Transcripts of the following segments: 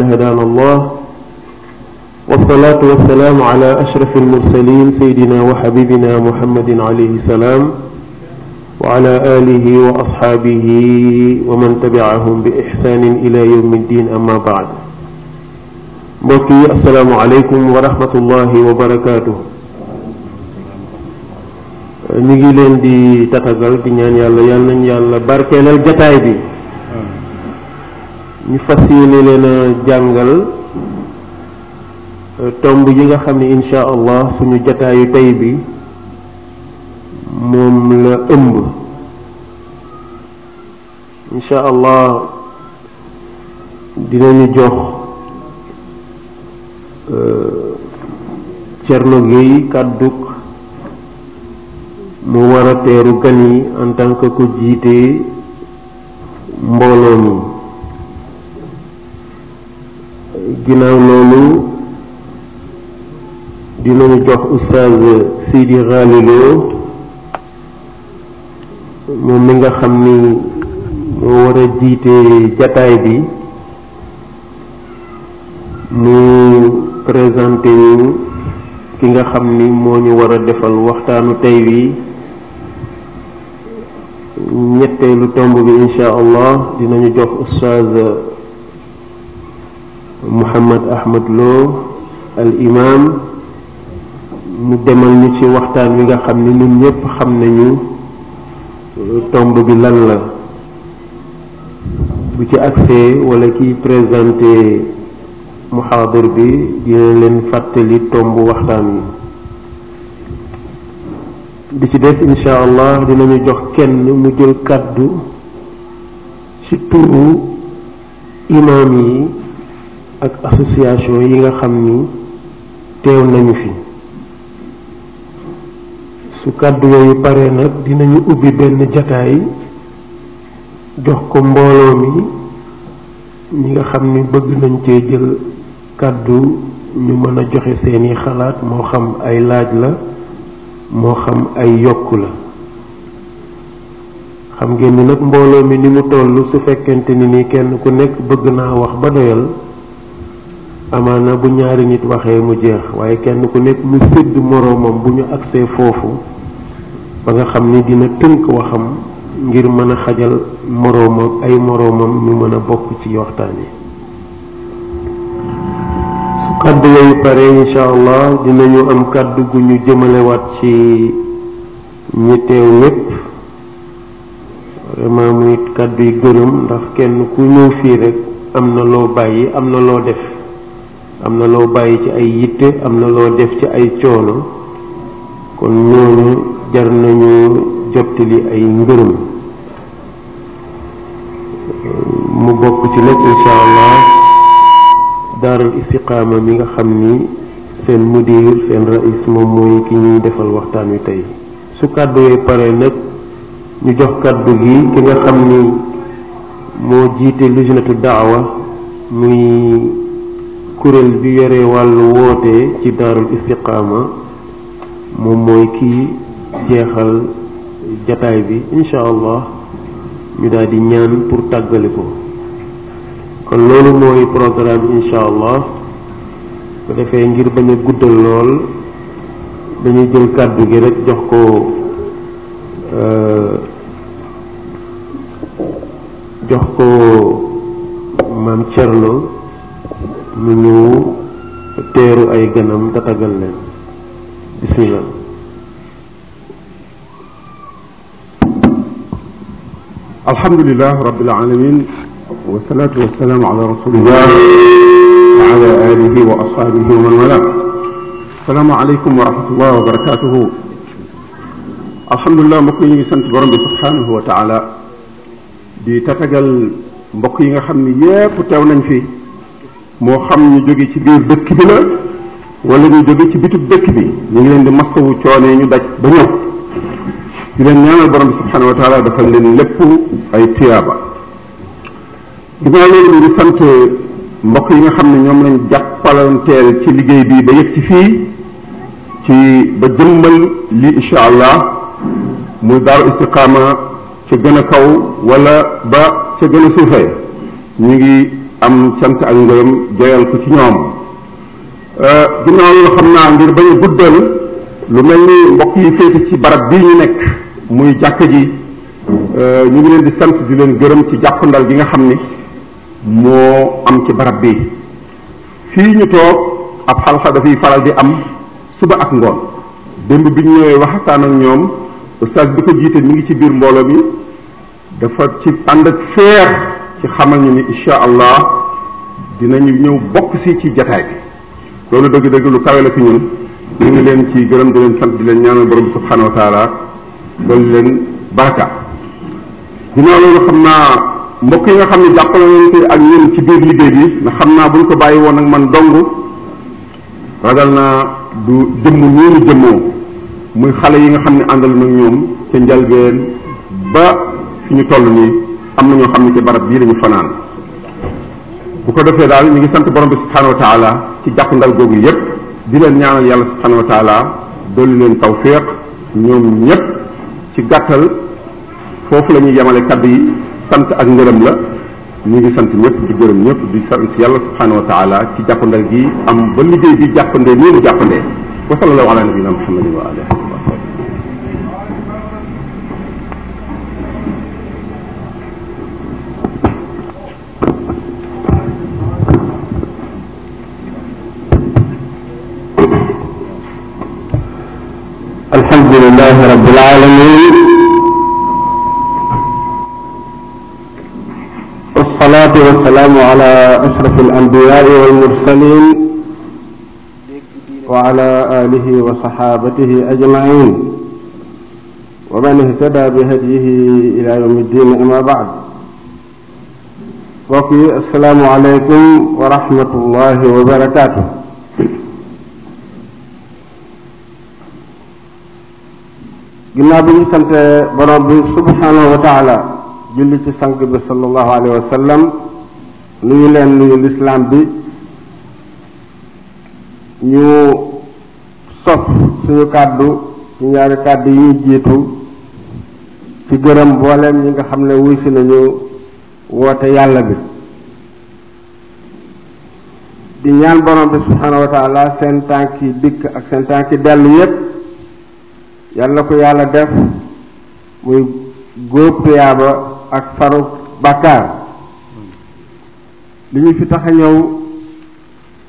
أن هدانا الله والصلاة والسلام على أشرف المرسلين سيدنا وحبيبنا محمد عليه السلام وعلى آله وأصحابه ومن تبعهم بإحسان إلى يوم الدين أما بعد mbokk yi asalaamaaleykum wa rahmatullahi wa barakaatu ñu ngi leen di tatagal di ñaan yàlla yal nañu yàlla barkeelal jataay bi ñu fas yéene leen a jàngal euh, tomb yi nga xam ne insha allah suñu jataayu tey bi moom la ëmb insha allah dinañu jox Thierno euh, Gueye kàddug mu war a teeru gan yi en tant que ku mbooloo mi ginnaaw loolu dinañu jox oustaz Sidi Xaaliloo moom mi nga xam ni moo war a jiite jataay bi mu présenté ñu ki nga xam ni moo ñu war a defal waxtaanu tey wi ñetteelu tomb bi incha allah dinañu jox oustaz Mouhammad Ahmad Lo al imam mu demal ñu ci waxtaan wi nga xam ni ñun ñëpp xam nañu euh, tomb bi lan la bu ci accès wala kiy présenté muxaadar bi dina leen fàttali tomb waxtaan wi di ci des insha allah dinañu jox kenn mu jël kàddu ci turu imam yi ak association yi nga xam ni teew nañu fi su kàddu yooyu paree nag dinañu ubbi benn jataay jox ko mbooloo mi ñi nga xam ni bëgg nañ cee jël kàddu ñu mën a joxe seeni xalaat moo xam ay laaj la moo xam ay yokk la xam ngeen ni nag mbooloo mi ni mu toll su fekkente ni ni kenn ku nekk bëgg naa wax ba doyal amaana bu ñaari nit waxee mu jeex waaye kenn ku nekk mu sédd moroomam bu ñu agsee foofu ba nga xam ni dina tënk waxam ngir mën a xajal moroomam ay moroomam ñu mën a bokk ci waxtaan yi su kàddu yooyu pare incha allah dinañu am kàddu gu ñu jëmalewaat ci ñi teew ñépp vraiment muy kàddu yi gërëm ndax kenn ku ñëw fii rekk am na loo bàyyi am na loo def am na loo bàyyi ci ay yitte am na loo def ci ay coono kon ñooñu jar nañu jottali ay ngërëm mu bokk ci nag insha allah daarul istiqaama mi nga xam ni seen mudir seen rais moom mooy ki ñuy defal waxtaan wi tey su kàddu yee pare nag ñu jox kàddu gi ki nga xam ni moo jiite lujnatu daawa muy kuréel bi yore wàllu woote ci daarul istiqaama moom mooy kii jeexal jataay bi incha allah ñu daal ñaan pour tàggale ko kon loolu mooy programme incha allah bu defee ngir bañ a guddal lool dañuy jël kàddu gi rek jox ko euh, jox ko maam Thierno. mu ñëw teeru ay ganam tatagal leen bismillah alhamdulilah rabbil alamin wasalaatu wasalaamu ala rasulillah wa ala alihi wa ashabihi wa man wala asalaamu aleykum wa rahmatullah wa barakatuhu alhamdulilah mbokk yi ñu ngi sant borom bi subhanahu wa taala di tatagal mbokk yi nga xam ne yépp teew nañ fi moo xam ñu jóge ci biir dëkk bi la wala ñu jóge ci bitub dëkk bi ñu ngi leen di masawu yi ñu daj ba ñëw di leen ñaanal borom bi subhanahu wa taala leen lépp ay tiyaaba ginnaaw loolu ngi sant mbokk yi nga xam ne ñoom lañ jàppalanteel ci liggéey bii ba yëg ci fii ci ba jëmmal li incha allah muy daaru istiqaama ca gën a kaw walla ba ca gën a suufee ñu ngi am cant ak ngërëm joyal ko ci ñoom euh, ginnaaw loolu xam naa ngir ba a guddal lu mel ni mbokk yi féete ci barab bii ñu nekk muy jàkk ji euh, ñu ngi leen di sant di leen gërëm ci jàppandal gi nga xam ni moo am ci barab bi fii ñu toog ab xalxa dafiy faral di am suba ak ngoon démb bi ñu ñëwee waxtaan ak ñoom ustaas bi ko jiite mi ngi ci biir mbooloo mi dafa ci ànd ak ci xamal ñu ni incha allah dinañu ñëw bokk si ci jataay bi loolu dëgg-dëgg lu kawe la fi ñun ñu ngi leen ci gërëm di leen sant di leen ñaanal borom subhanahu wa taala doon leen baraka ginnaaw loolu xam naa mbokk yi nga xam ne jàppalante ak ñun ci biir liggéey bi ndax xam naa buñ ko bàyyi woon ak man dong ragal naa du jëmm noonu jëmmoo muy xale yi nga xam ne àndal nag ñoom ca njalbeen ba fi ñu toll nii am na ñoo xam ne ci barab bii lañu ñu fanaan bu ko defee daal ñu ngi sant borom bi subhanahu wa taala ci jàppandal googu yépp di leen ñaanal yàlla subhanahu wa taala dolli leen tawfiq ñoom ñépp ci gàttal foofu lañuy ñuy yemale yi sant ak ngërëm la ñu ngi sant ñëpp di gërëm ñëpp di sant yàlla subhanahu wa taala ci jàppandal gi am ba liggéey bi jàppandee nii mu jàppandee wa sallallahu ala nabina muhammadin wa alihi wa sahbihi rabbil alamin والصلاة والسلام على أشرف الأنبياء والمرسلين وعلى آله وصحابته أجمعين ومن اهتدى بهديه إلى يوم الدين أما بعد وفي السلام عليكم ورحمة الله وبركاته ginnaaw bi ñu sante borom bi subhanahu wa taala julli ci sang bi sallallahu alayhi wa nuyu leen nuyu lislaam bi ñu sof suñu kàddu ci ñaari kàddu yi jiitu ci gërëm mbooleem ñi nga xam ne wuy nañu woote yàlla bi di ñaan borom bi subhanahu wa taala seen tànki dikk ak seen tànki dellu yépp yal na ko yàlla def muy góob tuyaaba ak faru bàkkaar li ñu fi tax a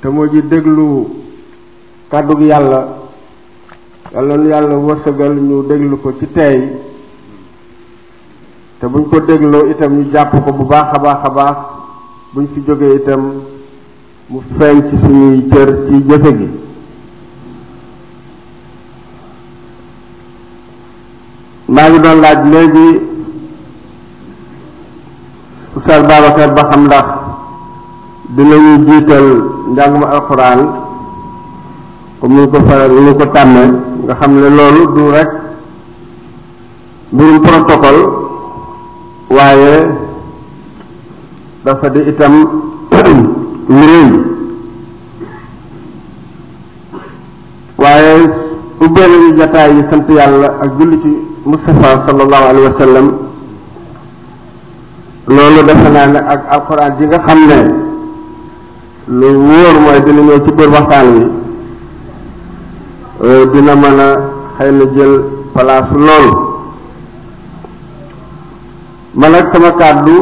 te moo ji déglu kàddug yàlla yal na nu yàlla wërsëgal ñu déglu ko ci tey te buñ ko dégloo itam ñu jàpp ko bu baax a baax a baax buñ fi jógee itam mu feeñ ci suñuy cër ci jëfe gi maa ngi doon laaj léegi Oustaz Babacar ba xam ndax dinañu jiital njàngum alxuraan comme ni ñu ko faral ni ñu ko tàmmee nga xam ne loolu du rekk mbirum protocole waaye dafa di itam waaye ubbee nañu jataay yi sant yàlla ak julli ci Moustapha sallallahu alayhi wa loolu defe naa ne ak alxuraan ji nga xam ne lu wóor mooy dina ñëw ci biir waxtaan wi euh, dina mën a xëy na jël place loolu man ak sama kàddu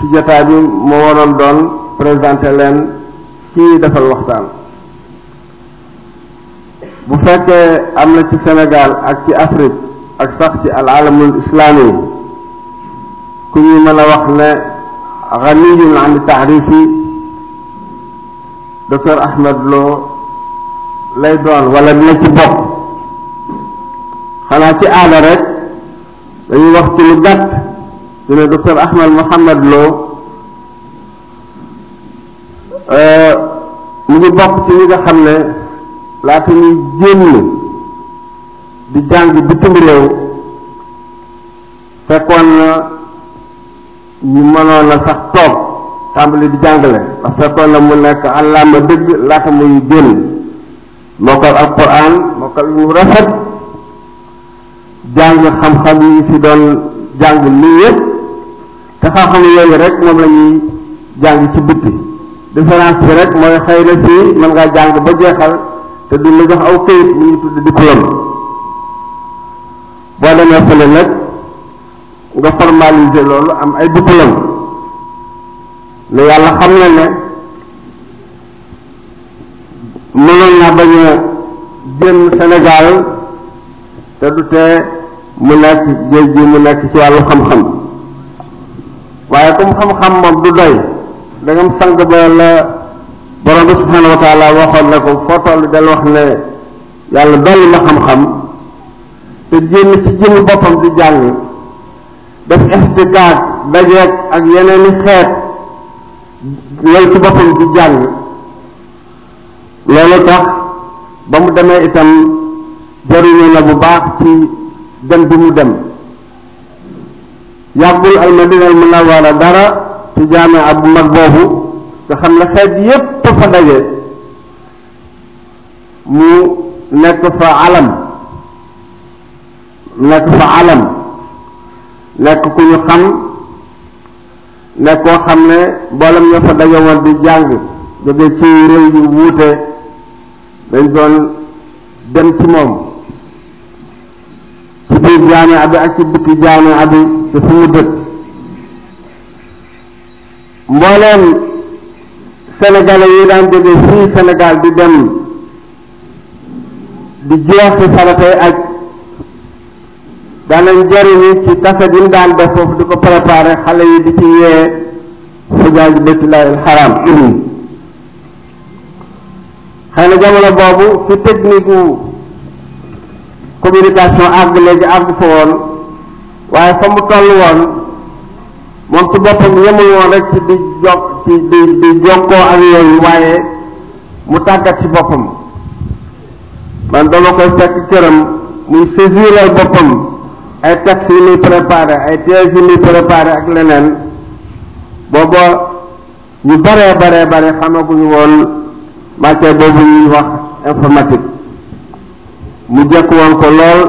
ci jotaay bi moo waroon doon présenté leen kii defal waxtaan bu fekkee am na ci Sénégal ak ci Afrique ak sax ci al alamul islaami ku ñu mën a wax ne ganiyun an taarifi docteur Ahmed Lo lay doon wala dina ci bokk xanaa ci aada rek dañuy wax ci lu gàtt ñu ne docteur Ahmed Mohamed Lo euh, mu ngi bokk ci ñi nga xam ne laata ñuy génn di jàng bitim réew fekkoon na ñu mënoon a sax toog tàmbali di jàngale ndax fekkoon na mu nekk àllaama dëgg laata muy génn mokkal alquran mokkal yu rafet jàng xam-xam yi fi doon jàng nii yëpp te xam-xam yooyu rek moom la jàng ci bitti différence bi rek mooy xëy na fii mën ngaa jàng ba jeexal te du la jox aw këyit mu ngi tudd diplôme la nettali nag nga formaliser loolu am ay bouteillam ne yàlla xam na ne mënoon naa bañ a génn te du tee mu nekk géej gi mu nekk ci yàlla xam-xam waaye comme xam-xam moom du doy dangam sang ba la borom bi subhanahu wa taala waxoon ne ko foo toll del wax ne yàlla dolli ma xam-xam te génn ci jëmm boppam di jàng def ixtikaak dajeeg ak yeneen xeet loolu ci boppam di jàng loolu tax ba mu demee itam jariñu na bu baax ci dem bi mu dem yàggul al madina al munawara dara ci jaamia bu mag boobu nga xam ne xeet yépp fa daje mu nekk fa alam nekk fa alam nekk ku ñu xam nekk xam ne boolam ñoo fa dajawoon di jàng jóge ci réew yu wuute dañ doon dem ci moom ci biir jaamia bi ak ci bitti jaamia bi ci mu dëkk mbooleem sénégalais yi daan jóge fii Sénégal di dem di jeex ci faratay ak danañ jëriñu ci kaset yi mu daan def foofu di ko préparé xale yi di ci yee xujaaj baytullahi alxaram xëy na jamono boobu fi technique wu communication àgg léegi àgg fa woon waaye fa mu toll woon moom ci boppam yemul woon rek ci di jokkoo ak yooyu waaye mu tàggat ci boppam man dama koy fekk këram muy saisiral boppam ay textes yu muy préparé ay thèses yu muy préparé ak leneen booba ñu baree baree bare xamaguñu woon matière boobu ñuy wax informatique mu jekk woon ko lool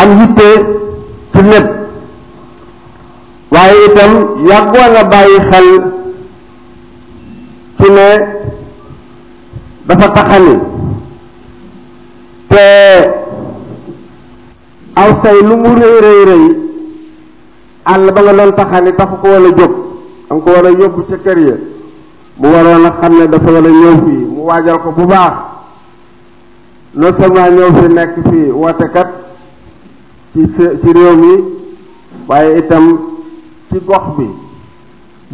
am yitte ci lépp waaye itam yàggoon a bàyyi xel ci ne dafa taxani te aw say lu mu rëy rëy rëy àll ba nga doon taxani taxu ko war a jóg da nga ko war a yóbbu ca kër ya mu waroon a xam ne dafa war a ñëw fii mu waajal ko bu baax non seulement ñëw fi nekk fii wootekat ci ci réew mi waaye itam ci gox bi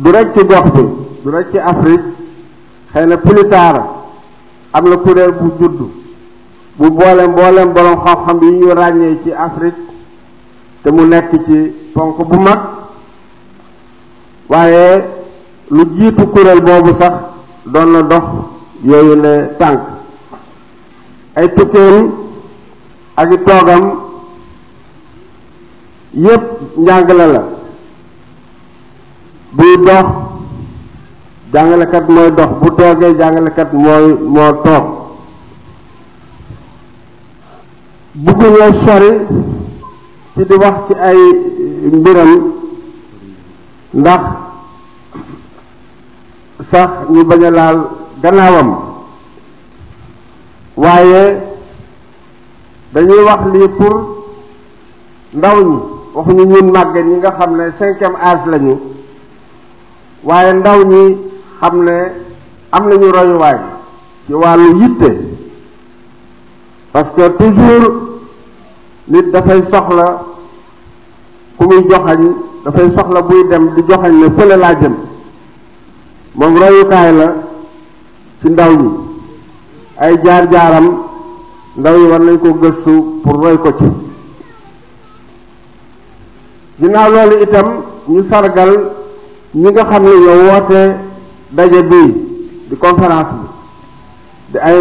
du rek ci gox bi du rek ci Afrique xëy na plus tard am na kuréel bu judd bu boole mbooleem borom xam-xam yi ñu ràññee ci Afrique te mu nekk ci ponk bu mag waaye lu jiitu kuréel boobu sax doon na dox yooyu ne tànk ay tukkeem ak i toogam yépp njàngale la buy dox jàngalekat mooy dox bu toogee jàngalekat mooy moo toog bëgguñoo sori ci di wax ci ay mbiram ndax sax ñu bañ a laal gannaawam waaye dañuy wax lii pour ndaw ñi waxuñu ñun màgget ñi nga xam ne cinquième âge lañu waaye ndaw ñi xam ne am nañu royuwaay ci wàllu yitte parce que toujours nit dafay soxla ku muy joxañ dafay soxla buy dem di joxañ ne fële laa jëm moom royukaay la ci ndaw ñi ay jaar-jaaram ndaw yi war nañ ko gëstu pour roy ko ci ginnaaw loolu itam ñu sargal ñi nga xam ne yow woote daje bii di conférence bi di ay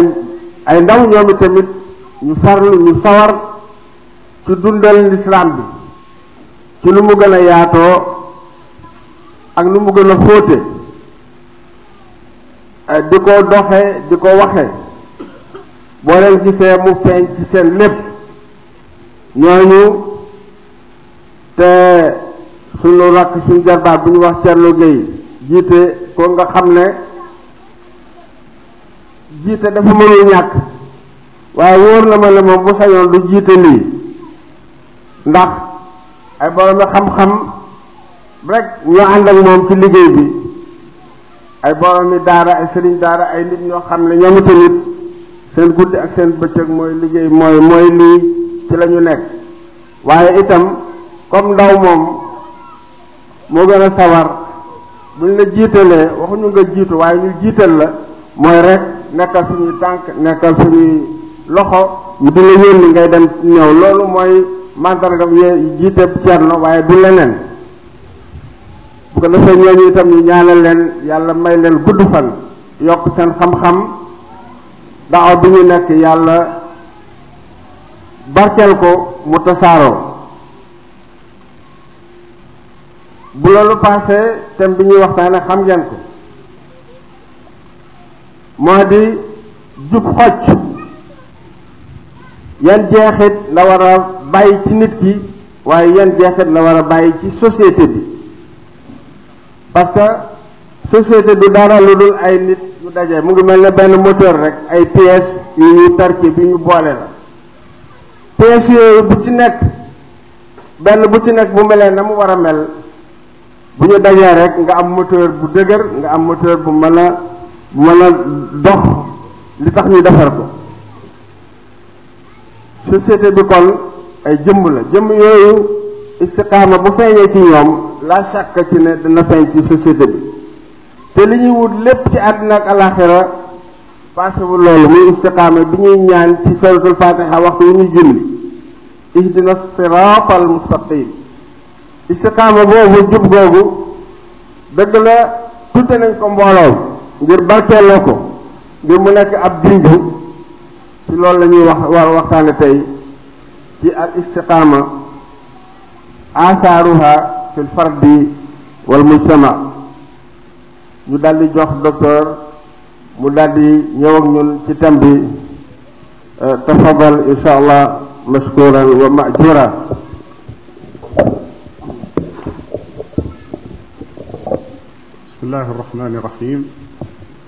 ay ndaw ñoom tamit ñu farlu ñu sawar ci dundal lislaam bi ci lu mu gën a yaatoo ak lu mu gën a fóote eh, di ko doxe di ko waxe boo leen gisee mu feeñ ci seen lépp ñooñu te suñu rakk suñu jarbaat bu ñu wax Thierno Gueye jiite ko nga xam ne jiite dafa mënul ñàkk waaye wóor na ma ne moom bu sañoon du jiite lii ndax ay borom xam-xam rek ñoo ànd ak moom ci liggéey bi ay borom mi daara ay sëriñ daara ay nit ñoo xam ne ñoom tamit seen guddi ak seen bëccëg mooy liggéey mooy mooy lii ci la nekk waaye itam comme ndaw moom moo gën a sawar buñ la jiitalee waxuñu nga jiitu waaye ñu jiital la mooy rek nekkal suñuy tànk nekkal suñuy loxo di la yónni ngay dem ñëw loolu mooy mandarga ye jiite cerno waaye du leneen bu ko defee ñooñu itam ñu ñaanal leen yàlla may leen gudd fan yokk seen xam-xam daaw bi ñu nekk yàlla barkeel ko mu tasaaroo bu loolu passé thème bi ñuy waxtaane xam ngeen ko moo di jub xocc yan jeexit la war a bàyyi ci nit ki waaye yan jeexit na war a bàyyi ci société bi parce que société bi dara lu dul ay nit ñu dajee mu ngi mel ne benn moteur rek ay pièces yu ñu tarki bi ñu boole la pièces yooyu bu ci nekk benn bu ci nekk bu melee na mu war a mel bu ñu dajee rek nga am moteur bu dëgër nga am moteur bu mën a mën a dox li tax ñu defar ko société bi kon ay jëmm la jëmm yooyu istiqaama bu feeñee ci ñoom la shakk ci ne dana feeñ ci société bi te li ñuy wut lépp ci àddina ak alaxira paasewul loolu muy istiqaama bi ñuy ñaan ci suratul fatiha waxtu wu ñuy julli ihdina siraatal mustaqim istiqaama boobu jub googu dëgg la tudde nañ ko mbooloo ngir barkeeloo ko ngir mu nekk ab junju ci loolu la ñuy wax war waxtaane tey ci al istiqaama asaaruha fi l fardi wal mujtama ñu daldi jox docteur mu daldi ñëw ak ñun ci thème bi euh, tafadal insha allah mashkuran wa majura bismillahi rahmani rahim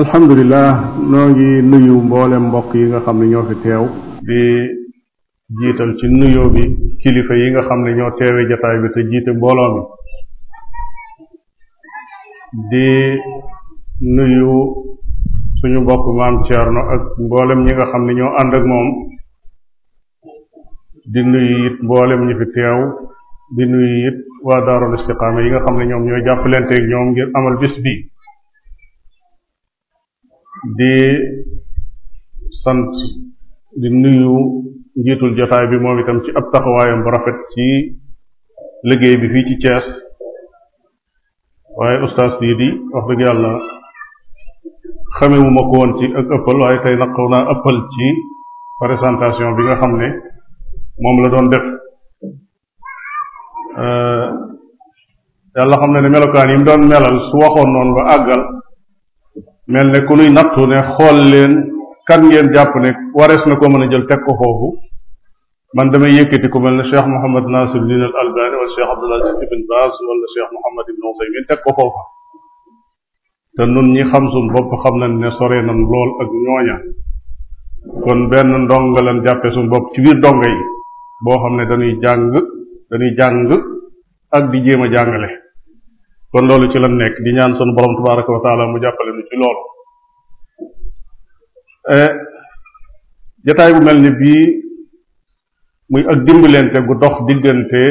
alhamdulilah noo ngi nuyu mboole mbokk yi nga xam ne ñoo fi teew di jiital ci nuyoo bi kilifa yi nga xam ne ñoo teewe jataay bi te jiite mbooloo di nuyu suñu mbokk maam Thierno ak mboolem ñi nga xam ne ñoo ànd ak moom di nuyu it mboolem ñi fi teew di nuyu it waa daarul istiqaama yi nga xam ne ñoom ñooy jàppalanteeg ñoom ngir amal bis bi di sant di nuyu njiitul jotaay bi moom itam ci ab taxawaayam bu rafet ci liggéey bi fii ci Thiès waaye ustaas dii di wax dëgg yàlla xamewuma ko ci ak ëppal waaye tey nag naa ëppal ci présentation bi nga xam ne moom la doon def euh, yàlla xam ne ne melokaan yi mu doon melal su waxoon noonu ba àggal mel ne ku nuy nattu ne xool leen kan ngeen jàpp ne warees na koo mën a jël teg ko foofu man damay yëkkati ku mel ne Cheikh Mouhamed Nasiruddin al Albani wala Cheikh Abdul Aziz Ibn Baz wala teg ko foofa te nun ñi xam suñ bopp xam nañ ne sore nañ lool ak ñooña kon benn ndonga lan jàppe suñ bopp ci biir donga yi boo xam ne dañuy jàng dañuy jàng ak di jéem a jàngale kon loolu ci la nekk di ñaan sunu borom tabaraka wa mu jàppale nu ci loolu eh, jataay bu mel ni bii muy ak dimbalante gu dox diggante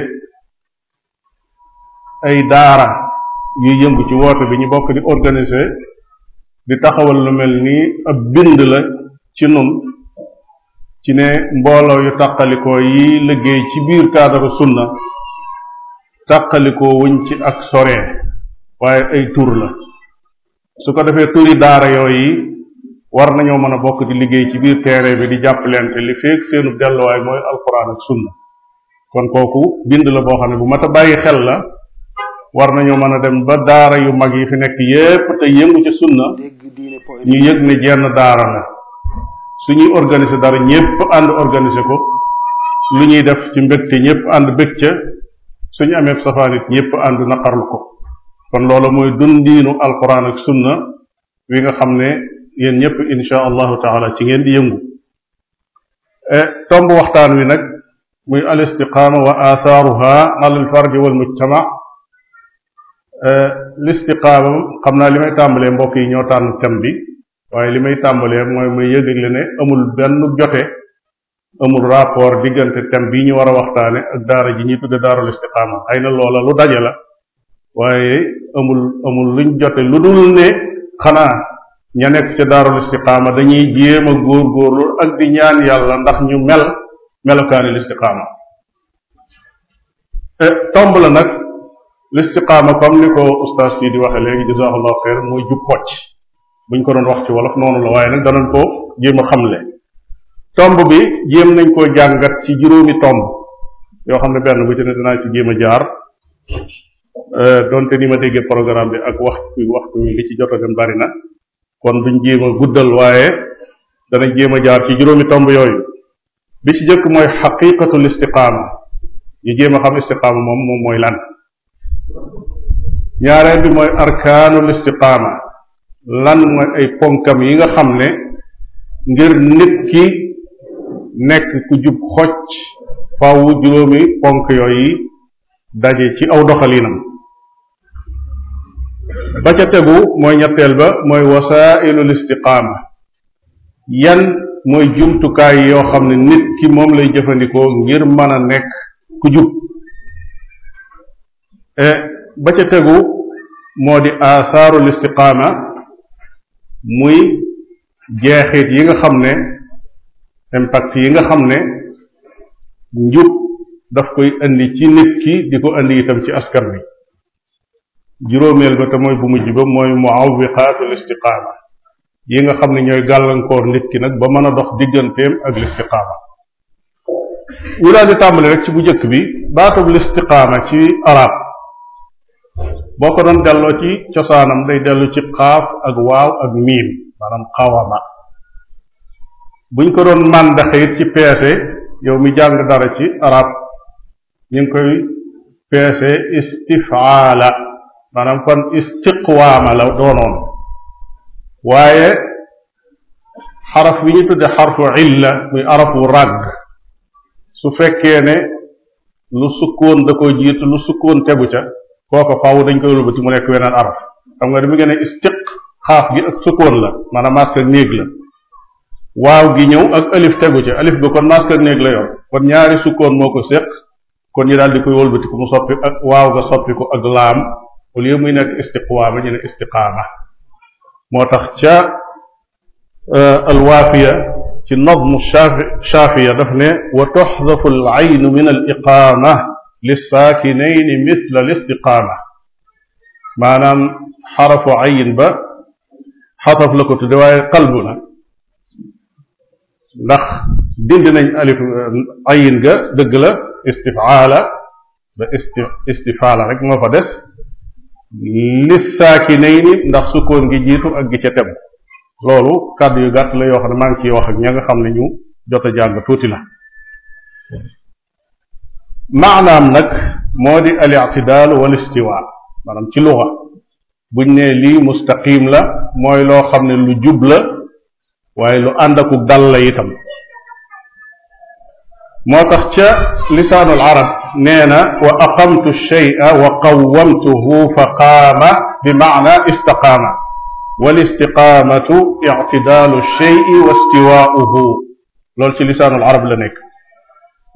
ay daara yuy yëngu ci woote bi ñu bokk di organiser di taxawal lu mel ni ab bind la ci nun ci ne mbooloo yu tàqalikoo yi liggéey ci biir cadre sunna tàqalikoo wuñ ci ak soree waaye ay tur la su ko defee turi daara yi war nañoo mën a bokk di liggéey ci biir terrain bi di jàppalante li feeg seenu delluwaay mooy alquran ak sunna kon kooku bind la boo xam ne bu mat a bàyyi xel la war nañoo mën a dem ba daara yu mag yi fi nekk yépp te yëngu ci sunna ñu yëg ne jenn daara la su ñuy organiser dara ñépp ànd organiser ko lu ñuy def ci mbégte ñépp ànd bég ca suñu amee safaan it ñépp ànd naqarlu ko kon loolu mooy dundiinu alquran ak sunna wi nga xam ne yéen ñëpp insha allahu taala ci ngeen di yëngu e, tomb waxtaan wi nag muy al istiqaama wa athaaruha ala wal mujtama e, l xam naa li may tàmbalee mbokk yi ñoo tànn thème bi waaye li may tàmbalee mooy muy yëgle ne amul benn jote amul rapport diggante thème bii ñu war a waxtaane ak daara ji ñuy tudde daarul istiqaama xëy na loola lu daje la waaye amul amul luñ jote lu dul ne xanaa ña nekk ca daarul istiqaama dañuy jéem góor góorgóorlu ak di ñaan yàlla ndax ñu mel melokaani listiqaama eh, tomb la nag listiqaama comme ni ko ustaas yi di waxe léegi jazaahullahu xeer mooy jub pocc buñ ko doon wax ci wolof noonu la waaye nag danañ ko jéem a xamle tomb bi jéem nañ koo jàngat ci juróomi tomb yoo xam ne benn bu ci ne ci jéem a jaar Euh, donte ni ma déggee programme bi ak waxtu waxtu wi li ci jot a dem bari na kon duñ jéem a guddal waaye dana jéem a jaar ci juróomi tomb yooyu bi ci jëkk mooy xaqiqatul istiqaama ñu jéem xam mooy lan ñaareel bi mooy arkaanul istiqaama yi nga xam ne ngir nit ki nekk ku jub xocc faawu juróomi ponk yooyu daje ci aw doxalinam ba ca tegu mooy ñetteel ba mooy wasailul istiqaama yan mooy jumtukaay yoo xam ne nit ki moom lay jëfandikoo ngir mën a nekk ku jub e, ba ca tegu moo di aathaarul istiqaama muy jeexit yi nga xam ne impact yi nga xam ne njub daf koy indi ci nit ki di ko indi itam ci askan wi juróomeel ba te mooy bu mujj ba mooy muawiqaatul istiqaama yi nga xam ne ñooy gàllankoor nit ki nag ba mën a dox digganteem ak listiqaama ñu daal tàmbali rek ci bu njëkk bi baatub listiqaama ci arab boo ko doon delloo ci cosaanam day dellu ci xaaf ak waaw ak miim maanaam xawama buñ ko doon màndaxe it ci peese yow mi jàng dara ci arab ñu ngi koy peese istifaala maanaam kon istiqwaama la doonoon waaye xaraf wi ñu tudde xarfu illa muy arafu ràgg su fekkee ne lu sukkoon da ko jiit lu sukkoon tegu ca kooka faaw dañ koy wëlbati mu nekk weneen araf xam nga dama gën a istiq xaaf gi ak sukkoon la maanaam maska néeg la waaw gi ñëw ak alif tegu ca alif ga kon maska néeg la yor kon ñaari sukkoon moo ko séq kon ñu daal di koy wëlbati ku mu soppi ak waaw ga soppi ko ak laam au lieu muy nekk istiqwaama ñu ne istiqaama moo tax ca euh, alwaafiya ci nazmu shaafi shaafiya daf ne wa tuxdafu al aynu min al iqaama lissaakinaini misla al istiqaama maanaam xarafu ayin ba xataf la ko tudde waaye qalbu la ndax dindi nañ alif ayin ga dëgg la istifaala da isti istifaala rek moo fa des lissaakinayni ndax sukkoon gi jiitu ak gi ca tegu loolu kàddu yu gàtt la yoo xam ne maa ngi ciy wax ak ña nga xam ne ñu jot a jàng tuuti la maanaam nag moo di al ictidaal wal istiwa maanaam ci luxa buñ ne lii mustaqim la mooy loo xam ne lu jub la waaye lu ànd dal la itam moo tax ca lisaanul arab nee na wa aqamtu shay'a wa qawwamtuhu fa qaama bi maana istaqaama wal istiqaamatu ictidaalu shay'i wa istiwaa'uhu loolu ci lisaanul arab la nekk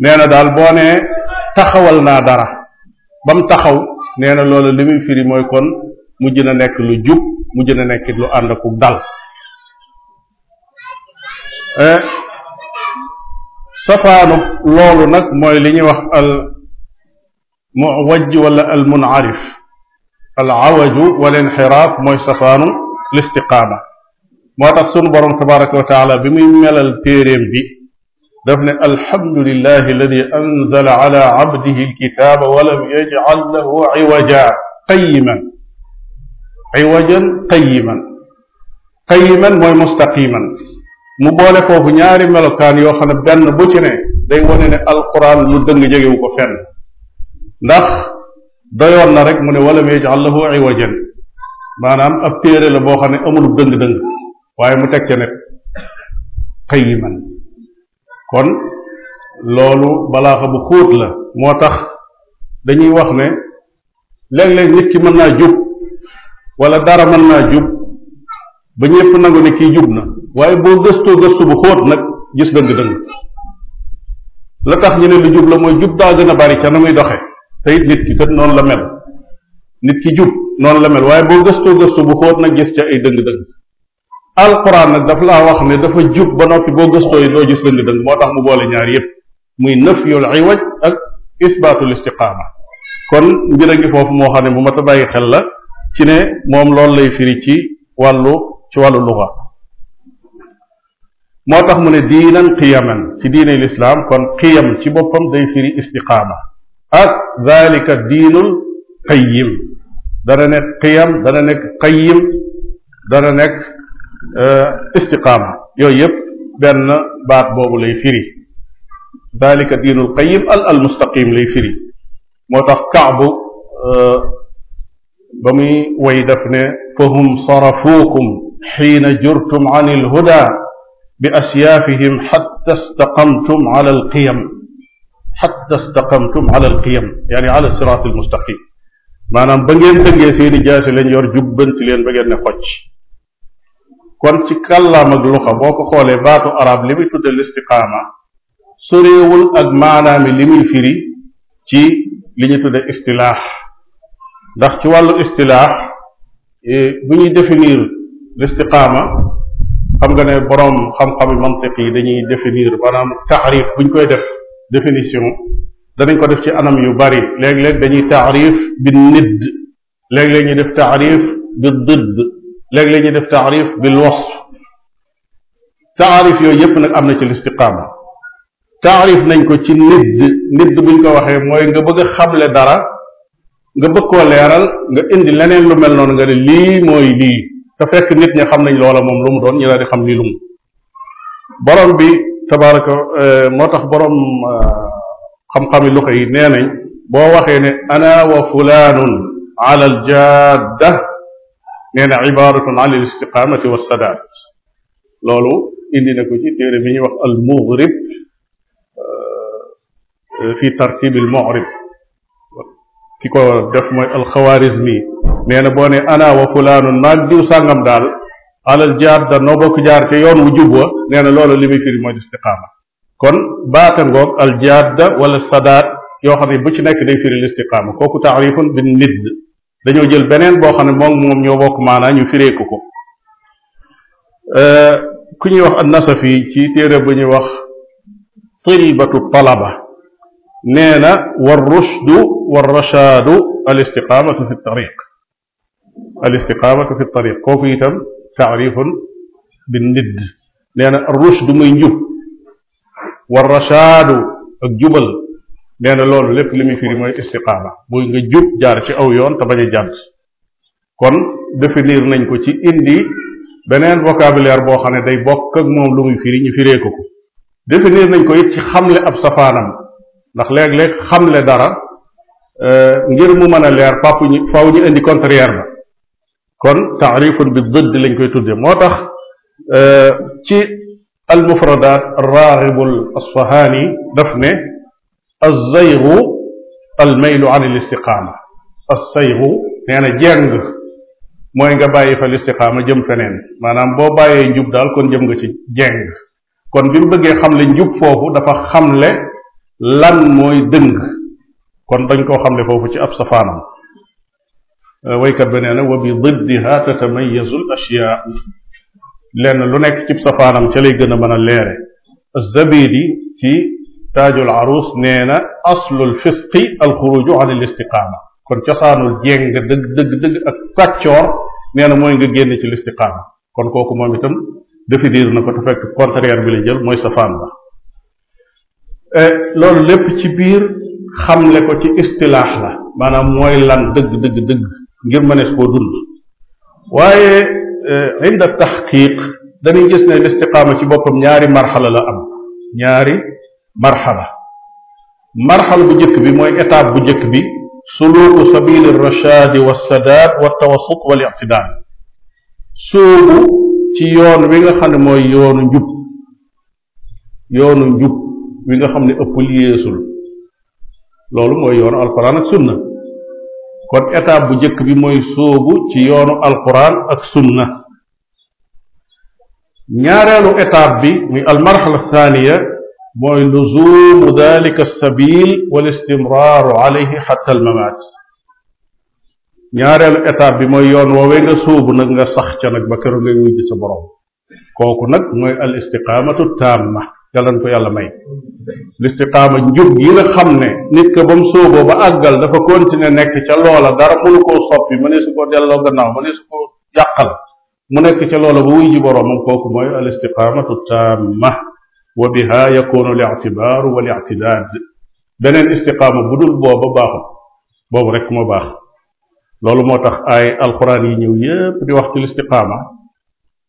nee na daal boo nee taxawal naa dara ba mu taxaw nee na loolu li muy firi mooy kon mujj na nekk lu jub mujj na nekk lu ànd ak dal eh, safaanu loolu nag mooy li ñuy wax al muwaj wala al munarif al awaju wal inxiraaf mooy safaanu listiqaama moo tax sunu borom tabaraka wa taala bi muy melal téeréem bi daf ne alhamdulillahi alladi anzala ala abdihi alkitaaba walam yajcal lahu iwaja qayiman iwajan qayiman qayiman mooy mustaqiman mu boole foofu ñaari melokaan yoo xam ne benn bu ci ne day wone ne alquran lu dëng jegewu ko fenn ndax doyoon na rek mu ne walam yajal lahu iwajan maanaam ab téere la boo xam ne amul dëng-dëng waaye mu teg ca ne qayiman kon loolu balaaxa bu xóot la moo tax dañuy wax ne léeg-léeg nit ki mën naa jub wala dara mën naa jub ba ñëpp nangu ne kii jub na waaye boo gëstoo gëstu bu xóot nag gis dëng-dëng la tax ñu ne lu jub la mooy jub daa gën a bari ca na muy doxe te it nit ki kat noonu la mel nit ki jub noonu la mel waaye boo gëstoo gëstu bu xóot nag gis ca ay dëng-dëng alquran nag daf laa wax ne dafa jub ba noppi boo gëstoo yi doo gis dëng-dëng moo tax mu boole ñaar yépp muy nafyul iwaj ak isbaatul istiqaama kon mbir a ngi foofu moo xam ne bu ma ta xel la ci ne moom loolu lay firi ci wàllu ci wàllu luga moo tax mu ne diinan qiyaman ci diine lislaam kon qiyam ci boppam day firi istiqaama ak dalika diinul qayim dana nekk qiyam dana nekk qayim dana nekk eh, istiqaama yooyu yëpp benn baat boobu lay firi dalika diinul qayim al al mustaqim lay firi moo tax kaabu eh, ba muy way def ne fahum sarafuukum xiina jurtum an ilhuda bi asyaafihim xatta istaqamtum ala alqiyam xatta staqamtum ala alqiyam yaani ala sirat almustaqim maanaam ba ngeen dëggee seeni jaasi lañ yor jubbanti leen ba ngeen ne xocc kon ci kàllaam ak luxa boo ko xoolee baatu arab li muy tuddal istiqaama soreewul ak maanaami li muy firi ci li ñu tudde istilaax ndax ci wàllu istilaax eh, bu ñuy définir l'istiqaama xam nga ne boroom xam-xami mantiq yi dañuy définir maanaam taxrif bu ñu koy def définition danañ ko def ci anam yu bari léeg-léeg dañuy taarif bi nidd léeg-léeg ñu def taarif bi didd léeg-léeg ñu def taarif bil wasf taarif yooyu yëpp nag am na ci listiqaama taarif nañ ko ci nidd nidd buñ ko waxee mooy nga bëgg a dara nga bëgg koo leeral nga indi leneen lu mel noonu nga ne lii mooy lii te fekk nit ñi xam nañ loola moom lu mu doon ñu daal di xam lii lu mu borom bi tabaraka eh, moo tax borom eh, xam-xami lu ko yi nee nañ boo waxee ne ana wa fulaanun ala aljaadda nee na ibaratun an al istiqamati wa sadaat loolu indi na ko ci téere bi ñuy wax al mughrib eh, fi tartib al mughrib ki ko def mooy al xawaarismi nee na boo ne ana wa fulaanun maag diw sàngam daal alal jaar danoo bokk jaar ca yoon wu jub wa nee li muy firi mooy listiqaama kon baata ngoog al jaadda wala sadaat yoo xam ne bu ci nekk day firi listiqaama kooku taarifun bi nit dañoo jël beneen boo xam ne moom moom ñoo bokk maanaa ñu fireeku ko euh, ku ñuy wax an-Nasafi ci téere bu ñuy wax tilbatu talaba nee na war rushdu war rashaadu al istiqaamatu fi al tariq kooku itam taarifun bi nidd nee na rushdu muy njub wa rashaadu ak jubal nee loolu lépp li muy firi mooy istiqaama bu nga jub jaar ci aw yoon te bañ a jàdd kon définir nañ ko ci indi beneen vocabulaire boo xam ne day bokk ak moom lu muy firi ñu firee ko ko définir nañ ko it ci xamle ab safaanam ndax léeg-léeg xamle dara euh, ngir mu mën a leer faaw ñu faaw ñu indi contraire ba kon taarifun bi dëdd lañ koy tuddee moo tax euh, ci almufradaat raaxibu al asfahaani daf ne azzayru almaylu an al istiqaama assayru nee na jeng mooy nga bàyyi fa listiqaama jëm feneen maanaam boo bàyyee njub daal kon jëm nga ci jeng kon bi mu bëggee xamle njub foofu dafa xamle lan mooy dëng kon dañ koo xamle foofu ci ab safaanam waykat ba nee na wa bi diddiha tatamayazu l ashyaa lenn lu nekk cib safaanam ca lay gën a mën a leere zabidi ci taajul arus nee na aslul fisqi alxuruju an al istiqaama kon cosaanul jéng dëgg dëgg dëgg ak kàccoor nee na mooy nga génn ci listiqaama kon kooku moom itam définir na ko te contraire bi la jël mooy safaan ba e, loolu lépp ci biir xamle ko ci istilaax la mooy lan dëgg dëgg dëgg ngir mënees koo dund waaye eh, inda taxqiq dañuy gis ne listiqaama ci boppam ñaari marxala la am ñaari marxala marxala bu njëkk bi mooy étape bu njëkk bi suluku sabili rachadi wa sadaat wa tawasut wal ictidaal sóobu ci yoon wi nga xam ne mooy yoonu njub yoonu njub wi nga xam ne ëpp li yeesul loolu mooy yoonu alquran ak sunna kon étape bu njëkk bi mooy sóobu ci yoonu alquran ak sunna ñaareelu étape bi muy almarxala thaniya mooy luzumu dalika sabil wal istimraaru alayhi xatta almamaat ñaareelu étape bi mooy yoon woowee nga sóobu nga sax ca nag ba keroog ngay wuy kooku nag mooy al istiqaamatu taamma yàlla na ko may listiqaama njub gi nga xam ne nit ka ba mu sóoboo àggal dafa continuer nekk ca loola dara mënu koo soppi mënee su koo delloo gannaaw mënee su koo yàqal mu nekk ca loola ba wuy ji boroomam kooku mooy al istiqaamatu wa biha yakunu al beneen istiqaama bu dul booba baaxul boobu rek moo baax loolu moo tax ay alxuraan yi ñëw yépp di wax ci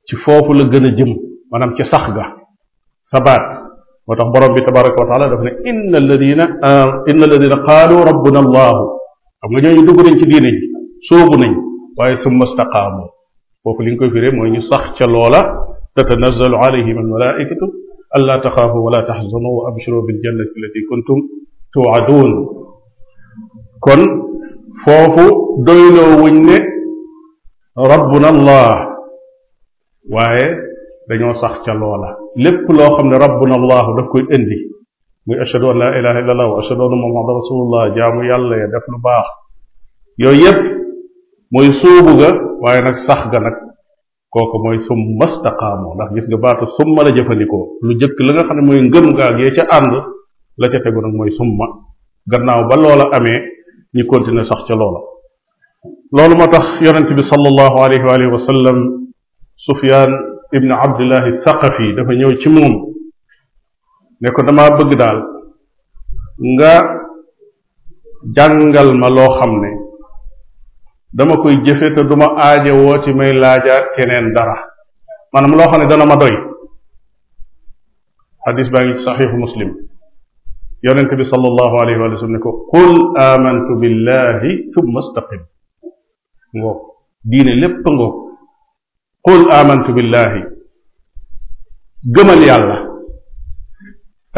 ci foofu la gën a jëm maanaam ci sax ga sabaat moo tax borom bi tabaraka wa taala dafa ne inna alladina inna alladina qaalu rabbuna allahu xam nga ñooñu dugg nañ ci diine ji sóobu nañ waaye summa staqaamu foofu li nga koy firee mooy ñu sax ca loola tatanazzalu alayhim almalaikatu allaa taxaafu wala taxzanu wa abshiru biljannati allati kuntum tuwaadun kon foofu doyloo wuñ ne rabbuna allah waaye dañoo sax ca loola lépp loo xam ne rabbuna allahu daf koy indi muy ashadu an la ilaha illa allah wa ashadu anna muhammad rasulullah jaamu yàlla ya def lu baax yooyu yépp mooy suubu ga waaye nag sax ga nag kooku mooy summa staqaamu ndax gis nga baatu summa la jëfandikoo lu jëkk la nga xam ne mooy ngëm gaa gee ca ànd la ca tegu nag mooy summa gannaaw ba loola amee ñu continuer sax ca loola loolu moo tax yonent bi sallallahu alayhi wa alihi ibnu abdullahi saqafi dafa ñëw ci moom ne ko damaa bëgg daal nga jàngal ma loo xam ne dama koy jëfe te duma aaje woo ci may laajaat keneen dara maanaam loo xam ne dana ma doy xadis baa ngi ci saxiixu muslim yonent ne ko qul amantu billahi thumma istaqim ngoo diine lépp ngoo qul amantu billahi gëmal yàlla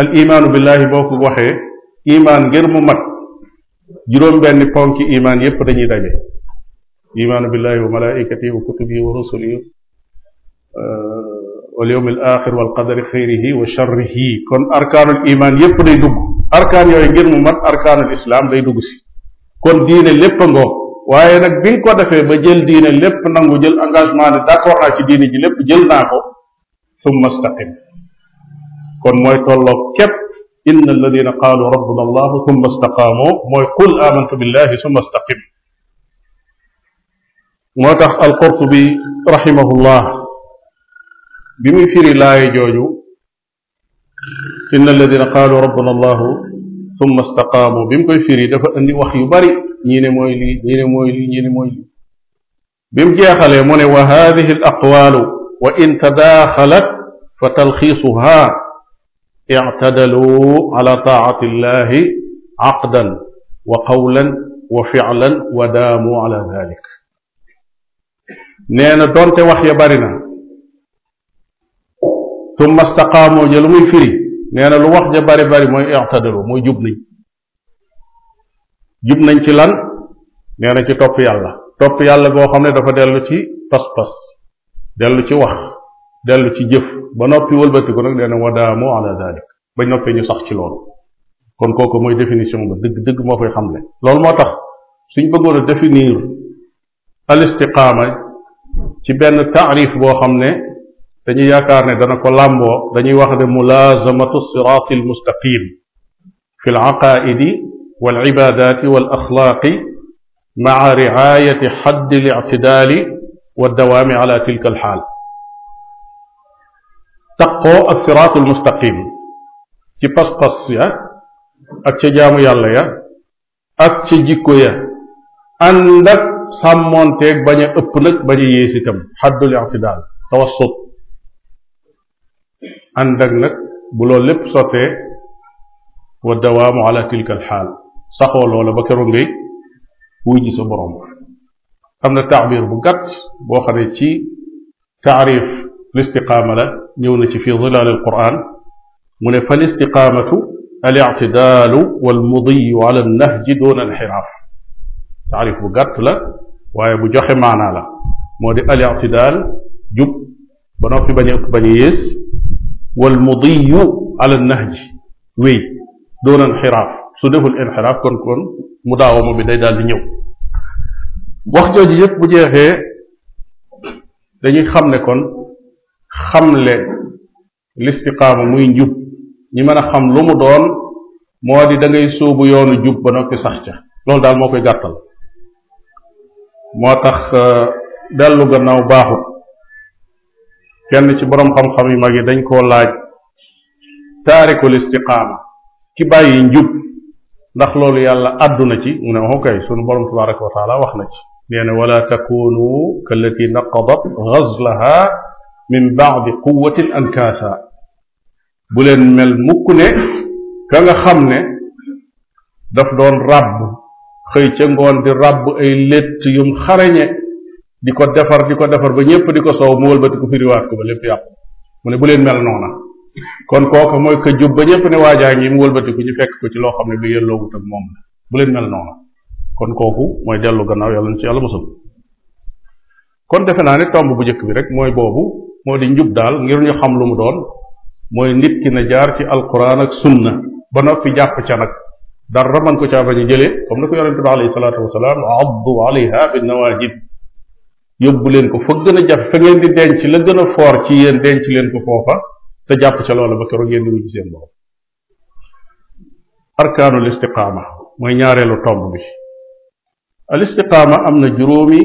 al imaanu billahi boo ko waxee imaan ngir mu mat juróom benn ponki imaan yépp dañuy daje imaanu billahi wa malaikatihi wa kutubihi wa rusulihi uh, wal yawm al wal qadari xayrihi wa sharrihi kon arkaanul imaan yépp day dugg arkaan yooyu ngir mu mat arkaanul islam day dugg si kon diine lépp a waaye nag bi nga ko defee ba jël diine lépp nangu jël engagement ne d'accord naa ci diine ji lépp jël naa ko summa staqim kon mooy tolloo képp inna alladina qaalu rabbuna allah summa staqaamu mooy qul amantu billahi summa staqim moo tax alqurtubi rahimahullah bi muy firi laaye jooju inna alladina qaalu rabbuna allahu summa staqaamu bi mu koy firi dafa indi wax yu bari ñii ne mooy lii ñii ne mooy lii ñii ne mooy lii bi mu jeexalee mu ne wa haadihi al aqwaalu wa in tadaaxalat fa talxiisuha ictadalu ala taacati illahi caqdan wa qawlan wa ficlan wa daamu ala dalik nee na doonte wax ya bari na summa staqaamu ja lu muy firi nee na lu wax ja bari bari mooy i'tadalu mooy jub nañ jub nañ ci lan nee na ci topp yàlla topp yàlla goo xam ne dafa dellu ci pas-pas dellu ci wax dellu ci jëf ba noppi wëlbati ko nag nee na wadaamu ala dalik ba noppee ñu sax ci loolu kon kooku mooy définition ba dëgg dëgg moo koy xamle loolu moo tax suñ bëggoon a définir ci benn taarif boo xam ne dañuy yaakaar ne dana ko làmboo dañuy wax ne mulaazamatu siraati almustaqim fi alaqaaidi wal ibaadaati wal axlaaqi maa riaayati xaddi alictidaali wa dawaami ala tilka alxaal taqoo ak siraatul mustaqim ci pas-pas ya ak ca jaamu yàlla ya ak ca jikko ya ànd ak sàmmoonteeg bañ a ëpp nag bañ a yées itam xaddul ictidaal tawassut ànd ak nag bu loolu lépp sottee wa dawaamu ala tilka al xaal saxoo loola ba keroog ngay wuy ji sa borom am na taabir bu gàtt boo xam ne ci taarif listiqaama la ñëw na ci fi zilaal al quran mu ne fa listiqaamatu al ictidaalu wal mudiyu ala nahji doon al xiraaf taarif bu gàtt la waaye bu joxe maanaa la moo di al ictidaal jub ba noppi bañ a ëpp bañ a yées wal mudiyu ala nahj wéy doon inxiraaf su deful inxiraaf kon kon mu daawama bi day daal ñëw wax jooju yëpp bu jeexee dañuy xam ne kon xamle listiqaama muy njub ñi mën a xam lu mu doon moo di dangay ngay sóobu yoonu jub ba noppi sax ca loolu daal moo koy gàttal moo tax euh, dellu gannaaw baaxut kenn ci boroom xam-xam yu mag yi dañ koo laaj taarikul istiqaama ki bàyyi njub ndax loolu yàlla àdduna ci mu ne ok sunu boroom tabaraka wa taala wax na ci wala takunu kallati naqadat ghazlaha min ba'di quwatin ankaasa bu mel mukk ne ka xam ne daf doon ràbb xëy ca ngoon di ràbb ay létt yum xarañe di ko defar di ko defar ba ñëpp di ko soow mu wëlbati ko firiwaat ko ba lépp yàqu mu ne bu leen mel noona kon kooka mooy ka jub ba ñëpp ne waajaa ngi mu wëlbati ko ñu fekk ko lu yelloowut moom la leen mel noona kon kooku mooy dellu gannaaw yàlla na ci yàlla musal kon defe naa ne tomb bu njëkk bi rek mooy boobu moo di njub daal ngir ñu xam lu mu doon mooy nit ki na jaar ci alquran ak sunna ba noppi jàpp ca nag dara mën ko caa bañ a jëlee comme ni ko yonente bi alayhi salaatu wasalaam addu alayha yóbbu leen ko fa gën a jafe fa ngeen di denc la gën a foor ci yéen denc leen ko foofa te jàpp ca loola ba keroog ngeen di mujj seen bopp arkaanul istiqaama mooy ñaareelu tomb bi am na juróomi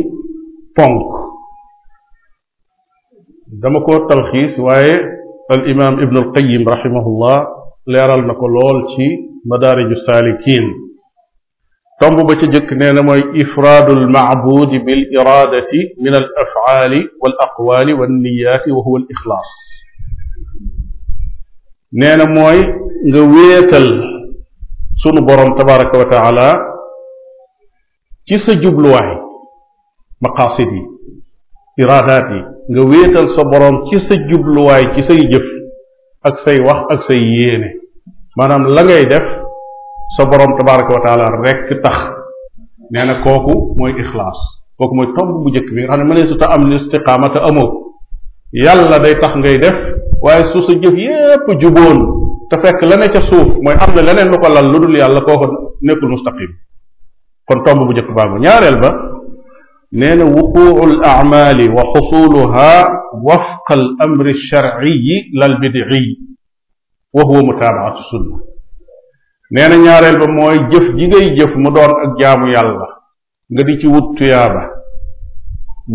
dama ko talxiis waaye al imaam ibnu al qayim leeral na ko lool ci madaariju saalikiin tomb ba ca jëkk nee na mooy ifraadu almacbuudi bil iraadati min al afcaali wal aqwaali wal niyaati wa huwa al ixlaas nee na mooy nga wéetal sunu boroom tabaraka wa taala ci sa jubluwaay maqaasid yi iraadaat yi nga wéetal sa boroom ci sa jubluwaay ci say jëf ak say wax ak say yéene maanaam la ngay def sa borom tabaraka wa taala rek tax nee na kooku mooy ixlaas kooku mooy tomb bu njëkk bi nga xam ne mënee su ta am ni istiqaama te amoo yàlla day tax ngay def waaye su sa jëf yépp juboon te fekk la ne ca suuf mooy am na leneen lu ko lal lu dul yàlla kooku nekkul mustaqim kon tomb bu njëkk baamu ñaareel ba nee na wuquu al aamali wa xusuluha wafqa al amri sharciyi lal bidiyi wa huwa mutaabaatu sunna nee na ñaareel ba mooy jëf ji ngay jëf mu doon ak jaamu yàlla nga di ci wut tuyaaba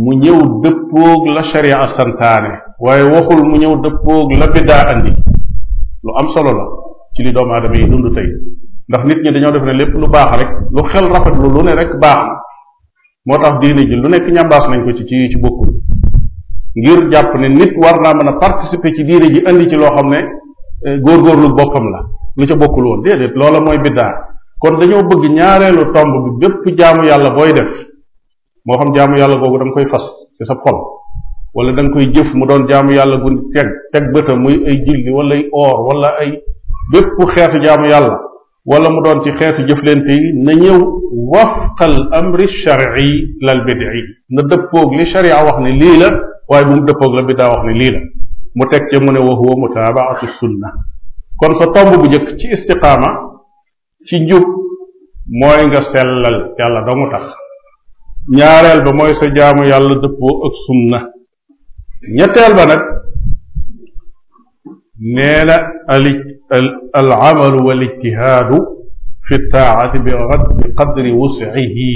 mu ñëw dëppoog la sharia santaane waaye waxul mu ñëw dëppoog la biddaa andi lu am solo la ci li doomu aadama yi dund tey ndax nit ñi dañoo def ne lépp lu baax rek lu xel rafetlu lu ne rek baax na moo tax diine ji lu nekk ñambaas nañ ko ci ci ci bokkul ngir jàpp ne nit war naa mën a participer ci diine ji andi ci loo xam ne eh, góorgóorlu boppam la lu ca bokkul woon déedéet loola mooy biddaa kon dañoo bëgg ñaareelu tomb bi bépp jaamu yàlla booy def moo xam jaamu yàlla googu da koy fas ci sa xol wala da koy jëf mu doon jaamu yàlla gu teg teg bëtam muy ay julli wala ay oor wala ay bépp xeetu jaamu yàlla wala mu doon ci xeetu jëf leen yi na ñëw wafqal amri shari lal bidii na dëppoog li a wax ni lii la waaye bu mu la biddaa wax ne lii la mu teg ca mu ne wa huwa mutaabaatu sunna kon fa tomb bu njëkk ci istiqaama ci njub mooy nga sellal yàlla dong tax ñaareel ba mooy sa jaamu yàlla dëppoo ak sunna ñetteel ba nag nee na al al amalu wal ijtihaadu fi taati bi bi qadri wusihi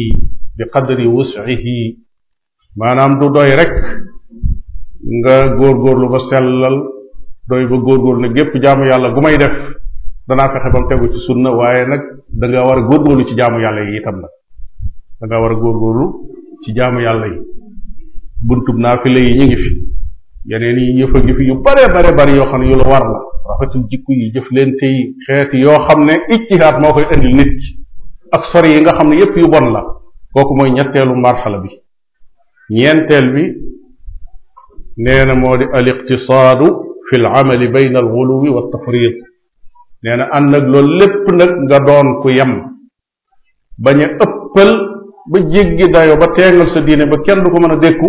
bi qadri wusihi maanaam du doy rek nga góorgóorlu ba sellal doy ba góorgóorlu ne gépp jaamu yàlla gu may def danaa fexe ba mu tegu ci sunna waaye nag da war a góorgóorlu ci jaamu yàlla yi itam nag da war a góorgóorlu ci jaamu yàlla yi buntub naafile yi ñu ngi fi yeneen yi yëf a ngi fi yu bare bare bari yoo xam ne yu la war la rafetul jikku yi leen yi xeeti yoo xam ne ijtihaad moo koy indil nit ak sori yi nga xam ne yépp yu bon la kooku mooy ñetteelu marxala bi ñeenteel bi nee moo fi l amali bayna al xuluwi wa tafrid nee na ànd ak loolu lépp nag nga doon ku yem bañ a ëppal ba jéggi dayo ba teengal sa diine ba kenn du ko mën a dékku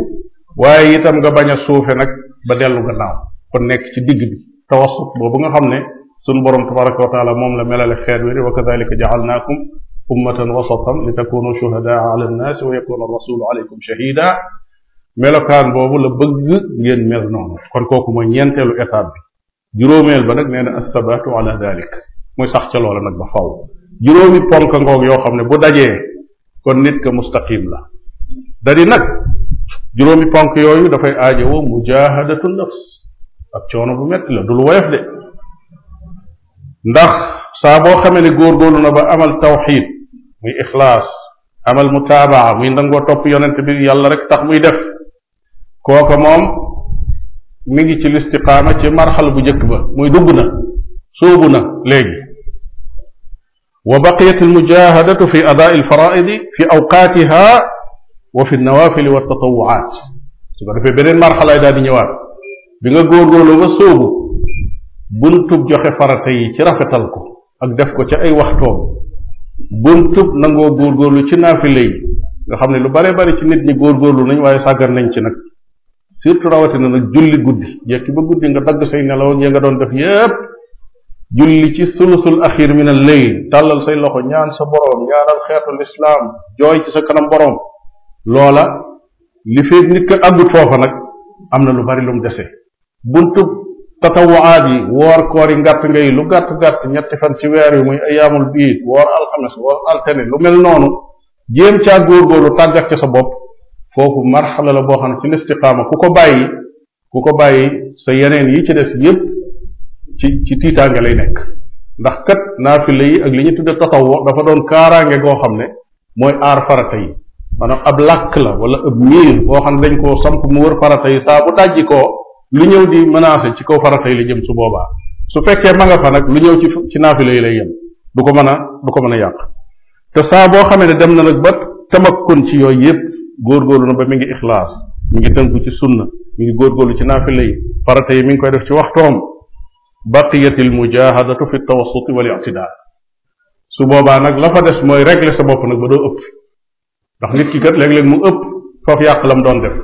waaye itam nga bañ a suufe nag ba dellu gannaaw kon nekk ci digg bi tawasut boobu nga xam ne sunu borom tabaraka wa taala moom la melale xeet wi wa kadalika jaalnaakum ummatan wasatan li takunu shuhadaa ala annaasi wa yakuna arrasulu alaykum shahida melokaan boobu la bëgg ngeen mel noonu kon kooku mooy ñeenteelu étape bi juróomeel ba nag nee na astabatu ala dalik muy loola nag ba faw juróomi ponk yoo xam ne bu dajee kon nit ka mustaqim la dadi nag juróomi yooyu dafay aajowoo mujahadatu nafs ak coono bu metti la du lu woyof de ndax saa boo xamee ne góorgóorlu na ba amal tawxid muy ixlaas amal mutaabaa muy nangoo topp yonent bi yàlla rek tax muy def kooka moom mi ngi ci listiqaama ci marxala bu njëkk ba muy dugg na sóobu na léegi wa baqiyat almujahadatu fi adaa alfaraidi fi awqaatiha wa fi nawafili wa tatawuaat su ko defee beneen marxalaay daal di ñëwaat bi nga góorgóorlu ba sóobu buntub joxe farata ci rafetal ko ak def ko ci ay waxtoom buntub nangoo góorgóorlu ci naafile yi nga xam ne lu bare bari ci nit ñi góorgóorlu nañ waaye sàggan nañ ci nag surtout rawatina nag julli guddi jekki ba guddi nga dagg say nelaw ya nga doon def yépp julli ci sulusul axir min al leyl tàllal say loxo ñaan sa boroom ñaanal xeetul islaam jooy ci sa kanam boroom loola li feeg nit ka àggut foofa nag am na lu bari lu mu dese buntub tatawuaat yi woor koor yi ngàtt ngay lu gàtt gàtt ñetti fan ci weer wi muy ayaamul biid woor alxames woor altene lu mel noonu jéem caa góorgóorlu tàggat ci sa bopp foofu marxala la boo xam ne ci listiqaama ku ko bàyyi ku ko bàyyi sa yeneen yi ci des yépp ci ci tiitaange lay nekk ndax kat naafile yi ak li ñu tudde taxawoo dafa doon kaaraange goo xam ne mooy aar farata yi maanaam ab làkk la wala ab miir boo xam ne dañ koo samp mu wër farata yi saa bu dajji koo lu ñëw di menacer ci kaw farata yi su boobaa su fekkee ma nga nag lu ci ci naafile yi lay yem du ko mën a du ko mën a yàq te saa boo xamee ne dem na nag ba tamakkun ci yooyu yépp góorgóorlu na ba mi ngi ixlaas mi ngi tënku ci sunna mi ngi góorgóorlu ci naafila yi farata yi mi ngi koy def ci waxtoom baqiyatil mujahadatu fi tawassuti wal i'tidaal su boobaa nag la fa des mooy régler sa bopp nag ba doo ëpp ndax nit ki kat léeg-léeg mu ëpp foofu yàq la mu doon def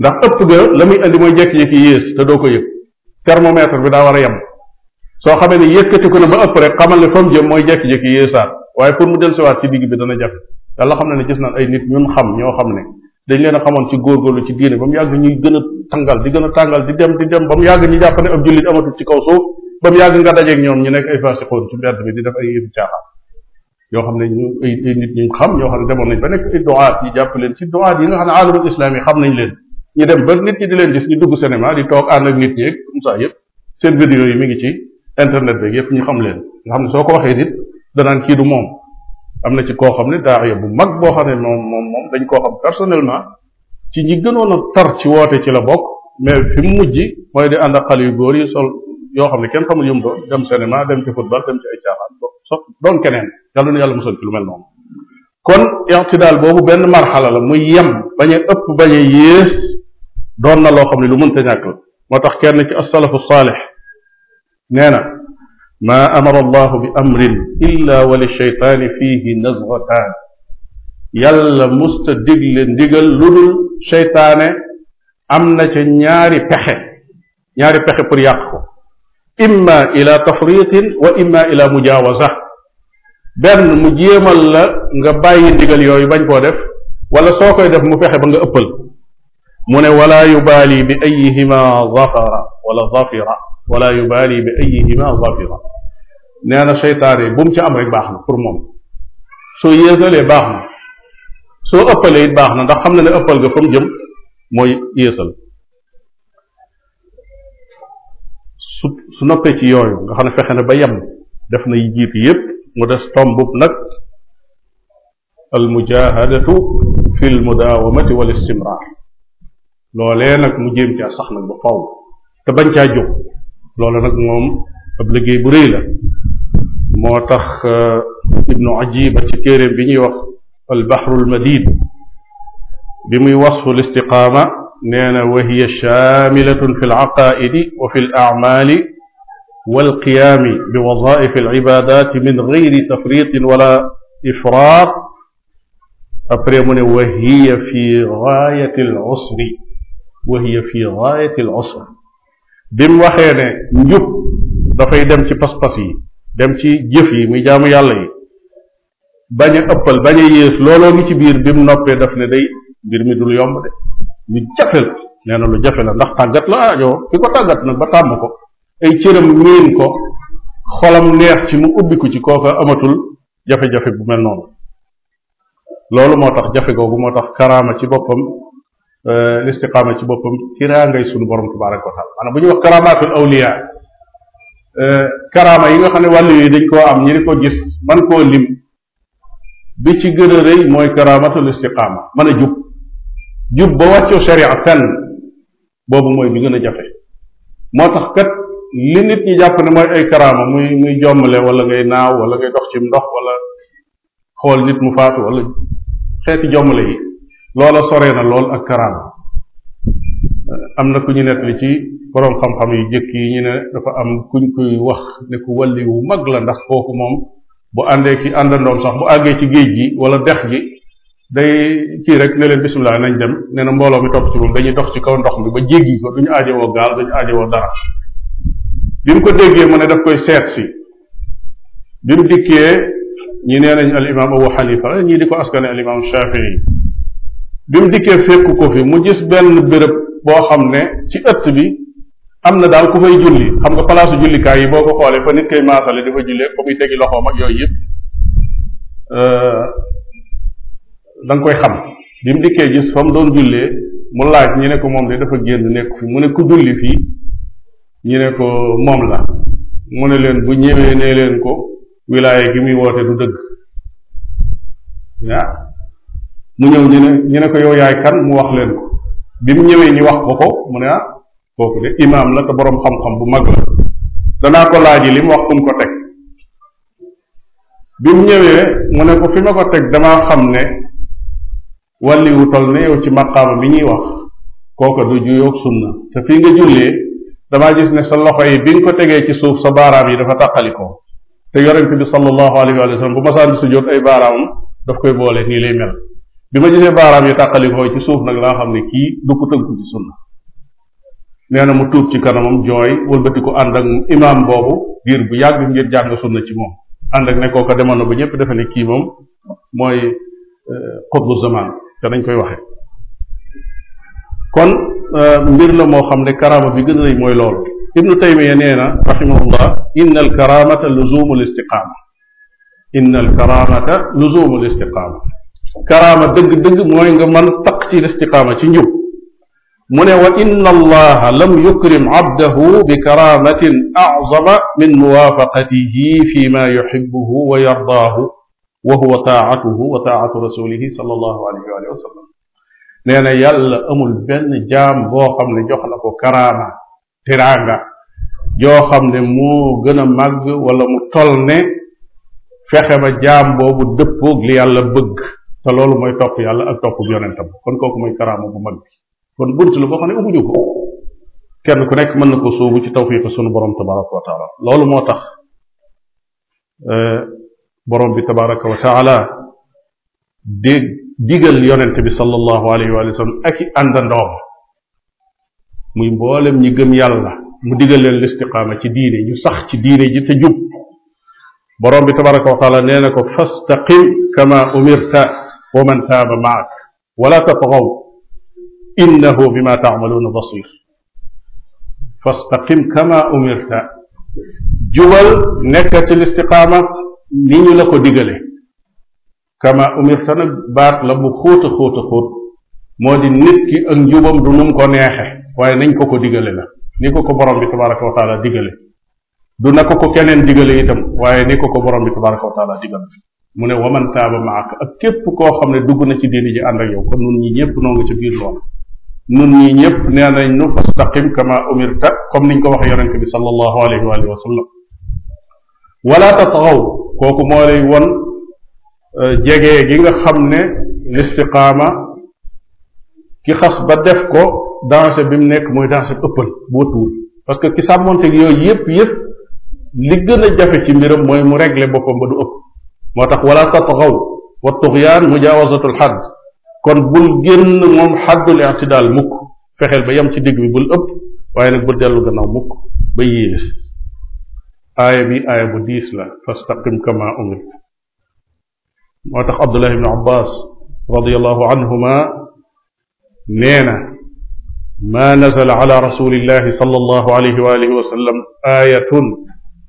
ndax ëpp ga la muy andi mooy jékki-jékki yées te doo ko yëg thermomètre bi daa war a yem soo xamee ne yëkkati ko na ba ëpp rek xamal ne fa mu jëm mooy jékki-jékki yéesaat waaye pour bi dana jafe yàlla xam na ne gis naan ay nit ñun xam ñoo xam ne dañ leen a xamoon ci góorgóorlu ci diine ba mu yàgg ñuy gën a tàngal di gën a tàngal di dem di dem ba mu yàgg ñu jàpp ne ab jullit amatul ci kaw suuf ba mu yàgg nga dajeeg ñoom ñu nekk ay fasixoon ci mbedd def yoo xam ne ñu nit ñu xam ñoo xam ne demoon nañ ba nekk ay doaat yi leen ci doaat yi nga xam ne aalamul islam yi xam nañ leen ñu dem ba nit ñi di leen gis ñu dugg cinéma di toog ànd ak nit ñi comme ça yëpp seen vidéo yi mi ngi ci internet beeg yëpp ñu xam leen nga xam ne soo ko waxee nit danaan kii du moom am na ci koo xam ne daax bu mag boo xam ne moom moom moom dañ koo xam personnellement ci ñi gënoon tar ci woote ci la bokk mais fi mu mujj mooy di ànd ak xale yu góor yi sol yoo xam ne kenn xamul yum doon dem cinéma dem ci football dem ci keneen yàlla na yàlla mosal ci lu mel noonu kon daal boobu benn marxala la muy yem bañ a ëpp bañ yées doon na loo xam ne lu mënta ñàkk la moo tax kenn ci asalafu saalix nee na maa amara allahu bi amrin illa wa li shaytaani fiihi nazghataan yàlla musta digle ndigal lu dul seytaane am na ca ñaari pexe ñaari pexe pour yàq ko imma ila tafritin wa imma ila mujaawaza benn mu jéemal la nga bàyyi ndigal yooyu bañ koo def wala soo koy def mu fexe ba nga ëppal mu ne wala yubaali bi ayihima zafara wala zafira wala yubaali bi ayihima zafira nee na seytaane bu mu ci am rek baax na pour moom soo yéesalee baax na soo ëppalee it baax na ndax xam na ne ëppal nga fa mu jëm mooy yéesal su su ci yooyu nga xam ne fexe na ba yem def na yi jiitu yépp mu des tombub nag al mujahadatu fi l mudawamati wal istimrar loolee nag mu jéem caa sax nag ba faw te bañ caa jóg loolu nag moom ab liggéey bu rëy la moo tax euh, ibnu ajiba ci téeréem bi ñuy wax albaxrul madid bi muy wasfu listiqaama nee na wa hiya shaamilatun fi alaqaaidi wa fi alacmaali walqiyaami bi wazaif alcibadat min gayri tafritin wala ifraat après mu ne wa hiya fi gaayati alusri wa hiya fi gaayati alusri bi mu waxee ne njub dafay dem ci pas-pas yi dem ci jëf yi muy jaamu yàlla yi bañ ëppal bañ yées looloo ngi ci biir bi mu noppee daf ne day mbir mi dul yomb de lu jafe la nee na lu jafe la ndax tàggat la aajo ki ko tàggat na ba tàmm ko ay cëram miin ko xolam neex ci mu ubbiku ci kooka amatul jafe-jafe bu mel noonu loolu moo tax jafe googu moo tax karaama ci boppam Euh, listiqaama ci boppam tiraa ngay sunu borom tabaraka wa bu ñuy wax karamaatul awliya euh, karaama yi nga xam ne wàllu yooyu dañ koo am ñi di ko gis man koo lim bi ci gën a rëy mooy karaamatul istiqaama mën a jub jub ba wàccu sharia fenn boobu mooy bi gën a jafe moo tax kat li nit ñi jàpp ne mooy ay karaama muy muy jommale wala ngay naaw wala ngay dox ci ndox wala xool nit mu faatu wala xeeti jommale yi loola soree na lool ak karaam am na ku ñu nettali ci boroom xam-xam yu jëkk yi ñu ne dafa am kuñ kuy wax ne ku wàlli mag la ndax kooku moom bu àndee ki àndandoom sax bu àggee ci géej gi wala dex gi day kii rek ne leen bisimilah nañ dem ne na mbooloo mi topp ci moom dañuy dox ci kaw ndox mi ba jéggi ko duñu aajowoo gaal duñu woo dara bi mu ko déggee mu ne daf koy seet si bi mu dikkee ñi nee nañ al imam abu xanifa ñii di ko askane al imam shafii bi mu dikkee fekk ko fi mu gis benn béréb boo xam ne ci ëtt bi am na daal ku fay julli xam nga palaasu jullikaay yi boo ko xoolee fa nit koy maasale di fa jullee ko da koy xam bi mu dikkee gis fa mu doon ñu ne ko moom de dafa génn nekk fi mu ne ku julli fii ñu ne ko moom la mu ne leen bu ñëwee nee leen ko wilaaye gi muy woote du dëgg waaw mu ñëw ñu ne ñu ne ko yow yaay kan mu wax leen ko bi mu ñëwee ñu wax ko ko mu ne ah kooku de imaam la te boroom xam-xam bu mag la danaa ko laaji li mu wax ko teg bi mu ñëwee mu ne ko fi ko teg damaa xam ne wàlliwu tol ne yow ci bi ñuy wax kooka du juyoog sunna te fii nga jullee damaa gis ne sa loxo yi bi nga ko tegee ci suuf sa baaraam yi dafa tàqalikoo te yonent bi sallallahu alayhi bu ma bi sujjóot ay baaraamam daf koy boole nii lay mel bi ma gisee baaraam yi tàqalikoo ci suuf nag laa xam ne kii du ko tënku ci sunna nee na mu tuub ci kanamam jooy wëlbati ko ànd ak imaam boobu diir bu yàgg ngir jàng sunna ci moom ànd ak ne kooka demoon na ba ñëpp defe ne kii moom mooy xutbu eh, zaman te nañ koy waxe kon eh, mbir la moo xam ne karaama bi gën a rëy mooy loolu ibnu taymiya nee na inna al karamata luzumu inna al karamata luzumu karaama dëgg-dëgg mooy nga man taq ci listiqaama ci njub mu ne wa inna allaha lam yukrim abdahu bi karamatin azama min muwaafaqatihi fi ma yuxibuhu wa yardaahu wa huwa taatuhu wa taatu rasulihi sal allahu alayhi waalihi wa sallam nee na yàlla amul benn jaam boo xam ne jox la ko karaama tiraanga joo xam ne moo gën a màgg wala mu tol ne fexe ba jaam boobu dëppoog li yàlla bëgg te loolu mooy topp yàlla ak topp yonentam kon kooku mooy karaama bu mag kon bunt la boo xam ne ubbuñu ko kenn ku nekk mën na ko sóobu ci tawfiq sunu borom tabaraka wa taala loolu moo tax eh, borom bi tabaraka wa taala dég digal yonente bi sallallahu alayhi wa sallam ak i àndandoom muy mboolem ñi gëm yàlla mu digal leen listiqaama ci diine ñu sax ci diine ji te jub bi tabaraka wa taala nee ko fastaqim kama umirta wa man taaba maak wala tatxaw innahu bima taamaluuna basir fastaqim kama umirta jubal nekk ci listiqaama ni ñu la ko digale kama umirta nag baat la bu xóot a xóot a xóot moo di nit ki ak njubam du num ko neexe waaye nañ ko ko digale la ni ko ko borom bi tabaraka wa taala digale du na ko ko keneen digale itam waaye ni ko ko borom bi tabaraka wa taala digale mu ne waman taaba maaka ak képp koo xam ne dugg na ci diini ji ànd ak yow kon nun ñi ñëpp noo ci biir loolu nun ñi ñëpp nee nu fastaqim kama umirta comme niñ ko wax yonente bi sallallahu alayhi wa alihi wa sallam wala kooku moo won euh, jege gi nga xam ne listiqaama ki xas ba def ko danger bi mu nekk mooy danger ëppal boo tuul parce ki sàmmonte gi yooyu yëpp yëpp li gën a jafe ci mbiram mooy mu régler boppam ba du ëpp moo tax wala tatxaw wa tuxyaan mujaawazatul xadd kon bul génn moom xaddul ictidaal mukk fexeel ba yem ci digg bi bul ëpp waaye nag bul dellu gannaaw mukk ba yées aaya bi aaya bu diis la fastaqim kama umir moo tax Abdullah ibn Abbas radiallahu anhuma nee na ma nazala ala rasulillahi sallallahu alayhi wa alihi wa sallam aayatun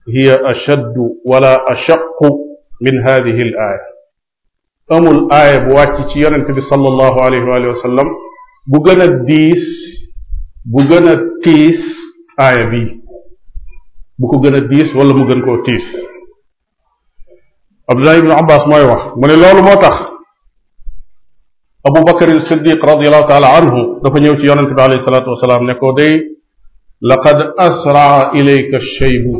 hiya ashaddu wala ashaqu min hadihi al aaya amul aaya bu wàcc ci yonente bi sallallahu alayhi wa sallam bu gën a diis bu gën a tiis aaya bi bu ko gën a diis wala mu gën koo tiis Abdullah ibn Abbas mooy wax mu ne loolu moo tax Abu Bakar as-Siddiq radiyallahu taala anhu dafa ñëw ci yonente bi alayhi salaatu wasalaam ne ko day laqad asraa ilayka shaybu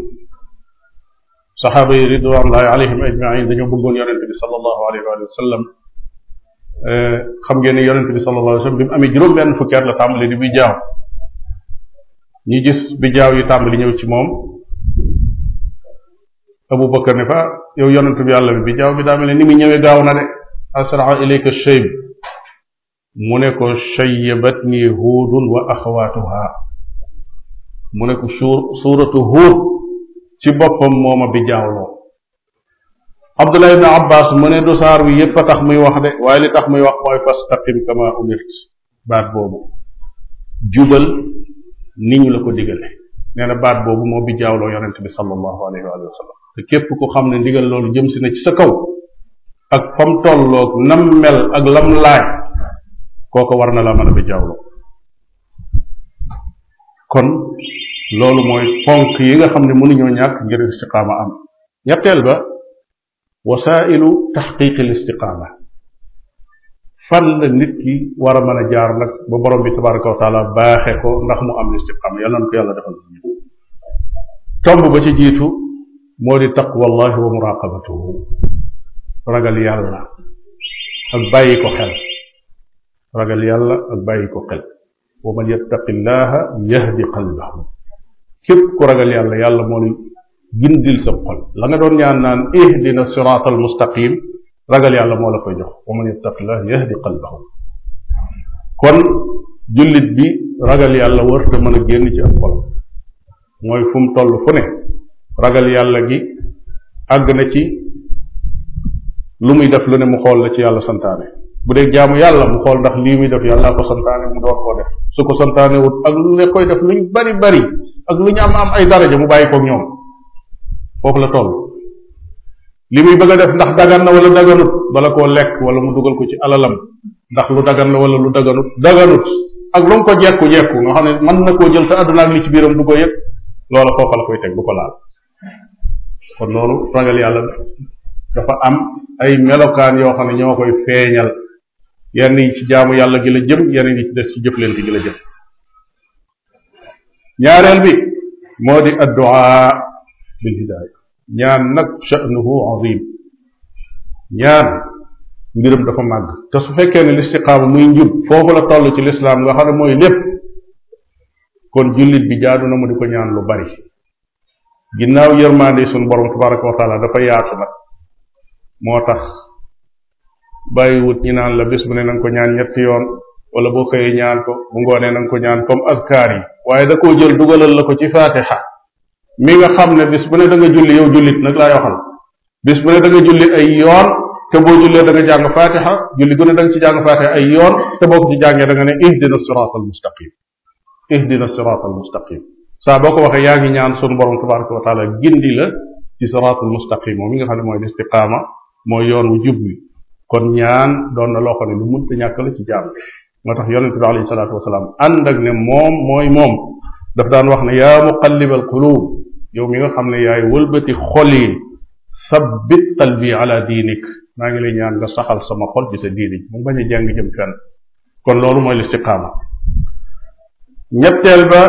saxaaba yi ridwanullahi alayhim ajmain dañoo bëggoon yonente bi sallallahu alayhi wa sallam eh, xam ngeen yon yonente bi sallallahu alayhi wa sallam bi amee juróom-benn fukki la tàmbali di bi jaaw ñi gis bi jaaw yi tàmbali ñëw ci moom Abu Bakar ne fa yow yonente bi yàlla bi bi jaaw bi daa mel ne ni mu ñëwee gaaw na shayb mu ne ko shayyabatni huudun wa axawaatuha mu ne ko suuratu huud ci boppam moom bi jaawloo abdullah ibne abbas mu ne du saar yépp a tax muy wax de waaye li tax muy wax mooy fastaqim kama umirt baat boobu jubal ni ñu la ko digale nee baat boobu moo bi jaawloo yonent bi sallallahu alayhi te képp ku xam ne ndigal loolu jëm si na ci sa kaw ak fam tolloog nam mel ak lam laaj kooko war na laa mën a bi kon loolu mooy ponk yi nga xam ne mënuñoo ñàkk ngir istiqaama am ñetteel ba wasailu taxqiqil istiqaama fan la nit ki war a mën a jaar nag ba borom bi tabaraka wa baaxe ko ndax mu am istiqaama yàlla na ko yàlla defal tomb ba ci jiitu moo di taqwallahi wa muraqabatuhu ragal yàlla ak bàyyi ko xel ragal yàlla ak bàyyi ko xel wa man yattaqillaha yahdi qalbahu képp ku ragal yàlla yàlla moo lay gindil sa xol la nga doon ñaan naan ihdina siraatal ragal yàlla moo la koy jox wa man yattaqillah yahdi qalbahu kon jullit bi ragal yàlla warta mën a génn ci ab xol mooy fu mu toll fu ne ragal yàlla gi àgg na ci lu muy def lu ne mu xool la ci yàlla santaane bu dee jaamu yàlla mu xool ndax lii muy def yàlla ko santaane mu door koo def su ko santaane ak lu ne koy def luñ bari bari ak lu ñu am am ay daraja mu bàyyi koog ñoom foofu la toll li muy bëgg a def ndax dagan na wala daganut bala koo lekk wala mu dugal ko ci alalam ndax lu dagan la wala lu daganut daganut ak lu mu ko jekku jekku nga xam ne man na koo jël te àdduna ak li ci biiram du ko yëg loola foofa la koy teg bu ko laal kon loolu ragal yàlla dafa am ay melokaan yoo xam ne ñoo koy feeñal yenn yi ci jaamu yàlla gi la jëm yeneen yi des ci jëflante gi la jëm ñaareel bi moo di adduaa bil hidaaya ñaan nag sha'nuhu azim ñaan mbiram dafa màgg te su fekkee ne listiqaama muy njub foofu la toll ci lislaam nga xam ne mooy lépp kon jullit bi jaadu na mu di ko ñaan lu bari ginnaaw yërmaande suñu borom tabaraka wa dafa yaatu nag moo tax bàyyiwut ñi naan la bis bu ne na nga ko ñaan ñetti yoon wala boo xëyee ñaan ko bu ngoonee na ko ñaan comme askar yi waaye da koo jël dugalal la ko ci fatiha mi nga xam ne bis bu ne da nga julli yow jullit nag laay waxal bis bu ne da nga julli ay yoon te boo jullee da nga jàng fatiha julli gu ne da ci jàng fatiha ay yoon te boo ko ci jàngee da nga ne ihdina sirat al mustaqim ihdina sirat al mustaqim saa boo ko waxee yaa ngi ñaan sunu borom tabaraka wa taala gindi la ci sirat al mustaqim moom mi nga xam ne mooy istiqaama mooy yoon jub wi kon ñaan doon na loo xam ne lu mënta ñàkk la ci moo tax yonente bi alayhi salaatu wasalaam ànd ak ne moom mooy moom daf daan wax ne yaa muqallibal qulub yow mi nga xam ne yaay wëlbati xol yi sabbit qalbi ala diinik maa ngi lay ñaan nga saxal sama xol ci sa diini mu bañ a jàng jëm fenn kon loolu mooy listiqaama ñetteel ba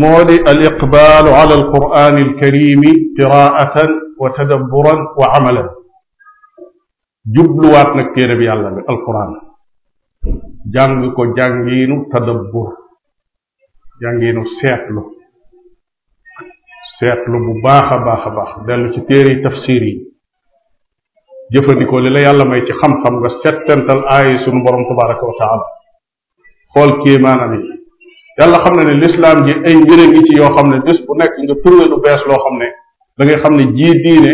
moo di al iqbaalu ala al qur'aani al karimi qiraatan wa tadabburan wa amalan jubluwaat nag téere bi yàlla bi al qur'aan jàng ko jàngiinu tadabbur jàngiinu seetlu seetlu bu baax a baax a baax dellu ci téere yi tafsir yi jëfandikoo li la yàlla may ci xam-xam nga settantal aaya sunu borom tabaraka wa xool kéemaanam yi yàlla xam ne ne lislaam ji ay njëriñ ngi ci yoo xam ne bés bu nekk nga turle lu bees loo xam ne da xam ne ji diine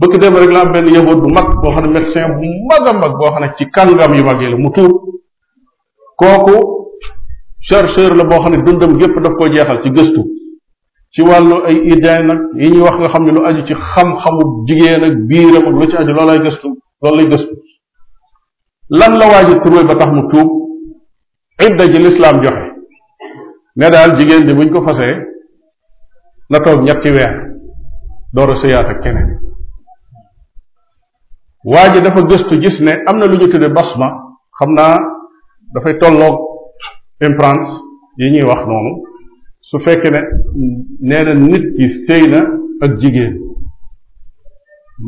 bëgg dem rek la am benn yahuud bu mag boo xam ne médecin bu mag mag boo xam ne ci kàngam yu mag yi la mu tuub kooku chercheur la boo xam ne dundam gépp daf ko jeexal ci gëstu ci wàllu ay idée nag yi ñuy wax nga xam ne lu aju ci xam-xamu jigéen ak biiram ak lu ci aju loolu lay gëstu lan la waaji trouvé ba tax mu tuub idda ji lislaam joxe ne daal jigéen bi buñ ko fasee na toog ñetti weer door a sëyaat ak keneen waa ji dafa gëstu gis ne am na lu ñu tudde basma xam naa dafay tolloog imprence yi ñuy wax noonu su fekkee ne nee na nit ki sëy na ak jigéen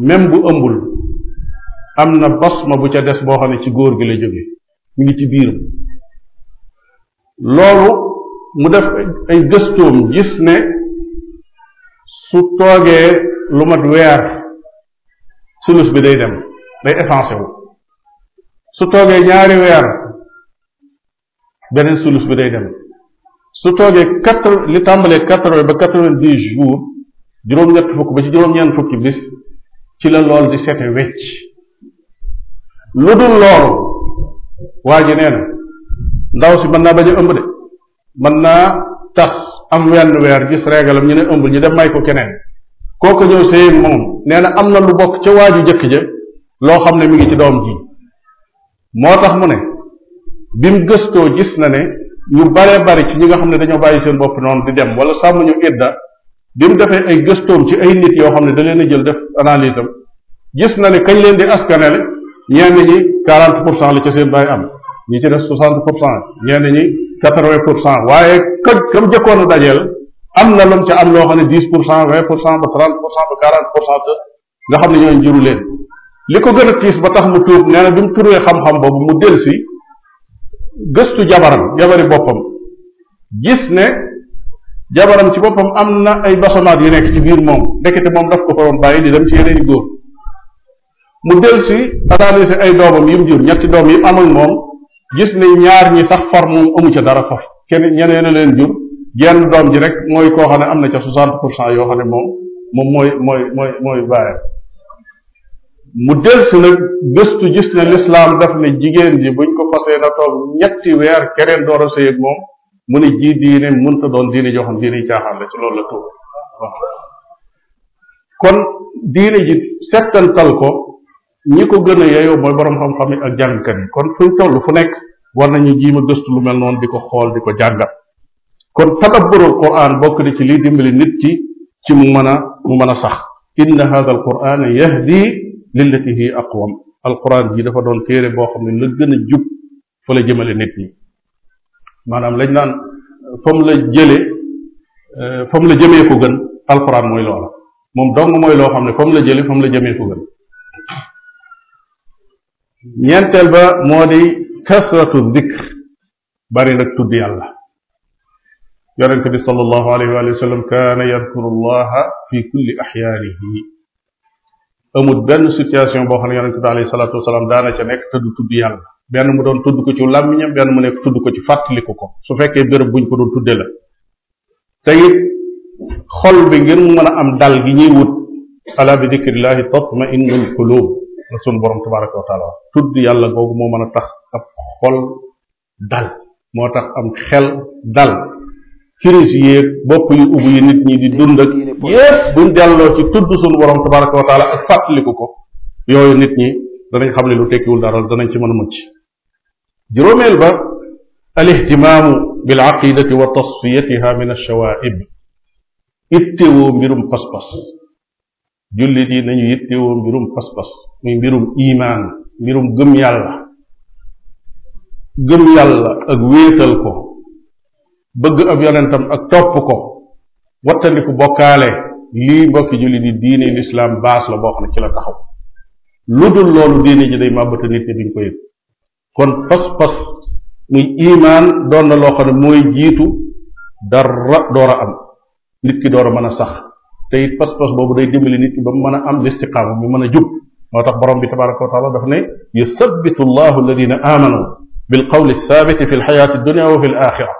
même bu ëmbul am na basma bu ca des boo xam ne ci góor gi lay jóge mu ngi ci biiram loolu mu def ay gëstoom gis ne su toogee lu mat weer sulus bi day dem day effacé su toogee ñaari weer beneen sulus bi day dem su toogee quatre li tàmbalee quatre ba quatre vingt dix jours juróom-ñett fukk ba ci juróom-ñeent fukki bis ci la lool di sete wecc lu dul loolu waa ji nee na ndaw si mën naa bañ a ëmb de mën naa tax am wenn weer gis reegalam ñu ne ëmbul ñu dem may ko keneen kooku ñëw sëy moom nee na am na lu bokk ca waaju jëkk ja loo xam ne mi ngi ci doom ji moo tax mu ne bi mu gëstoo gis na ne ñu bare bari ci ñi nga xam ne dañoo bàyyi seen bopp noonu di dem wala sàmm ñu idda bi mu defee ay gëstoom ci ay nit yoo xam ne da leen jël def analyse am gis na ne kañ leen di askanele ñenn ñi quarante pour cent la ca seen bàyyi am ñi ci des soixante pour cent ñenn ñi quatre vingt pour cent waaye ka kam jëkkoon a am na lam ca am loo xam ne dix pour cent vingt pour cent ba trente pour cent ba quarante pour cent te nga xam ne ñooñu juru leen li ko gën a tiis ba tax mu tuub nee na bi mu turee xam-xam boobu mu delsi gëstu jabaram jabari boppam gis ne jabaram ci boppam am na ay basamaat yu nekk ci biir moom ndekete moom daf ko fa bàyyi di dem ci yeneen i góor mu del si ay doomam yi mu jur ñetti doom yi amal am ak moom gis ne ñaar ñi sax far moom amu ca dara far kenn ñeneen a leen jur genn doom ji rek mooy koo xam ne am na ca soixante pour cent yoo xam ne moom moom mooy mooy mooy mooy bàyyam mu del si nag gëstu gis ne lislaam daf ne jigéen ji buñ ko fasee na toog ñetti weer keneen door a sëy moom mu ne ji diine mënta doon diine joo diine yi la ci loolu la tuub kon diine ji settantal ko ñi ko gën a yeyoo mooy borom xam-xam yi ak jàngkat yi kon fuñ toll fu nekk war nañu jiim a gëstu lu mel noon di ko xool di ko jàngat kon tadabburul quran bokk na ci liy dimbali nit ki ci mu mën mu mën sax inna hada al quran yahdi lillati hi aqwam alquran ji dafa doon téere boo xam ne la gën a jub fa la jëmale nit ñi maanaam lañ naan fa mu la jëlee euh, fa mu la jëmee ko gën alquran mooy loola moom dong mooy loo xam ne fa mu la jëlee fa mu la jëmee ko gën ñeenteel ba moo di kasratu dikr bari nag tudd yàlla yonente bi sallallahu alayhi wa sallam kaana yadkuru allaha fi kulli axyaanihi amul benn situation boo xam ne yonente bi alayhi salaatu wasalaam daana ca nekk te tudd yàlla benn mu doon tudd ko ci làmmiñam benn mu nekk tudd ko ci fàttaliku ko su fekkee béréb ñu ko doon tuddee la te xol bi ngir mu mën a am dal gi ñuy wut ala bi dikrillahi tatma innul qulub la sunu borom tabaraka wa taala tudd yàlla googu moo mën a tax ab xol dal moo tax am xel dal crise yéeg bopp yu ubbi nit ñi di dund ak yépp buñ ci tudd suñu borom tabaraka wa taala ak fàttaliku ko yooyu nit ñi danañ xam ne lu tekkiwul dara danañ ci mën a mucc juróomeel ba al ihtimaamu bil aqidati wa tasfiyatiha min alchawaib ittewoo mbirum pas-pas jullit yi nañu ittewoo mbirum pas-pas muy mbirum imaan mbirum gëm yàlla bëgg ab yonentam ak topp ko wattandiku bokkaale lii mbokki julli di diine lislaam baas la boo xam ne ci la taxaw lu loolu diine ji day màbbata nit ñi duñ ko kon pas-pas muy imaan doon na loo xam jiitu dara door a am nit ki door a mën a sax te it boobu day dimbali nit ki ba mu mën a am listiqaama mu mën a jub moo tax borom bi tabaraka wa taala daf ne yuthabitu llahu alladina amanu bilqawli thabiti fi fi l axira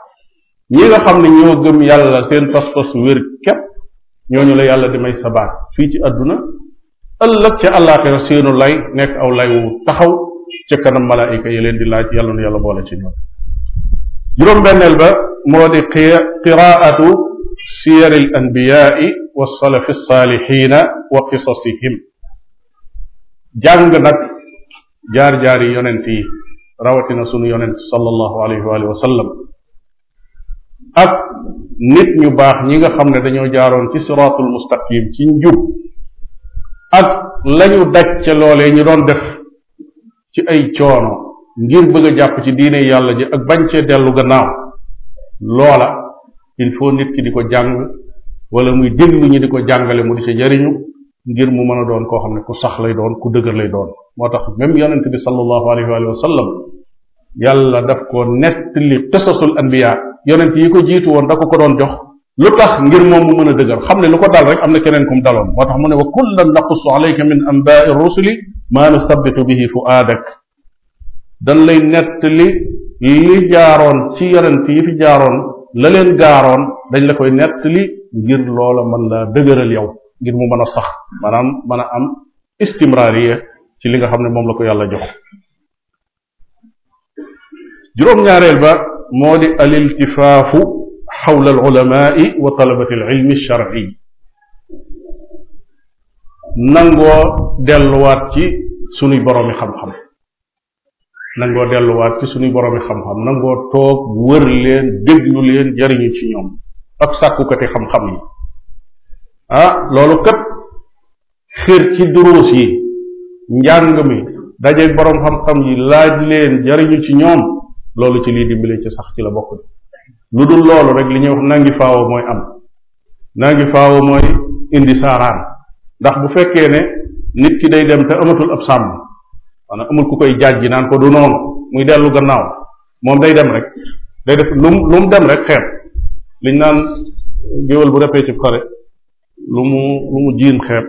ñi nga xam ne ñoo gëm yàlla seen pas-pas wér képp la yàlla di may sabaat fii ci àdduna ëllëg ca àllaaxira seenu lay nekk aw lay wu taxaw ca kanam malaayika yi leen di laaj yàlla nu yàlla boole ci ñoom juróom-benneel ba moo di qiraatu siyari al anbiyaai wa salafi saalihiina wa qisasihim jàng nag jaar-jaari yonent yi rawatina sunu yonent sallallahu alayhi wa sallam ak nit ñu baax ñi nga xam ne dañoo jaaroon ci siraatul mustaqim ci njub ak lañu daj ca loolee ñu doon def ci ay coono ngir bëgg a jàpp ci diine yàlla ji ak bañ cee dellu gannaaw loola il faut nit ki di ko jàng wala muy déglu ñi di ko jàngale mu di ca jariñu ngir mu mën a doon koo xam ne ku sax lay doon ku dëgër lay doon moo tax même yonent bi sallallahu alayhi wa sallam yàlla daf ko nettali qisasul anbiya yonent yi ko jiitu woon da ko ko doon jox lu tax ngir moom mu mën a dëgër xam ne lu ko dal rek am na keneen kum daloon moo tax mu ne wa kullan naqussu alayka min anbaai rusuli maa nusabitu bihi fuaadak dan lay nettali li jaaroon ci yonent yi fi jaaroon la dañ la koy nettali ngir loola mën la dëgëral yow ngir mu mën a sax maanaam mën a am istimraariya ci li nga xam ne moom la ko yàlla jox juróom-ñaareel ba moo di al iltifaafu xawla al ulamaai wa talabati al ilmi sharci nangoo delluwaat ci sunuy xam-xam nangoo delluwaat ci sunuy boroomi xam-xam nangoo toog wër leen déglu leen jariñu ci ñoom ak sàkkukati xam-xam yi ah loolu kat xër ci duruus yi njàng mi daje boroom xam-xam yi laaj leen jariñu ci ñoom loolu ci lii dimbali ci sax ci la bokk lu dul loolu rek li ñuy wax nangi faawo mooy am nangi faawo mooy indi saaraan ndax bu fekkee ne nit ki day dem te amatul ab sàmm maanaam amul ku koy jaaj ji naan ko du noonu muy dellu gannaaw moom day dem rek day def lum lu mu dem rek xeeb liñ naan géwél bu repee ci xare lu mu lu mu jiin xeeb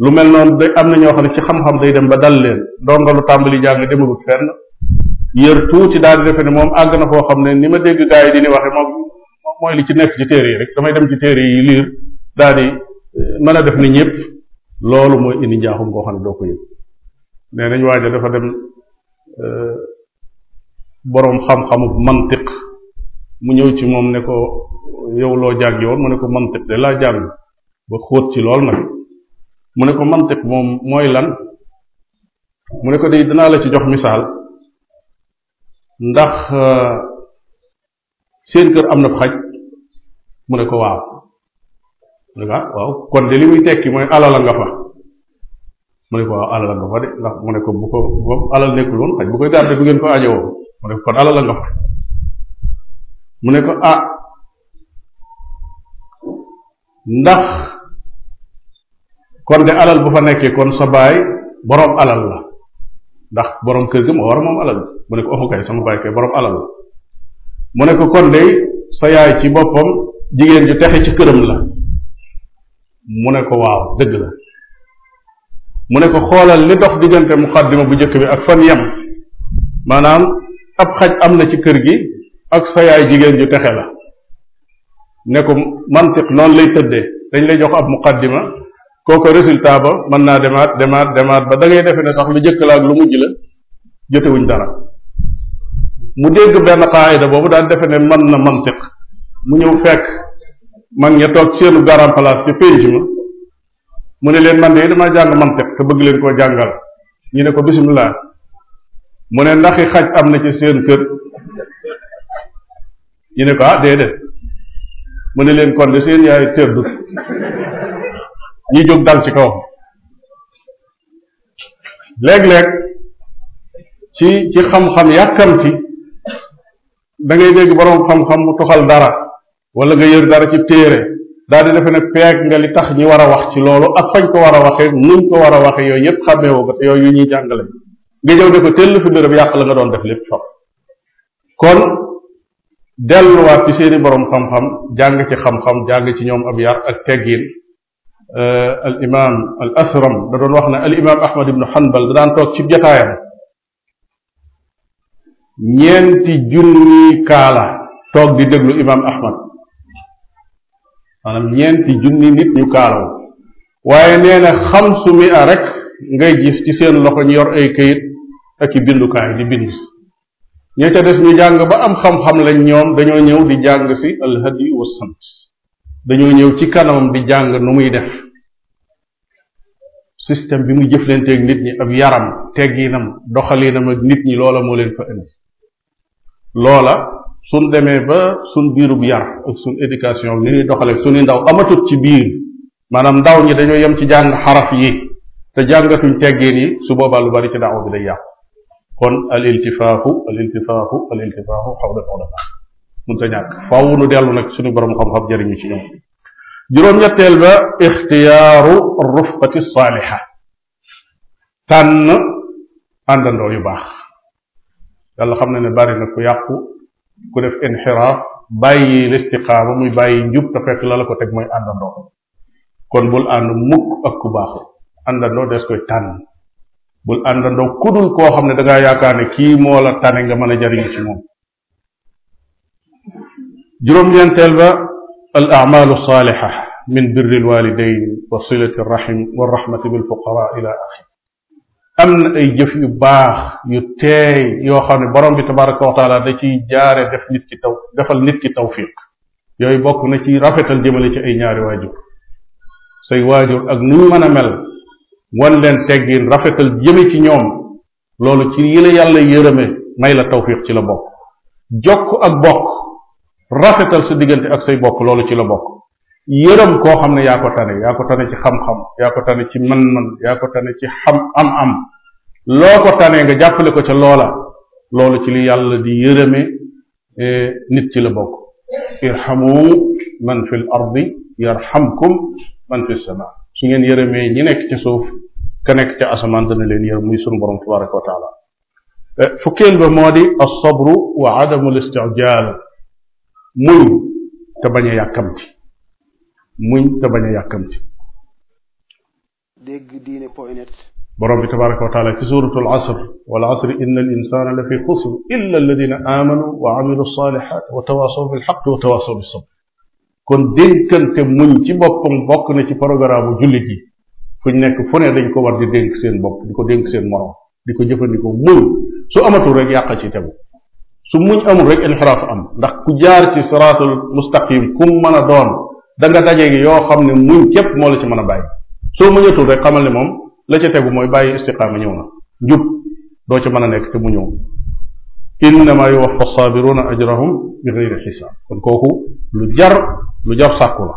lu mel noonu day am na ñoo xam ne ci xam day dem ba dal leen doon lu tàmbali jàng demagul fenn yër tuuti daal defe ne moom àgg na foo xam ne ni ma dégg gaa yi waxe moom mooy li ci nekk ci téere yi rek damay dem ci téere yi liir daal eh, mën a def ni ñëpp loolu mooy indi njaaxum koo xam ne doo ko yëg nee nañ waaja dafa dem eh, boroom xam-xamu mantiq mu ñëw ci moom ne ko yow loo jàngi woon mu ne ko mantiq de laa jàng ba xóot ci lool nag mu ne ko mantiq moom mooy lan mu ne ko de dinaa la ci jox misaal ndax euh, seen kër am na xaj mu ne ko waaw ah, waaw kon de li muy tekki mooy alal a nga fa mu ne ko waaw alal a nga fa de ndax mu ne ko bu ko boobu alal nekkul xaj bu koy garde bu ngeen ko ajowoo mu ne ko kon alal a nga fa mu ne ko ah ndax kon de alal bu fa nekkee kon sa baay boroom alal la ndax boroom kër gi moo war a moom alal mu ne ko oxu kay sama baay kay borom alal la mu ne ko kon de sa yaay ci boppam jigéen ju texe ci këram la mu ne ko waaw dëgg la mu ne ko xoolal li dox diggante muqaddima bu njëkk bi ak fan yem maanaam ab xaj am na ci kër gi ak sa yaay jigéen ju texe la ne ko mantiq noonu lay tëdde dañ lay jox ab muqaddima kooka résultat ba mën naa demaat demaat demaat ba da defe ne sax lu jëkk la ak lu mujj la jotewuñ dara mu dégg benn xaayida boobu daan defe ne mën na mantiq mu ñëw fekk man ña toog seenu garam place ci pénc ma mu ne leen man de damaa jàng mantiq te bëgg leen koo jàngal ñu ne ko bisimilah mu ne ndaxi xaj am na ci seen kër ñu ne ko ah déedéet mu ne leen kon de seen yaay tëdd ñu jóg dal ci kaw léeg-léeg ci ci xam-xam yàkkamti da dégg boroom xam-xam mu toxal dara wala nga yër dara ci téere daal di defe ne peeg nga li tax ñi war a wax ci loolu ak fañ ko war a waxee nuñ ko war a waxee yooyu yëpp xàmmee woo ko te yooyu ñuy jàngale nga ñëw defa tell fi béréb yàq la nga doon def lépp fab kon delluwaat ci seeni boroom xam-xam jàng ci xam-xam jàng ci ñoom ab yar ak teggiin Euh, al imam al asram da doon wax na al imam ahmad ibnu hanbal da daan toog ci jataayam ñeenti junni kaala toog di déglu imam ahmad maanaam ñeenti junni nit ñu kaalaw waaye nee na xamsu mi a rek ngay gis ci seen loxo ñu yor ay kayit ak i bindukaay di bind ña ca des ñu jàng ba am xam-xam lañ ñoom dañoo ñëw di jàng si al hadi wa sant dañoo ñëw ci kanamam di jàng nu muy def système bi mu jëflanteeg nit ñi ab yaram tegginam doxalinam ak nit ñi loola moo leen fa indi loola suñ demee ba suñ biirub yar ak suñ éducation ni ñuy doxalee suñuy ndaw amatut ci biir maanaam ndaw ñi dañoo yem ci jàng xaraf yi te jàngatuñ teggin yi su boobaa lu bari ci daaw bi day yàqu kon al iltifaafu al iltifaafu al iltifaafu xawla al ulama mënta ñàkk faaw nu dellu nag suñu borom xam-xam jëriñu ci ñoom juróom-ñetteel ba ixtiyaaru rufqati saaliha tànn àndandoo yu baax yàlla xam ne bari na ku yàqu ku def inxiraaf bàyyi listiqaama muy bàyyi njub te fekk la la ko teg mooy àndandoo kon bul ànd mukk ak ku baaxul àndandoo des koy tànn bul àndandoo kudul koo xam ne dangaa yaakaar ne kii moo la tane nga mën a jariñu ci moom juróom-ñeenteel ba al amalu saalixa min birri alwalidain wa silati rahim wa rahmati bilfuqara ila axir am na ay jëf yu baax yu teey yoo xam ne borom bi tabaraka wa taala da ciy jaare def nit ki taw defal nit ki tawfiq yooyu bokk na ci rafetal jëmale ci ay ñaari waajur say waajur ak nu ñu mën a mel wan leen teggin rafetal jëme ci ñoom loolu ci yi la yàlla yërëme may la tawfiq ci la bokk jokk ak bokk rafetal sa diggante ak say bokk loolu ci la bokk yërëm koo xam ne yaa ko tane yaa ko tane ci xam-xam yaa ko tane ci mën-mën yaa ko tane ci xam am-am loo ko tane nga jàppale ko ca loola loolu ci li yàlla di yërëme e, nit ci la bokk irhamu man fi l ardi yarhamkum man fi sama su ngeen yërëmee ñi nekk ci suuf ka nekk ca asamaan dana leen yërëm muy sunu borom tabaraka wa e, fukkeel ba moo di alsabru wa adamu l istijaal muñ te bañ a yàkkamti muñ te bañ a yàkkamti dégg diine point net borom bi wa taala ci suratul asr asri inna al insana la fi xusr illa alladina amanu wa amilu salihat wa tawasaw bil xaq wa tawasaw bis sabr kon dénkante muñ ci boppam bokk na ci programme jullit yi fu ñu fu ne dañ ko war di dénk seen bopp di ko dénk seen ko jëfandikoo muñ su amatul rek ci tegu su amul rek inxiraaf am ndax ku jaar ci siraatul mustaqim kum mën a doon da nga yoo xam ne muñ képp moo la ci mën a bàyyi soo muñatul rek xamal ne moom la ca tegu mooy bàyyi istiqaama ñëw na njub doo ca mën a nekk te mu ñëw innama yuwaffa saabiruna ajrahum bi gayri xisaab kon kooku lu jar lu jar sàkku la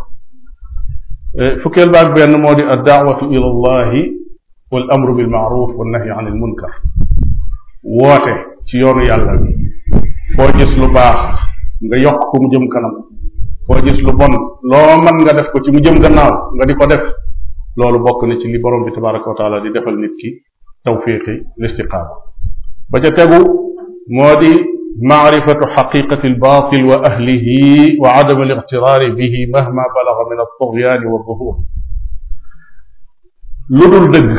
eh, fukkeel baag benn moo di addaawatu ila allahi wal amru bil maaruf wa nahi an il woote ci yoonu yàlla bi foo gis lu baax nga yokk ko mu jëm kanam foo gis lu bon loo mën nga def ko ci mu jëm gannaaw nga di ko def loolu bokk na ci li borom bi tabaraka wa taala di defal nit ki tawfiqi listiqaama ba ca tegu moo di maarifatu albaatil wa ahlihi wa adam aliqtiraari bihi mahma balaga min altugyaani wa lu dul dëgg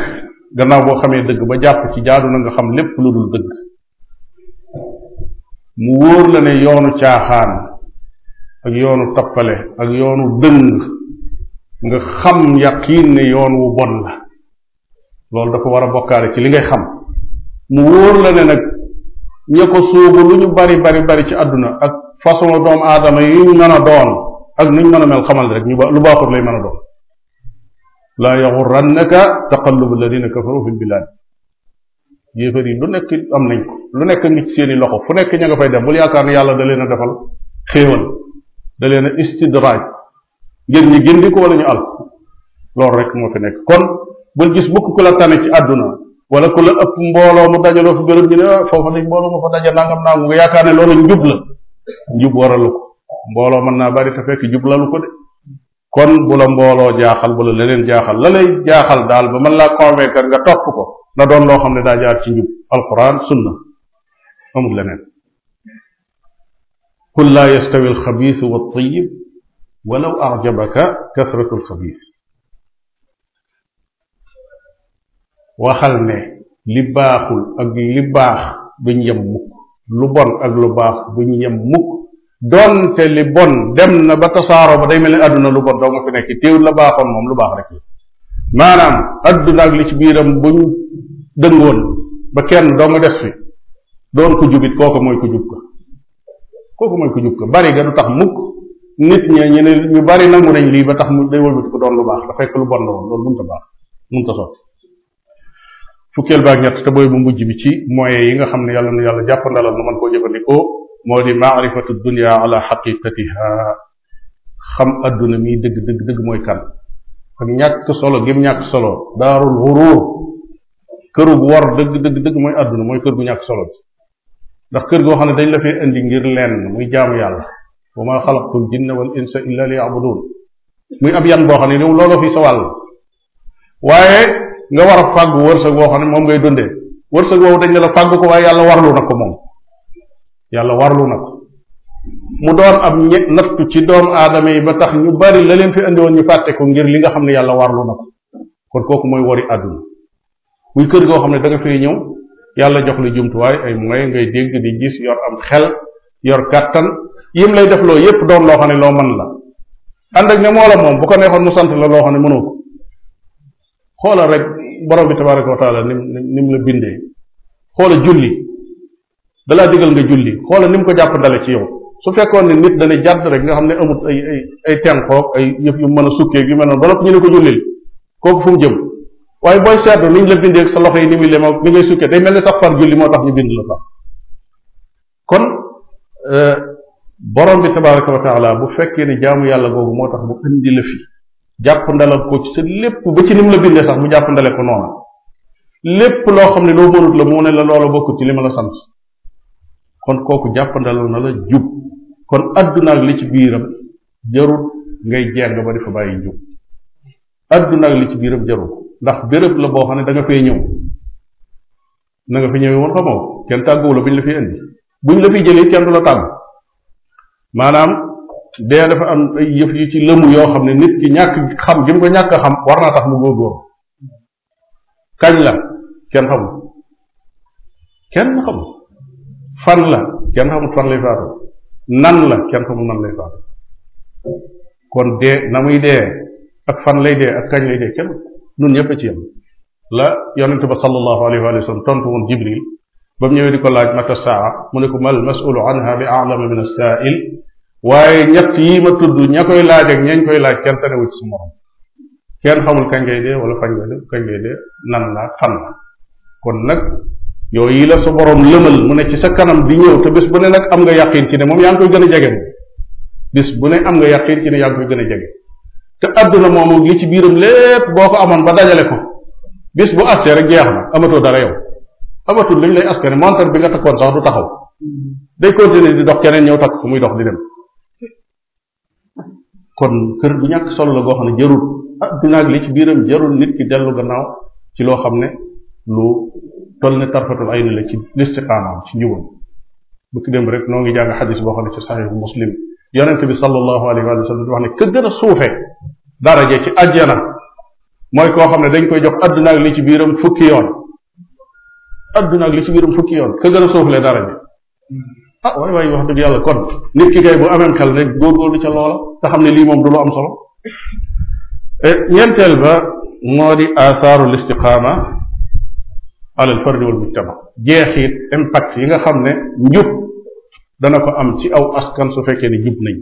gannaaw boo xamee dëgg ba jàpp ci jaadu na nga xam lépp lu dul dëgg mu wóor la ne yoonu caaxaan ak yoonu tappale ak yoonu dëng nga xam yaqiin ne yoon wu bon la loolu dafa war a bokkaale ci li ngay xam mu wóor la ne nag ña ko sóobu lu ñu bari bari bari ci àdduna ak façon doomu aadama yi ñu mën a doon ak nuñ mën a mel xamal rek ñu lu baaxul lay mën a doon laa yaxurannaka taqallubu alladina kafaru fi lbilaad yéefar yi lu nekk am nañ ko lu nekk ngi ci loxo fu nekk ña nga fay dem bul yaakaar ne yàlla da leen defal xéewal da leen a istidraaj ñu gindi ko bul gis bukk ku la wala ku mbooloo mu dajaloo fi bërëb ñu ne ah, foofa ne loolu njub la njub mën naa bari te fekk ko de kon bu la mbooloo jaaxal bu la leneen jaaxal la lay jaaxal daal ba man laa convaincre nga topp ko na doon loo xam ne daa jaar ci njub alquran sunna amul leneen qul laa yastawi alxabiisu wa waxal ne li baaxul ak li baax duñ yem lu bon ak lu baax duñ yem mukk li bon dem na ba tasaaroo ba day mel àdduna lu bon doo fi nekk téewul la baaxoon moom lu baax rek maanaam àdduna ak li ci biiram buñ dëngoon ba kenn doo nga des fi doon ku jubit kooku mooy ku ko kooku mooy ku ko bari ga du tax mukk nit ña ñu ne ñu bari nangu lii ba tax mu day wëlbati ko doon lu baax da fekk lu bon woon loolu mënta baax mënta sotti fukkeel baak ñett te booy bu mujj bi ci moyens yi nga xam ne yàlla na yàlla jàppandalal nu mën koo jëfandikoo moo di maarifatu dunia ala xaqiqatiha xam adduna mi dëgg dëgg dëgg mooy kan ñàkk solo gim ñàkk solo daarul xuruur kërug wor dëgg dëgg dëgg mooy àdduna mooy kër bu ñàkk solo bi ndax kër goo xam ne dañ la fee indi ngir lenn muy jaamu yàlla wa ma xalaqtul jinna wal insa illa li yabudun muy ab yan boo xam ne yow looloo fi waaye nga war a fàggu wërsëg woo xam ne moom ngay dundee wërsëg woowu dañ ne la ko waaye yàlla warlu na ko moom yàlla warlu na mu doon ab ñe nattu ci doomu aadama yi ba tax ñu bari la leen fi indi woon ñu fàtte ko ngir li nga xam ne yàlla warlu na ko kon kooku mooy wari àdduna muy kër goo xam ne da nga fay ñëw yàlla jox la jumtuwaay ay moyens ngay dégg di gis yor am xel yor kàttan yim lay def loo yépp doon loo xam ne loo man la ànd ak ne moo la moom bu ko neexoon mu sant la loo xam ne mënoo ko xoola rek borom bi tabaraka wa taala nim nim la bindee xoola julli dalaa digal nga julli xoola ni mu ko jàpp ndale ci yow su fekkoon ne nit dana jàdd rek nga xam ne amut ay ay ay tenqoog ay yëf yu mën a sukkeeg yu ba nopp ñu ne ko jullil kooku fu jëm waaye booy seetlu niñ la bindee sa loxo yi ni muy lema ni ngay sukkee day mel ni sax par julli moo tax ñu bind la sax kon euh, borom bi tabaraka wa taala bu fekkee ne jaamu yàlla googu moo tax mu indi la fi jàpp ndalal ko ci lépp loo xam ne loo mënut la mu ne la loola bokkut ci li ma la sant kon kooku jàpp ndalal na la jub kon adduna ak li ci biiram jarul ngay jàng ba di fa bàyyi jub adduna ak li ci biiram jarul ndax béréb la boo xam ne da nga fee ñëw na nga fi ñëwee woon xamoo kenn tàgguwu la bu ñu la fi indi bu ñu la fi jëlee kenn du la tàggu maanaam dee dafa am ay yëf yu ci lëmu yoo xam ne nit ki ñàkk xam gi mu ko ñàkk a xam war naa tax mu góorgóorlu kañ la kenn xamul kenn xamul fan la kenn xamul lay faatu nan la kenn xamul nan lay faatu kon dee na muy dee ak fan lay dee ak kañ lay dee kenn nun ñëpp a ci yem la yonente ba sallallahu alayhi wa sallam tontu woon jibril ba mu ñëwee di ko laaj mata saa mu ne ko ma masulu anha bi alama min asaail waaye ñett yi ma tudd ña koy laaj ak ñañ koy laaj kenn tanewu ci su morom kenn xamul kañ ngay dee wala fañ nga dee kañ ngay la fan la kon nag yooyu yi la sa borom lëmal mu ne ci sa kanam di ñëw te bis bu ne nag am nga yàqin ci ne moom yaa ngi koy gën a jege moom bis bu ne am nga yàqin ci ne yaa gën a jege te adduna moomu li ci biiram lépp boo ko amoon ba dajale ko bis bu àgsee rek jeex na amatoo dara yow amatul lañ lay askane montar bi nga takkoon sax du taxaw day continuer di dox keneen ñëw takk muy dox di dem kon kër gu ñàkk solo la boo xam ne jarul adduna li ci biiram jarul nit ki dellu gannaaw ci loo xam ne lu toll ne tarfatul ayni la ci listiqaamaam ci njubam bëkk dem rek noo ngi jàng xadis boo xam ne ci saxiixu muslim yonent bi sallallahu alayhi wa sallam wax ne ka gën a suufe daraja ci ajjana mooy koo xam ne dañ koy jox adduna ak li ci biiram fukki yoon adduna ak li ci biiram fukki yoon ka gën a suufle daraja ah waay waay wax dëgg yàlla kon nit ki kay bu amee xel rek góorgóorlu ca loola te xam ne lii moom du lu am solo e, ñeenteel ba moo di athaaru listiqaama ala alfardi wal mujtama jeexit impact yi nga xam ne njub dana ko am ci aw askan su fekkee ne jub nañ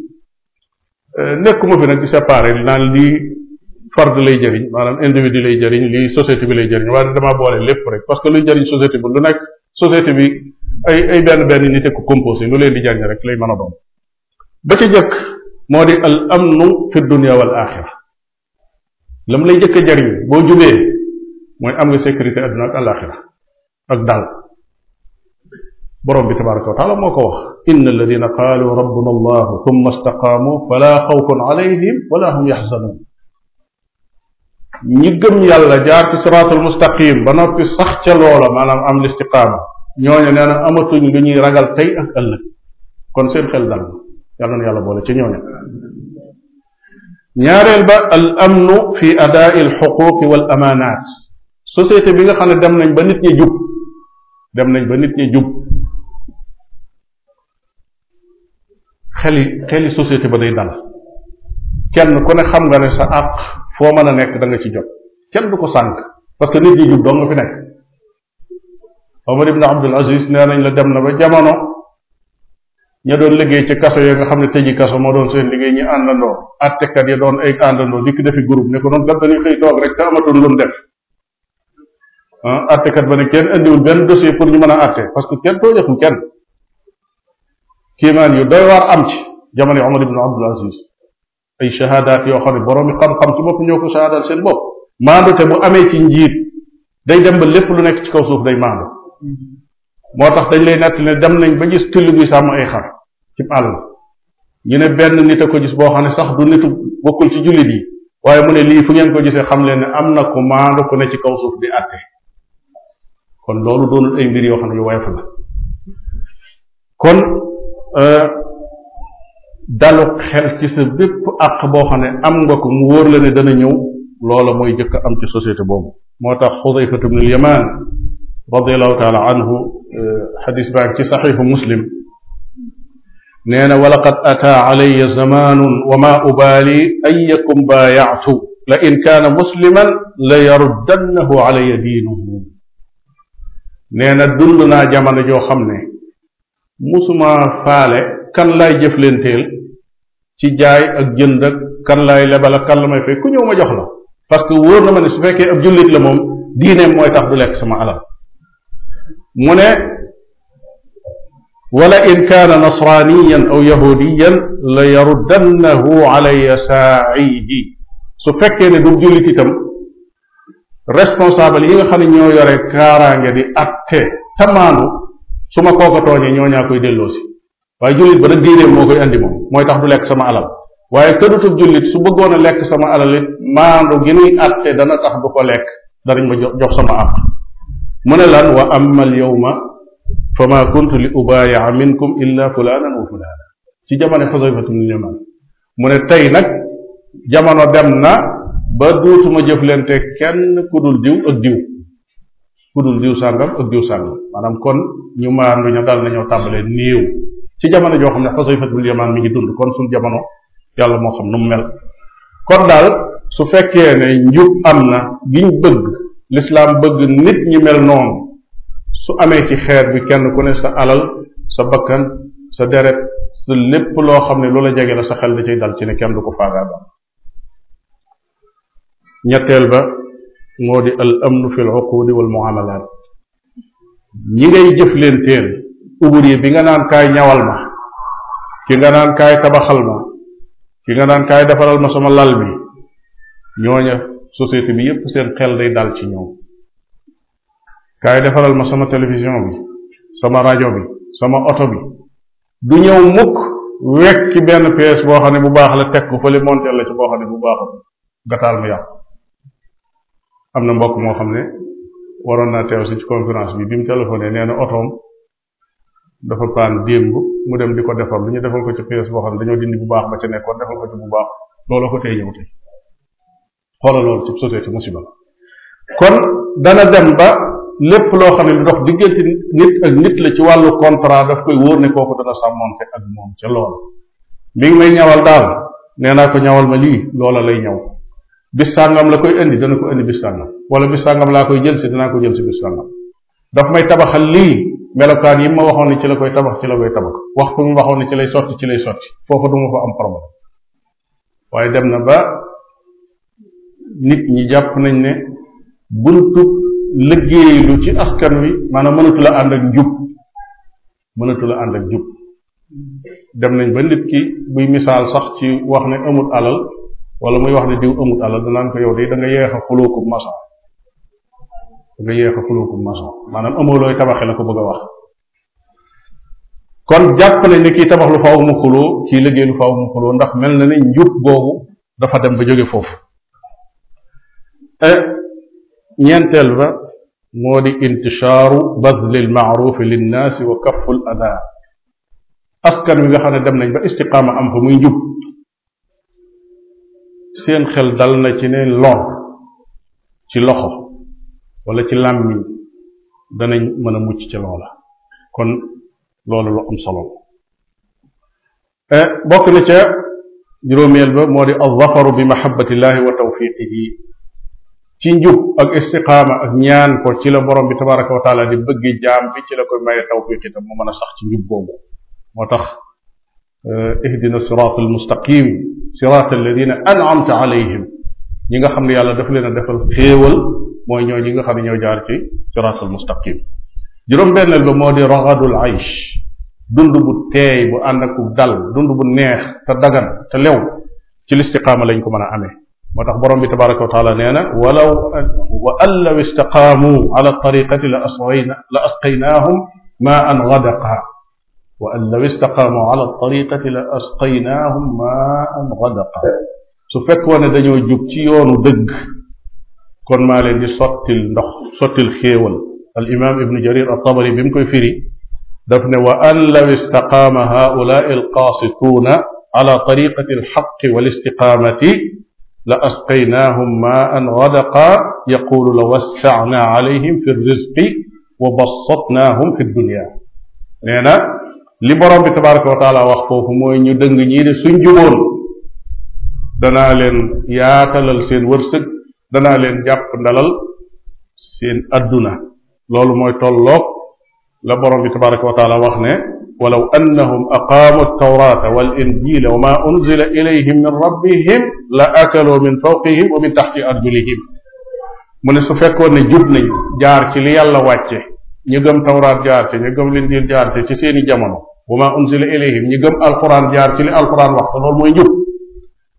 euh, nekkuma fi nag di séparer li naan lii fard lay jëriñ maanaam individu lay jëriñ lii société bi lay jëriñ waaye damaa boole lépp rek parce que luy jëriñ société bi lu nekk société bi ay ay benn benn nit ko composé lu leen di jàng rek lay mën a doon ba ca jëkk moo di al amnu fi dunia wal axira lam lay jëkk a boo jubee mooy am nga sécurité adduna ak alaxira ak dal borom bi tabaraka wa taala moo ko wax inna alladina qaalu rabbuna allahu thumma istaqaamu fala xawfun alayhim wala hum yaxzanuun ñi gëm yàlla jaar ci siraatul mustaqim ba noppi sax ca loola maanaam am listiqaama ñooñu nee na amatuñ lu ñuy ragal tey ak ëllëg kon seen xel dal yàlla na yàlla boole ci ñooñu ñaareel ba al amnu fi adaai al xuquqi wal amaanaat société bi nga xam ne dem nañ ba nit ñi jub dem nañ ba nit ñi jub xeli xeli société ba day dal kenn ku ne xam nga ne sa àq foo mën a nekk da nga ci jot kenn du ko sànq parce que nit ñi jub doo nga fi nekk Omar ibn Abdul Aziz nee nañ la dem na ba jamono ña doon liggéey ci kaso yee nga xam ne tëji kaso moo doon seen liggéey ñi àndandoo attekat ya doon ay àndandoo dikk defi groupe ne ko noonu kat dañuy xëy toog rek te amatoon lu def ah, attekat ba ne kenn indiwul benn dossier pour ñu mën a atte parce que kenn tooñatul kéemaan yu doy waar am ci jamono Omar ibn Abdul Aziz ay shahadaat yoo xam ne boroomi xam-xam ci bopp ñoo ko shahadaat seen bopp maandu te bu amee ci njiit day dem ba lépp lu nekk ci kaw suuf day maandu moo tax dañ lay nett dem nañ ba gis till buy ay xar ñu ne benn nit a ko gis boo xam ne sax du nitu bokkul ci jullit yi waaye mu ne lii fu ngeen ko gisee xam leen ne am na ko maandu ku ne ci kaw suuf di àtte kon loolu doonul ay mbir yoo xam ne yu woyof la kon Euh, dalu xel ci sa bépp àq boo xam ne am nga ko mu wóor la ne dana ñëw loola mooy jëkk am ci société boobu moo tax xudayfatu bnu lyaman radiallahu taala anhu euh, xadis baa ngi ci saxiixu muslim nee na walaqad ataa alaya zamanun wa ma ubaali ayakum baayactu la in kaana musliman la yaruddannahu alaya diinuhu nee na dund naa jamono joo xam ne musuma faale kan laay jëflenteel ci jaay ak jënd kan laay lebal ak kan la ku ñëw ma jox la parce que wóor na ma ne su fekkee ab jullit la moom diineem mooy tax du lekk sama alal mu ne wala in kaana nasraaniyan aw yahudiyan la yaruddannahu alaya saaihi su fekkee ne du jullit itam responsable yi nga xam ne ñoo yore kaaraange di atte tamaanu su ma kooka tooñee ñoo ñaa koy delloosi waaye jullit ba nag diineem moo koy andi moom mooy tax du lekk sama alal waaye këdutub jullit su bëggoon a lekk sama alal it maandu gi nuy atte dana tax du ko lekk danañ ma jox sama àq mu ne lan wa amma al yawma fa ma kuntu li ubaayaa minkum illa fulanan wa fulana ci jamono xasayfatum liman mu ne tey nag jamono dem na ba duutuma jëflante kenn ku dul diw ak diw ku dul diw sàngam ak diw sàngam maanaam kon ñu maandu ña daal nañoo tàmbalee néew ci jamono joo xam ne Xusayfa bul Yamaan mi ngi dund kon suñ jamono yàlla moo xam nu mu mel kon daal su fekkee ne njub am na giñ bëgg lislaam bëgg nit ñi mel noonu su amee ci xeer bi kenn ku ne sa alal sa bakkan sa deret sa lépp loo xam ne lu la jege la sa xel da cay dal ci ne kenn du ko faagaagal ñetteel ba moo di al amnu fi l uqudi wal muamalaat ñi ngay jëflenteel ouvrier bi nga naan kaay ñawal ma ki nga naan kaay tabaxal ma ki nga naan kaay defaral ma sama lal bi ñooña société bi yépp seen xel day dal ci ñoom kaay defaral ma sama télévision bi sama rajo bi sama oto bi du ñëw mukk wekk benn pièce boo xam ne bu baax la teg ko fële monté la ci boo xam ne bu baaxul gataal mu yàqu am na mbokk moo xam ne waroon naa teew si ci conférence bi bi mu téléphoné nee na otoom dafa paan démb mu dem di ko defar lu ñu defal ko ci pièce boo xam ne dañoo dindi bu baax ba ca nekkoon defal ko ci bu baax looloo ko tey ñëw tey xoolal loolu ci société musiba kon dana dem ba lépp loo xam ne lu dox diggante nit ak nit la ci wàllu contrat daf koy wóor ne kooku dana sàmmoonte ak moom ca loolu mi ngi may ñawal daal nee naa ko ñawal ma lii loola lay ñaw bis la koy indi dana ko indi bis sàngam wala bis sàngam laa koy jël si dinaa ko jël si bis sàngam daf may tabaxal lii melokaan yi ma waxoon ne ci la koy tabax ci la koy tabax wax ko mu waxoon ne ci lay sotti ci lay sotti foofa du ma fa am problème waaye dem na ba nit ñi jàpp nañ ne buntu liggéeylu ci askan wi maanaam mënatu la ànd ak njub mënatu ànd ak njub dem nañ ba nit ki buy misaal sax ci wax ne amul alal wala muy wax ne diw amut alal danaan ko yow de da nga yeex a xulóokub maçon da nga yeex a xulóokub maçon maanaam amoo looy tabaxe la ko bëgg a wax kon jàpp nañ kii tabax lu faaw mu xuloo kii liggéey lu faaw mu xuloo ndax mel na ne njub googu dafa dem ba jóge foofu e, ñeenteel ba moo di intishaaru bazlil maarufi linnaasi wa kafful adaa askan wi nga xam ne dem nañ ba istiqaama am fa muy njub seen xel dal na ci ne lor ci loxo wala ci làmmiñ danañ mën a mucc ci loola kon loolu lu am solo eh, bokk na ca juróomeel ba moo di alzafaru bi mahabatillahi wa tawfiqihi ci njub ak istiqaama ak ñaan ko ci la borom bi tabaraka wa taala di bëgg jaam bi ci la koy maye tawfiq itam mën a sax ci njub boobu moo tax ihdina siraat almustaqim siraat alladina an'amta alayhim ñi nga xam ne yàlla daf leen a defal xéewal mooy ñoo ñi nga xam ne ñoo jaar ci siraat almustaqim juróom-benneel ba moo di raxadul aysh dund bu teey bu ànd ak dal dund bu neex te dagan te lew ci listiqaama lañ ko mën a amee moo tax borom bi tabaraka wa taala nee na walaw wa an law istaqaamu ala tariqati la asqayna la asqaynaahum maa an gadaqa wa an law istaqaamu ala tariqati la asqaynaahum maan gadaqa su fekkoon ne dañoo jub ci yoonu dëgg kon maa leen di sottil ndox sottil xéewal al imam ibnu jarir altabari bi mu koy firi daf ne wa an law istaqaama haulaai alqaasituuna ala tariqati alxaqi walistiqaamati la asqaynaahum maan gadaqa yaqulu la wassacna alayhim fi rizqi wa bassatnaahum fi dunya nee na li borom bi tabaraka wa taala wax foofu mooy ñu dëng ñii de suñ juboon danaa leen yaatalal seen wërsëg danaa leen jàpp ndalal seen adduna loolu mooy tolloog la borom bi tabaraka wa taala wax ne walaw annahum aqaamu altawrata wal injila wa ma unzila ilayhim min rabbihim la akaloo min fawqihim wa min taxti arjulihim mu su fekkoon ne jub jaar ci li yàlla wàcce ñu gëm tawraat jaar ci ñu gëm linjiil jaar ci ci seeni jamono wa ma unzila ilayhim ñi gëm alquran jaar ci li alquran wax te loolu mooy njub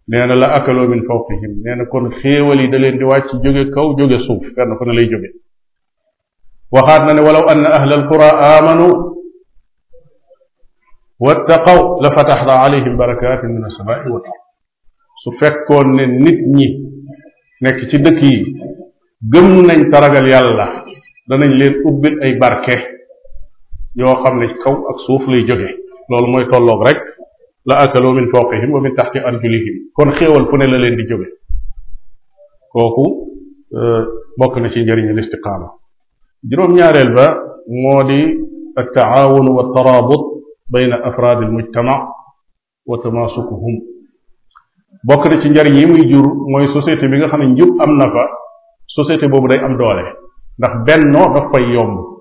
nee na la akaloo min fawqihim nee kon xéewal yi da leen di wàcc jóge kaw jóge suuf fenn ko ne lay jóge waxaat na ne walaw anna ahla alqura amanu wattaqaw la fataxna alayhim barakatin min asamaai wal ard ci dëkk yi gëm nañ taragal yàlla danañ leen ubbil ay barke yoo xam ne kaw ak suuf lay jóge loolu mooy tolloog rek la akaloo min fawqihim wa min taxti arjulihim kon xéewal fu ne la leen di jóge kooku euh, bokk na ci njëriñu listiqaama juróom-ñaareel ba moo ci njariñ yi muy jur mooy société bi nga xam ne njub am na fa société boobu day am doole ndax bennoo daf fay yomb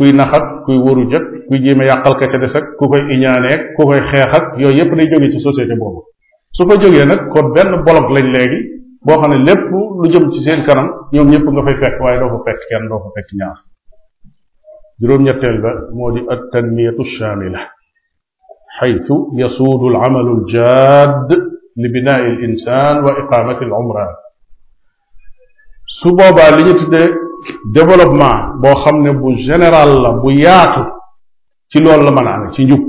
kuy naxat kuy waru jëkk kuy jéem a yàqal ka ca des ak ku koy iñaaneeg ku koy xeex ak yépp day jógee ci société boobu su fa jógee nag kon benn bloc lañ léegi boo xam ne lépp lu jëm ci seen kanam ñoom ñëpp nga fay fekk waaye doo fa fekk kenn doo fa ñetteel ba moo di at tanmiyatu shamila xaytu yasuudu al amalu al jaad li binaai al insaan wa iqaamati al umraan su boobaa li ñu tuddee développement boo xam ne bu général la bu yaatu ci loolu la mën a amee ci njub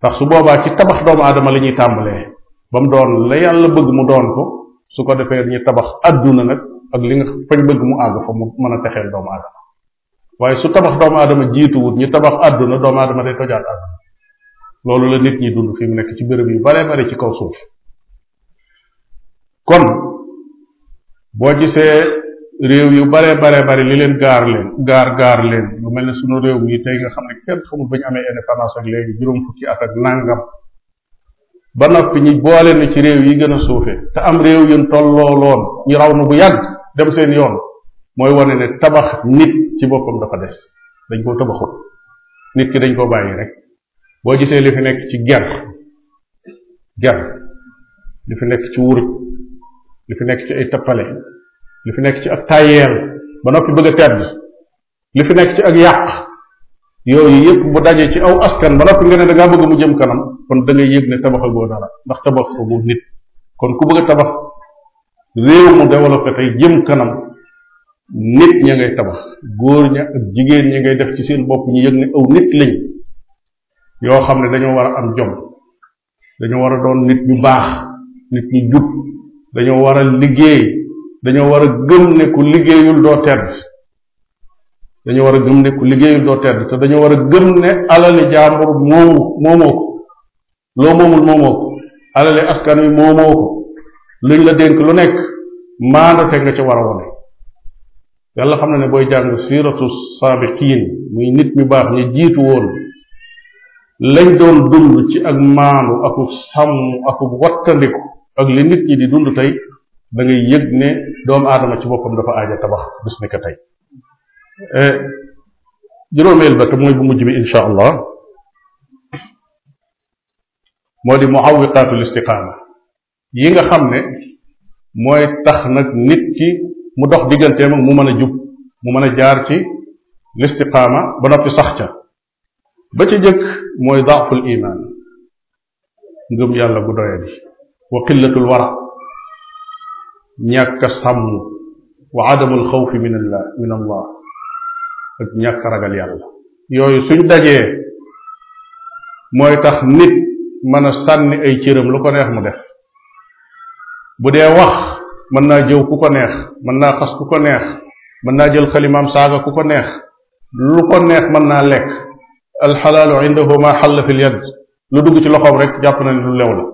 ndax su boobaa ci tabax doomu aadama la ñuy tàmbalee ba mu doon la yàlla bëgg mu doon ko su ko defee ñu tabax adduna nag ak li nga fañ bëgg mu àgg fa mu mën a texeel doomu aadama waaye su tabax doomu aadama jiituwut ñu tabax adduna doomu aadama day tojaat adduna loolu la nit ñi dund fi mu nekk ci béréb yu bare bare ci kaw suuf kon boo gisee réew yu bare bare bari li leen gaar leen gaar gaar leen lu mel ni suñu réew mi tey nga xam ne kenn xamul ba ñu amee indépendance ak léegi juróom fukki at ak nàngam ba noppi ñi boole na ci réew yi gën a suufe te am réew yun tolloo loon ñu raw na bu yàgg dem seen yoon mooy wane ne tabax nit ci boppam dafa des dañ koo tabaxut nit ki dañ koo bàyyi rek boo gisee li fi nekk ci ger ger li fi nekk ci wuruj li fi nekk ci ay tappale li fi nekk ci ak tayeel ba noppi bëgg a tedd li fi nekk ci ak yàq yooyu yëpp bu dajee ci aw askan ba noppi nga ne bëgg mu jëm kanam kon da ngay yëg ne tabaxagoo dara ndax tabax ko nit kon ku bëgg a tabax réew mu développé tey jëm kanam nit ña ngay tabax góor ña ak jigéen ñi ngay def ci seen bopp ñu yëg ne aw nit lañ yoo xam ne dañoo war a am jom dañoo war a doon nit ñu baax nit ñu jub dañoo war a liggéey dañoo war a gëm ne ku liggéeyul doo tedd dañoo war a gëm ne ku liggéeyul doo tedd te dañoo war a gëm ne alali jaambur moomu moomoo ko loo moomul moomoo ko alali askan wi moomoo ko luñ la dénk lu nekk maandate nga ca war yàlla xam na ne booy jàng siiratu saabiqiin muy nit ñu baax ñu jiitu woon lañ doon dund ci ak maandu akub sàmm akub wattandiku ak li nit ñi di dund tey da ngay yëg ne doomu aadama ci boppam dafa aaja tabax bis ni ko tey eh, juróomeel ba te mooy bu mujj bi insha allah moo di muawiqaatul istiqaama yi nga xam ne mooy tax nag nit ki mu dox digganteem ak mu mën a jub mu mën a jaar ci listiqaama ba noppi sax ca ba ca jëkk mooy daaful imaan ngëm yàlla gu doyadi wa qillatul wara ñàkk a sàmm wa adamul xawfi min min allah ak ñàkk ragal yàlla yooyu suñ dajee mooy tax nit mën a sànni ay cëram lu ko neex mu def bu dee wax mën naa jëw ku ko neex mën naa xas ku ko neex mën naa jël xalimaam saaga ku ko neex lu ko neex mën naa lekk alxalaalu indahu ma xalla fi lyad lu dugg ci loxoom rek jàpp na ne lu lew la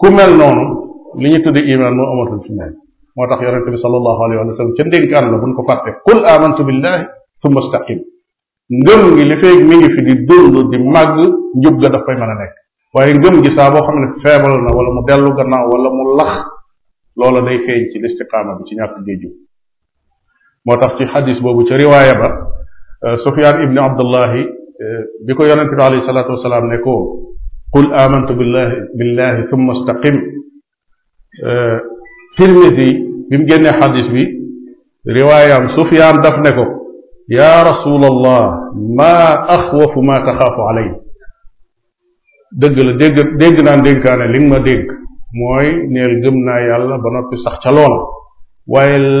ku mel noonu li ñu tudde iman moo amatul fi neen moo tax yonente bi sallallahu alayhi wa sallam ca ndénkaan la buñ ko fàtte qul amantu billahi thumma istaqim ngëm gi li feeg mi ngi fi di dund di màgg njub ga daf koy a nekk waaye ngëm gi saa boo feebal na wala mu dellu gannaaw wala mu lax loola day feeñ ci listiqaama bi ci ñàkk gee jub moo tax ci xadis boobu ca riwaaya ba euh, sufyaan ibni abdullahi euh, bi ko yonente bi alayhi salaatu ne ko qul amantu billahi billahi Euh, tirmidi bi mu génnee xadis bi riwaayaam sufyaan daf ne ko yaa rasulallah maa axwafu maa taxaafu alay dëgg la dégg dégg naa dénkaane li ma dégg mooy neel gëm naa yàlla ba noppi sax ca loola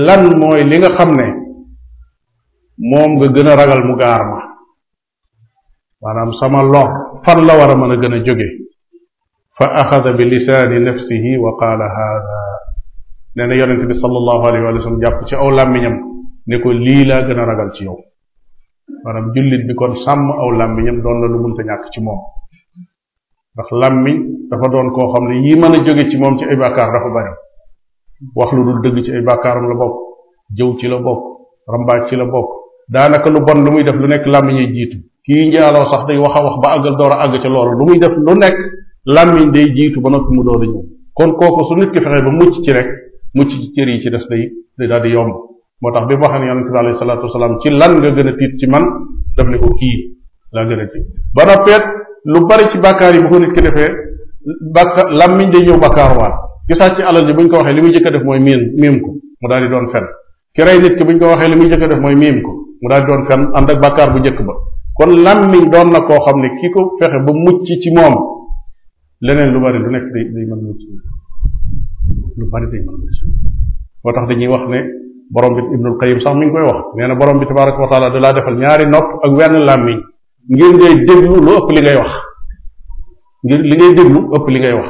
lan mooy li nga xam ne moom nga gën ragal mu gaar ma maanaam sama lor fan la war ma mën a gën fa axada bi lisaani nafsihi wa qaala haada nee na yonent bi sallallahu alayhi wa sallam jàpp ci aw làmmiñam ne ko lii laa gën a ragal ci yow maanaam jullit bi kon sàmm aw làmmiñam doon na lu munta ñàkk ci moom ndax làmmiñ dafa doon koo xam ne yi mën a jóge ci moom ci ay bàkkaar dafa bari wax lu dul dëgg ci ay bàkkaaram la bokk jëw ci la bokk rambaaj ci la bokk daanaka lu bon lu muy def lu nekk làmmiñay jiitu kii njaaloo sax day wax a wax ba àggal muy def làmmiñ day jiitu ba noppi mu door a ñëw kon kooku su nit fexe ba mucc ci rek mucc ci cër yi ci def day day daal di yomb moo tax bi mu waxee ne yonente bi alayhi salaatu wasalaam ci lan nga gën a tiit ci man daf ne ko kii laa gën a tiit lu bari ci bàkkaar yi bu ko nit ki defee bàkkaar làmmiñ day ñëw bàkkaar waat ki sàcc alal ji buñ ko waxee li muy jëkk def mooy miim miim ko di doon fen ki rey nit ki ko waxee li muy jëkk a mooy miim mu daal di doon fen bàkkaar bu njëkk ba kon làmmiñ doon na koo xam ne ki ko fexe ba mucc ci moom leneen lu bari lu nekk day day mën mucc tax dañuy wax ne borom bi Ibnul Qayyim sax mi ngi koy wax nee na borom bi tabaraka wa taala da laa defal ñaari nopp ak wenn làmmiñ ngir ngay déglu lu ëpp li ngay wax ngir li ngay déglu ëpp li ngay wax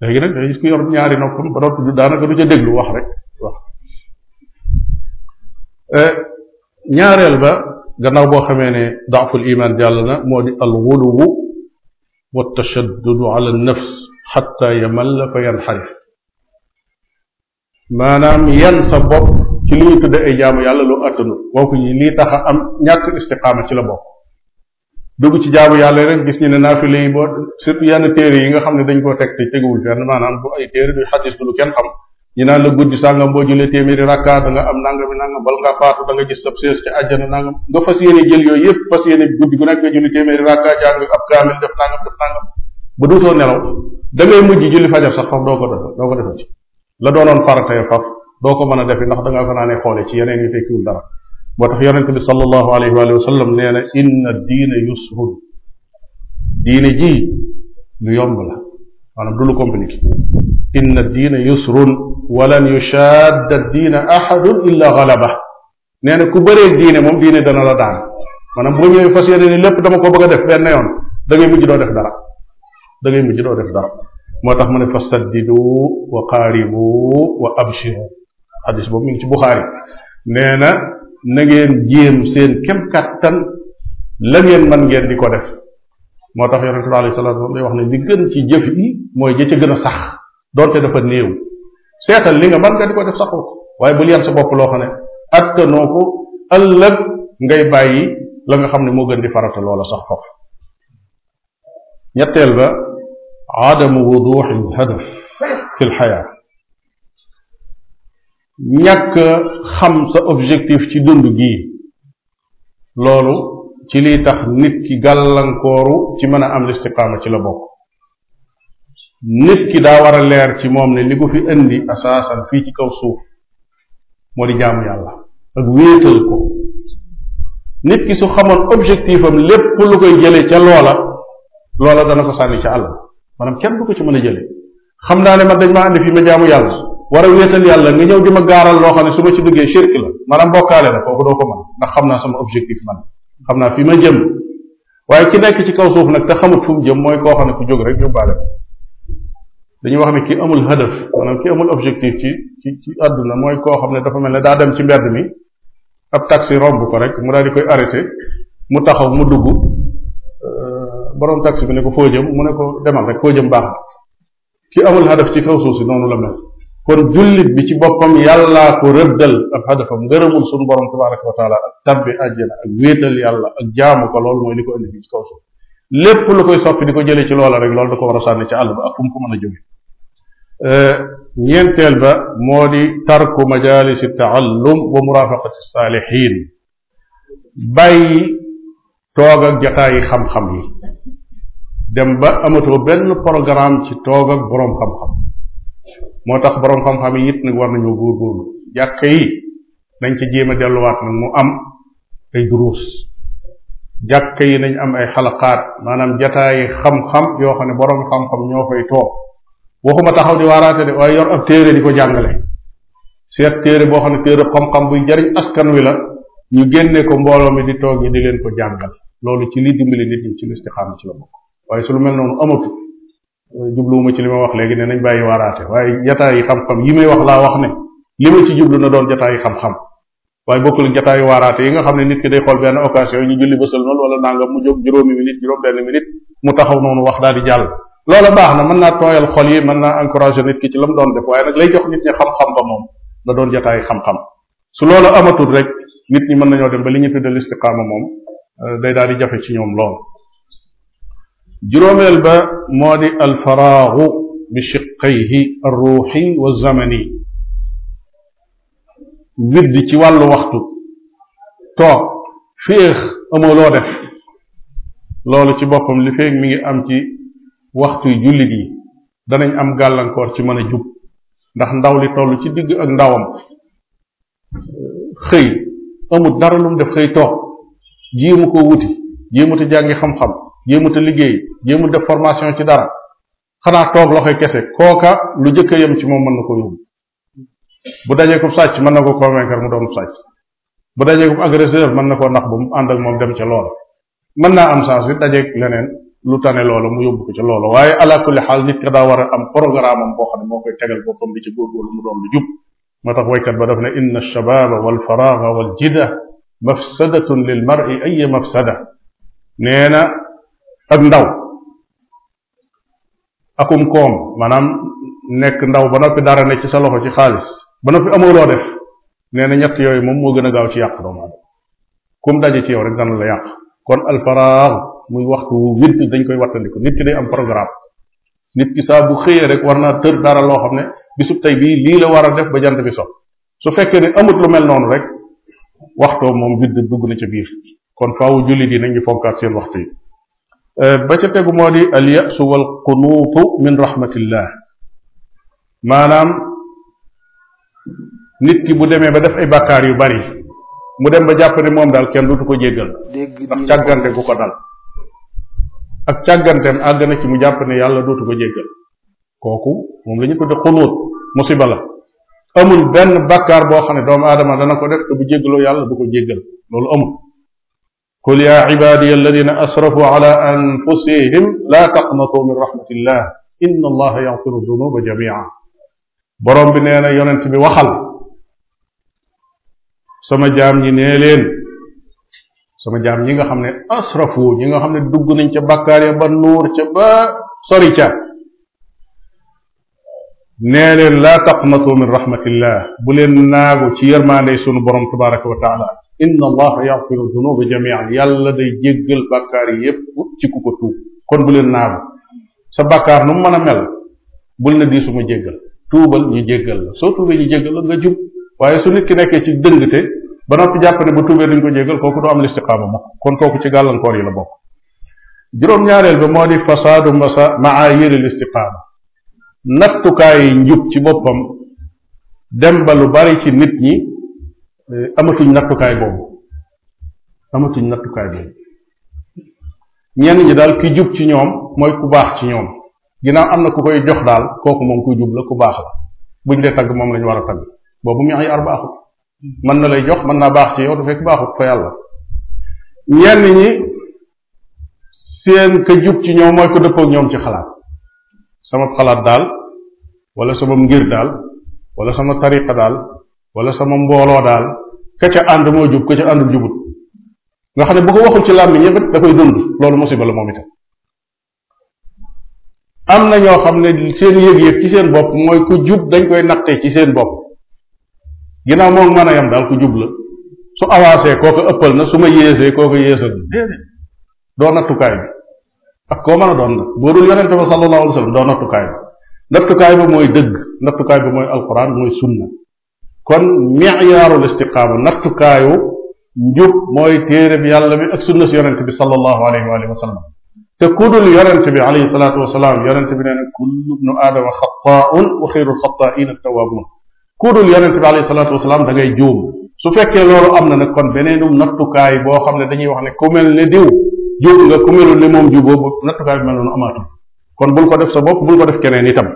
léegi nag da gis yor ñaari noppam ba noppi daanaka du ca déglu wax rek wax eh, ñaareel ba gannaaw boo xamee ne daaful iman jàll na moo di al wa tashaddudu ala nafs xatta yamalla fa yanxarif maanaam yan sa bopp ci li ñu tudde ay jaamu yàlla loo attanu kooku yi lii tax am ñàkk istiqaama ci la bopp dugg ci jaamu yàlla rek gis ñu ne naafile yi boo surtout yenn téere yi nga xam ne dañ koo teg te teguwul fenn maanaam bu ay téere du xadis du lu kenn xam ñu naan la guddi sàngam boo jullee téeméeri rakkaa da nga am nangam i nangam bal ngaa faatu da nga gis sab sées ci àjjana nangam nga fas yéene jël yooyu yëpp fas yéene guddi gu nekk nga julli téeméeri rakkaa jàng ab kaamil def nangam def nangam ba duutoo nelaw da mujj julli fajar sax faf doo ko def doo ko defee ci la doonoon faratee faf doo ko mën a defi ndax da ngaa fanaane xoole ci yeneen yi tekkiwul dara moo tax yonente bi sallallahu alayhi wa sallam na inna diina yusrun diine maanaam du lu compliqué inna diina yusrun walan yushadda diina ahadun illa galaba nee na ku bëree diine moom diine dana la daan maanaam boo ñëwee fas yéene ni lépp dama ko bëgg a def benn yoon da ngay mujj doo dara moo tax mu ne fasaddidu wa qaaribu wa abshiru xadis boobu mi ngi ci buxaari nee ngeen jéem seen kem kattan la ngeen mën ngeen ko def moo tax yonente bi alayhi wax ne li gën ci jëf yi mooy jë gën a sax doonte dafa néew seetal li nga mën nga di ko def saxoo waaye bul yem sa bopp loo xam ne attanoo ko ëllëg ngay bàyyi la nga xam ne moo gën di farata loola sax foofu ñetteel ba adamu wuduxil fi lxayaa ñàkk xam sa objectif ci dund gii loolu ci liy tax nit ki gàllankooru ci mën a am listiqaama ci la bokk nit ki daa war a leer ci moom ne li ko fi indi asaasan fii ci kaw suuf moo di jaamu yàlla ak wéetal ko nit ki su xamoon objectif am lépp lu koy jële ca loola loola dana ko sànni ca àll maanaam kenn du ko ci mën a jële xam naa ne man dañ maa andi fii ma jaamu yàlla war a wéetal yàlla nga ñëw di ma gaaral loo xam ne su ma ci duggee shirk la maanaam bokkaale la kooku doo ko mën ndax xam naa sama objectif xam naa fi ma jëm waaye ki nekk ci kaw suuf nag te xamut fu jëm mooy koo xam ne ku jóg rek yóbbaale dañuy wax ne ki amul hadaf maanaam ki amul objectif ci ci àdduna mooy koo xam ne dafa mel ne daa dem ci mbedd mi ab taxi romb ko rek mu daal di koy arrêté mu taxaw mu dugg euh, borom taxi bi ne ko foo jëm mu ne ko demal rek foo jëm baax ki amul hadaf ci kaw suuf si noonu la mel kon jullit bi ci boppam yàllaa ko rëddal ak hadafam ngërëmul sunu borom tabaraka wa ak tabbi àjjana ak wéetal yàlla ak jaamu ko loolu mooy li ko indi fii ci kaw suuf lépp lu koy soppi di ko jëlee ci loola rek loolu da ko war a sànni ci àll ba ak fu mën a jóge euh, ñeenteel ba moo di tarku majalisi taallum wa murafaqati saalihin bàyyi toog ak jataayi xam-xam yi dem ba amatoo benn programme ci toog boroom xam-xam moo tax boroom xam-xam yi nag war nañoo góorgóorlu jàkka yi dañ ci jéem a delluwaat nag mu am ay duruus jàkka yi nañ am ay xalaqaat maanaam jataayi xam-xam yoo xam ne boroom xam-xam ñoo fay toog waxuma taxaw di waaraate de waaye yor ab téere di ko jàngale seet téere boo xam ne téere xam-xam buy jariñ askan wi la ñu génne ko mbooloo mi di toog yi di leen ko jàngal loolu ci li dimbali nit ñi ci listixaam ci la bokk waaye su lu mel noonu amatu jubluwuma ci li ma wax léegi ne nañ bàyyi waaraate waaye jataay yi xam-xam yi may wax laa wax ne li ma ci jublu na doon jataay yi xam-xam waaye bokkul jataayu waaraate yi nga xam ne nit ki day benn occasion ñu julli bësal noonu wala nangam mu jóg juróomi minute mu taxaw noonu wax daal di jàll loola baax na mën naa tooyal xol yi mën naa encouragé nit ki ci la doon def waaye nag lay jox xam-xam ba moom na doon jataay xam-xam su loola amatul rek nit ñi mën nañoo dem ba li ñu tuddee istiqaama moom euh, day daal di jafe ci ñoom lool juróomeel ba moo di alfaraaxu bi shiqayhi arruuxi wa zamani widd ci wàllu waxtu toog féex amoo def loolu ci boppam li feeg mi ngi am ci waxtu jullit yi danañ am gàllankoor ci mën a jub ndax ndaw li toll ci digg ak ndawam xëy amul dara lum def xëy toog jéemu koo wuti jéemuta jàngi xam-xam jéemut a liggéey jéemut def formation ci dara xanaa toog loxo kese kooka lu jëkk yem ci moom mën na ko yóbbu bu dajee ko sàcc mën na ko convaincre mu doon sàcc bu dajee ko agresseur mën na ko nax bu mu ànd ak moom dem ca loola man naa am saa si dajeeg leneen lu tane loola mu yóbbu ko ca loola waaye ala kulli xaal nit ka daa war a am programme am boo xam ne moo koy tegal boppam di ci góorgóorlu mu doon lu jub moo tax waykat ba daf ne inna alshabaaba ak ndaw akum koom maanaam nekk ndaw ba noppi dara nekk ci sa loxo ci xaalis ba noppi amoo loo def nee na ñett yooyu moom moo gën a gaaw ci yàq doomu aadama kum daje ci yow rek dana la yàq kon alfaraax muy waxtu wu witt dañ koy wattandiku nit ki day am programme nit ki saa xëyee rek war naa tër dara loo xam ne bisub tey bii lii la war a def ba jant bi so su fekkee ne amut lu mel noonu rek waxtoo moom witt dugg na ca biir kon faawu jullit yi nañu fonkaat Eh, ba ca tegu moo di al yasu wal qunuutu min rahmatillah maanaam nit ki bu demee ba def ay bàkkaar yu bari mu dem ba jàpp ne moom daal kenn dutu ko jéggal ndax càggante bu ko dal ak càgganteem àgg na ci mu jàpp ne yàlla dootu ko jéggal kooku moom la ñu tudde xunuut musiba la amul benn bàkkaar boo xam ne doomu aadama dana ko def te bu jéggaloo yàlla du jéggal loolu amul qul yaa cibaadiya alladina asrafu ala anfusihim laa taqnatu min rahmatillah inna allaha yaxfiru dunuba jamia borom bi nee na yonent bi waxal sama jaam ñi nee leen sama jaam ñi nga xam ne asrafu ñi nga xam ne dugg nañ ca bàkkaar ya ba nuur ca ba sori ca nee leen laa taqnatu min rahmatillah bu leen naagu ci yërmaande sunu borom tabaraka wa taala inna allaha yaxfiru dunuba jamian yàlla day jéggal bàkkaar yi yépp ci ku ko tuub kon bu leen naagu sa bàkkaar nu mu mën a mel bul na di su ma jéggal tuubal ñu jéggal la soo tuubee ñu jéggal la nga jub waaye su nit ki nekkee ci dëngte ba noppi jàpp bu tuubee dañ ko jéggal kooku du am listiqaama mukk kon kooku ci gàllankoor yi la bokk juróom-ñaareel ba moo di fasaadu masa maayiri listiqaama nattukaayi njub ci boppam dem ba lu bari ci nit ñi Eh, amatuñ nattukaay boobu amatuñ nattukaay boobu ñenn ñi daal ki jub ci ñoom mooy ku baax ci ñoom ginnaaw am na ku koy jox daal kooku moom ku jub la ku baax la buñ dee tagg moom lañu war a tagg boobu mu ay ar baaxut mën na lay jox man naa baax ci yow du fekk baaxut fa yàlla ñenn ñi seen ka jub ci ñoom mooy ko dëppoog ñoom ci xalaat sama xalaat daal wala sama ngir daal wala sama tariqa daal wala sama mbooloo daal ka ca ànd moo jub ka ca jubut nga xam ne bu ko waxul ci làmmiñ yëpp da koy dund loolu musiba la moom itam am na ñoo xam ne seen yëg-yëg ci seen bopp mooy ku jub dañ koy natte ci seen bopp ginnaaw moom mën a yam daal ku jub la su avancé kooku ëppal na su ma yéesee kooku yéesal na déedéet doo nattukaay bi ak koo mën a doon nag boo dul yonente ba sallallahu alayhi wa doo nattukaay bi nattukaay ba mooy dëgg nattukaay ba mooy alquran kon miyaarul istiqaama nattukaayu njub mooy téere bi yàlla bi ak sunna si yonente bi sallallahu alayhi wa te ku dul yonente bi alayhi salaatu wasalaam yonente bi nee wa xayrul xataain attawaabuun ku dul yonente bi alayhi salaatu wasalaam da ngay juum su fekkee na kon beneenum nattukaay boo xam ne dañuy wax ne ku mel ne ne moom jub boobu nattukaay bi mel noonu bul ko def sa bopp bul ko def keneen tam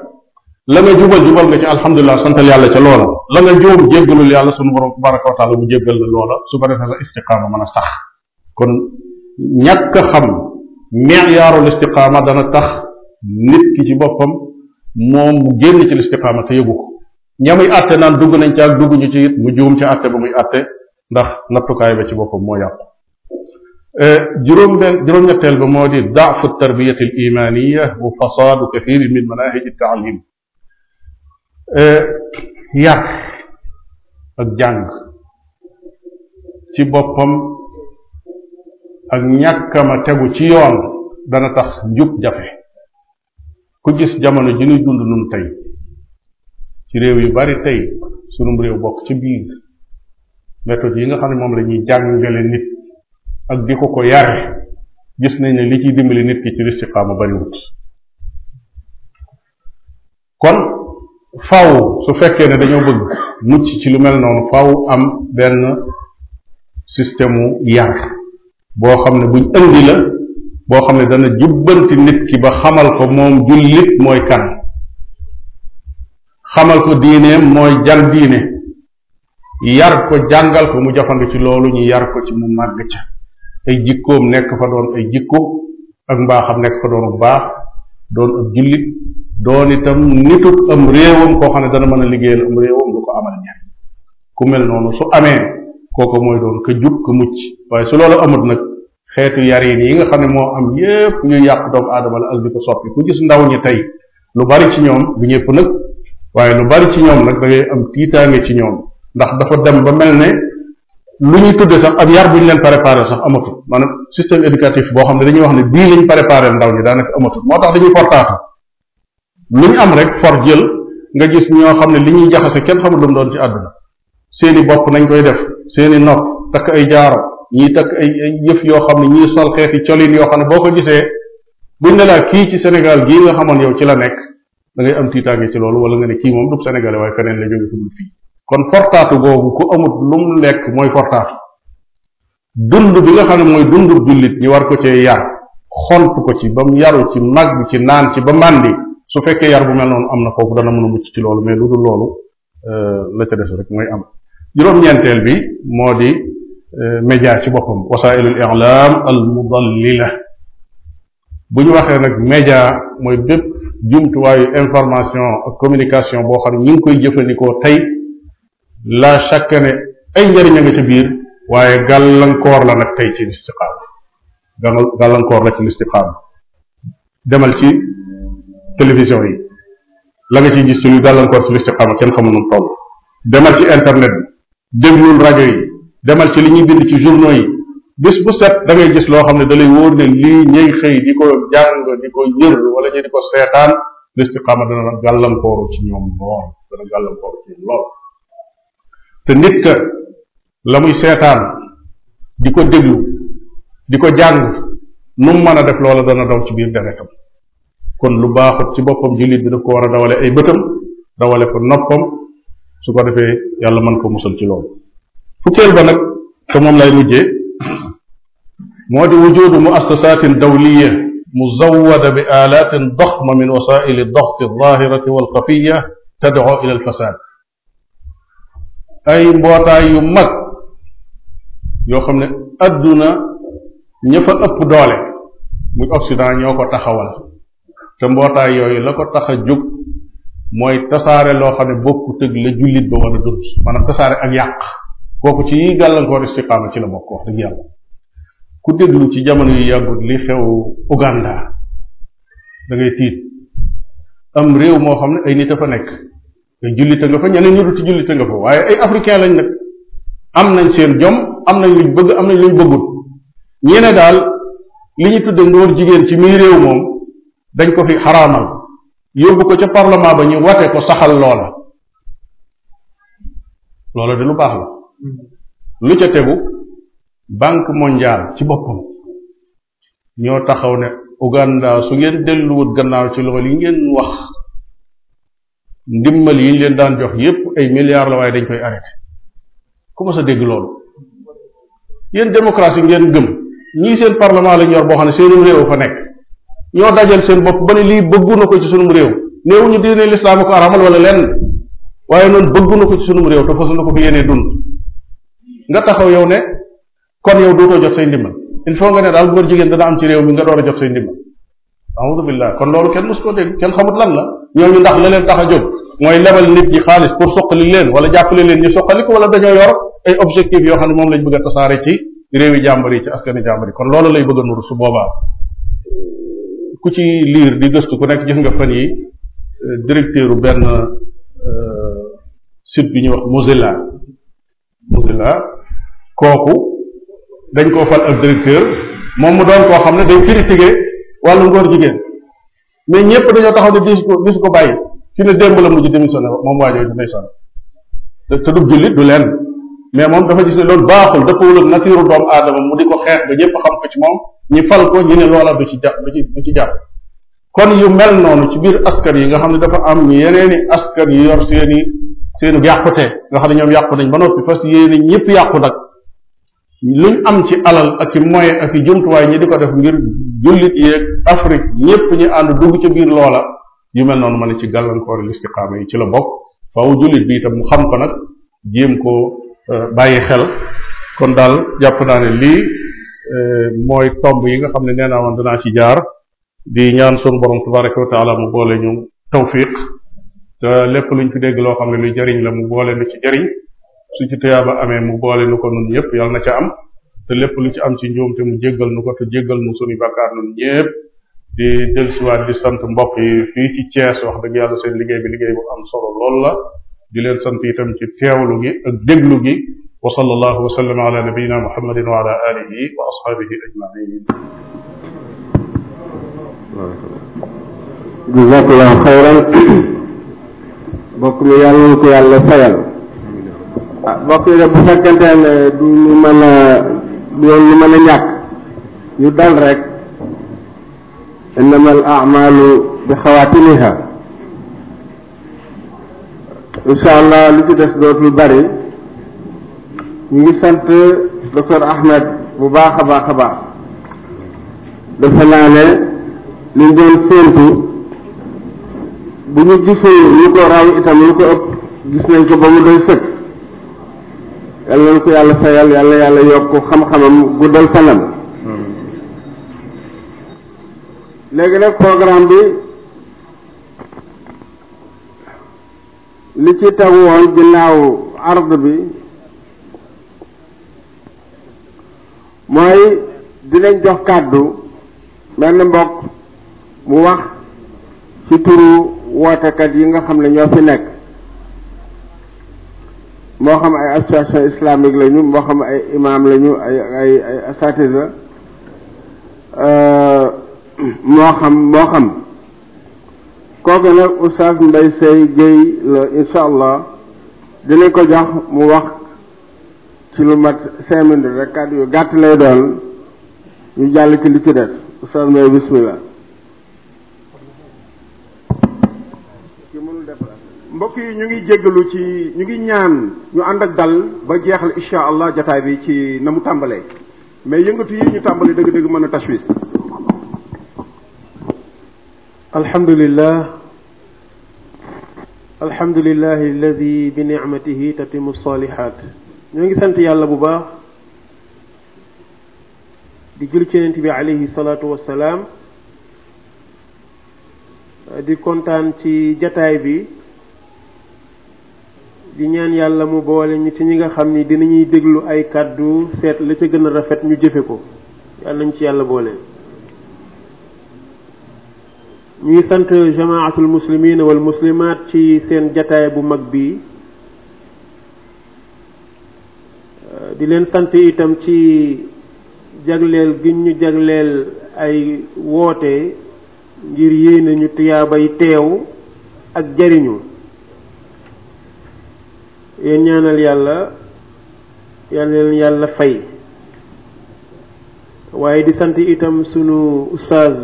la nga jubal jubal nga ci alhamdulilah santal yàlla ca loola la nga juum jéggalul yàlla sunu borom su ko defee sa istiqaama mën a sax kon ñàkk a xam meyaarul istiqaama dana tax nit ci boppam moom mu génn ci listiqaama te yëgu ko ña naan dugg nañ ca ak ci it mu juum ca àtte ba muy àtte ndax nattukaay ba ci boppam moo yàqu e, juróom benn juróom moo di daafu tarbiyati imaniya wa fasaadu kathirin min manahij at yar e, ak jàng ci boppam ak ñàkkam tegu ci yoon dana tax njub jafe ku gis jamono ji ñuy dund nun tey ci réew yu bari tey sunum réew bokk ci biir méthode yi nga xam ne moom la jàng jàngale nit ak di ko ko yare gis nañ li ciy dimbali nit ki ci listiqaama bariwut kon faw su fekkee ne dañoo bëgg mucc ci lu mel noonu faw am benn système mu yar boo xam ne buñ indi la boo xam ne dana jubbanti nit ki ba xamal ko moom jullit mooy kan xamal ko diineem mooy jan diine yar ko jàngal ko mu jafandu ci loolu ñu yar ko ci mu màgg ca ay jikkoom nekk fa doon ay jikko ak mbaaxam nekk fa doon baax doon ab jullit doon itam nitut am réewam koo xam ne dana mën a liggéeyal am réewam du ko amal njariñ ku mel noonu su amee kooku mooy doon ka jub ka mucc waaye su loolu amut nag xeetu yar yi nga xam ne moo am yépp yu yàq doomu aadama la ak di ko gis ndaw ñi tey lu bari ci ñoom ñëpp nag waaye lu bari ci ñoom nag da am tiitaange ci ñoom ndax dafa dem ba mel ne lu ñuy tudde sax ab yar bu ñu leen préparé sax amatul maanaam système éducatif boo xam ne dañuy wax ne bii lañ préparé ndaw ñi daanaka amatul moo tax dañuy fortaatu lu am rek for jël nga gis ñoo xam ne li ñuy jaxase kenn xamul lu mu doon ci àdduna seeni bopp nañ koy def seeni nopp takk ay jaaro ñii takk ay yëf yoo xam ne ñii sol xeeti colin yoo xam ne boo ko gisee buñ ne kii ci Sénégal gii nga xamoon yow ci la nekk da ngay am tiitaange ci loolu wala nga ne kii moom du Sénégalais waaye feneen la jóge ko dul fii kon fortaatu googu ku amut lu mu lekk mooy fortaatu dund bi nga xam ne mooy dundu jullit ñu war ko cee yar xont ko ci ba mu yaru ci mag bi ci naan ci ba màndi su fekkee yar bu mel noonu am na foofu dana mën a mucc ci loolu mais lu dul loolu euh, la ca des mooy am juróom-ñeenteel bi moo di euh, média ci boppam wasailul i'lam al mudallila bu ñu waxee nag média mooy bépp jumtuwaayu information ak communication boo xam ne ñu ngi koy jëfandikoo tey la chaque ne ay njëriñ a nga ca biir waaye gàllankoor la nag tey ci listiqaam gàllankoor la ci listiqaam demal ci télévision yi la nga ciy gis ci lu gàllankoor ci listiqaama kenn xamul nu toll demal ci internet bi déglul rajo yi demal ci li ñuy bind ci journaux yi bis bu set da gis loo xam ne da lay wóor ne lii ñuy xëy di ko jàng di ko seetaan listiqaama dana gàllankooru ci ñoom lool dana gàllankooru ci lool te nit la muy seetaan di ko déglu di ko jàng nu mu a def lool dana daw ci biir deretam kon lu baax ci boppam jullit bi daf ko dawale ay bëtam dawale ko noppam su ko defee yàlla mën ko musal ci loolu fukkeel ba nag te moom lay mujjee moo di wujudu muassasatin dawliya muzawwada bi alatin daxma min wasaili daxti alzahirati walxafiya tadoo ay mbootaay yu mag yoo xam ne adduna ña fa ëpp doole muy Occident ñoo ko taxawal te mbootaay yooyu la ko tax a jóg mooy tasaare loo xam ne bokku tëg la jullit ba war a dund maanaam tasaare yàq kooku ci yi gàllankoor ku déglu ci jamono yu yàggut li réew moo xam ne ay nit nekk ay jullite nga lañ nag am nañ seen jom am daal li ñu tudde ngóor jigéen ci muy réew moom dañ ko fi xaraamal yóbbu ko ca parlement ba ñu wate ko saxal loola loola de lu baax la lu ca tegu banque mondiale ci boppam ñoo taxaw ne Uganda su ngeen delluwut gannaaw ci loxo yi ngeen wax ndimbal yi ñu leen daan jox yépp ay milliards la waaye dañ koy arrêté ku ma sa dégg loolu yéen démocratie ngeen gëm ñii seen parlement lañ yor boo xam ne seenum réew fa nekk ñoo dajal seen bopp ba ne lii bëggu ko ci sunum réew néewuñu diine lislaam ko aramal wala lenn waaye noonu bëggu na ko ci sunum réew te fas na ko fi yéenee dund nga taxaw yow ne kon yow dootoo jot say ndimbal il faut nga ne daal góor jigéen dana am ci réew mi nga door a jot say ndimbal aoudu billah kon loolu kenn mos koo dégg kenn xamut lan la ñooñu ndax la leen tax a jóg mooy lebal nit ñi xaalis pour soqali leen wala jàppale leen ñu soqali wala dañoo yor ay yoo xam ne moom lañ bëgg a tasaare ci réewi jàmbari ci askani jàmbari kon loolu lay bëgg su boobaa ku ci liir di gëstu ku nekk gis nga fan yi euh, directeur benn euh, site bi ñuy wax Mozilla Mozilla kooku dañ koo fal ak directeur moom mu doon koo xam ne day critiquer wàllu ngóor jigéen mais ñëpp dañoo taxaw ne dis ko dis ko bàyyi fi ne démb la mujj démissionné moom waa jooju ndeysaan te du jullit du lenn mais moom dafa gis ne loolu baaxul dëppawul ak natiiru doomu aadama mu di ko xeex ba ñëpp xam ko ci moom ñi fal ko ñu ne loola du ci jàpp du ci ci jàpp kon yu mel noonu ci biir askan yi nga xam ne dafa am yeneen i askan yu yor seen i seenu yàqute nga xam ne ñoom yàqu nañ ba noppi fas yéene ñëpp yàqu nag luñ am ci alal ak ci moyen ak ci jumtuwaay ñi di ko def ngir jullit yeeg Afrique ñëpp ñu ànd dugg ci biir loola yu mel noonu ma ne ci gàllankoor listiqaama yi ci la bokk faaw jullit bi itam mu xam ko nag jéem ko euh, bàyyi xel kon daal jàpp naa ne lii Euh, mooy tomb yi nga xam ne nee naa danaa ci jaar di ñaan sunu borom tabaraka wa taala mu boole ñu tawfiq te lépp luñ fi dégg loo xam ne luy jariñ la mu boole nu ci jariñ su ci tuyaaba amee mu boole nu ko nun ñëpp yàlla na ca am te lépp lu ci am ci njuum te mu jéggal nu ko te jéggal mu suñu bakkaar nun ñëpp di dellusiwaat di sant mbokk yi fii ci Thiès wax dëgg yàlla seen liggéey bi liggéey bu am solo lool la di leen sant itam ci teewlu gi wa sallallahu wa sallam ala nabiyyina muhammadin wa ala alihi wa ashabihi ajmain jazakallahu xayran bokk mi yàlla ko yàlla fayal ah, bokk yi bu fekkante ne du ñu mën a doon ñu mën a ñàkk ñu dal rek innama al amalu bi xawaatimiha incha allah lu ci des dootul bari ñu ngi sant docteur Ahmed bu baax a baax a baax dafa naa ne doon séentu bu ñu gisee ñu ko raw itam ñu ko ëpp gis nañ ko ba mu doy sëkk yàlla na ko yàlla fayal yàlla yàlla yokk xam-xamam guddal fanam léegi nag programme bi li ci tegu woon ginnaaw ard bi mooy dinañ jox kàddu benn mbokk mu wax ci turu wootekat yi nga xam ne ñoo fi nekk moo xam ay association islamique lañu moo xam ay imam lañu ay ay ay asatisa euh, moo xam moo xam kooku nag oustaz Mbaye Seye Guèye la incha allah dinañ ko jox mu wax ci lu mat cinq rek kàddu yu gàtt lay doon ñu jàll ci li ci des ustaas Mbaye bismillah mbokk yi ñu ngi jéggalu ci ñu ngi ñaan ñu ànd ak dal ba jeexal insha allah jataay bi ci na mu tàmbalee mais yëngatu yi ñu tàmbali dëgg-dëgg mën a tashwis alhamdulillah alhamdulillah alladi bi nicmatihi tatimu salihat ñoo ngi sant yàlla bu baax di jul cenent bi alayhi salaatu wassalaam di kontaan ci jataay bi di ñaan yàlla mu boole ñu ci ñi nga xam ni dinañuy déglu ay kàddu seet la ca gën a rafet ñu jëfe ko yàlla nañ ci yàlla boole ñuy sant jamaatul muslimina wal muslimaat ci seen jataay bu mag bi Euh, di leen sant itam ci jagleel gi ñu jagleel ay woote ngir yéene ñu tuyaabay teew ak jariñu yéen ñaanal yàlla yàlla leen yàlla fay waaye di sant itam sunu ustaaz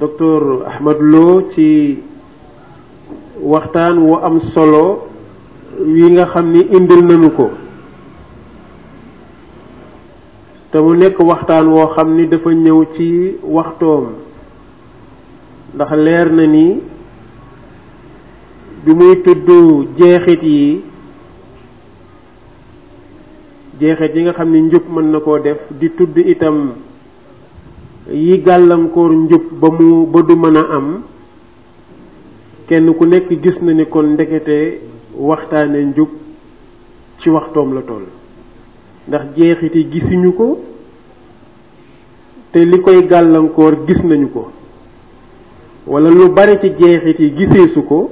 docteur Ahmad ci waxtaan wu am solo wii nga xam ni indil nañu ko te mu nekk waxtaan woo xam ni dafa ñëw ci waxtoom ndax leer na ni bi muy tudd jeexit yi jeexit yi nga xam ni njub mën na koo def di tudd itam yi gàllankoor njub ba mu ba du mën a am kenn ku nekk gis na ni kon ndekete waxtaane njub ci waxtoom la toll ndax jeexiti gisuñu ko te li koy gàllankoor gis nañu ko wala lu bari ci jeexit yi giseesu ko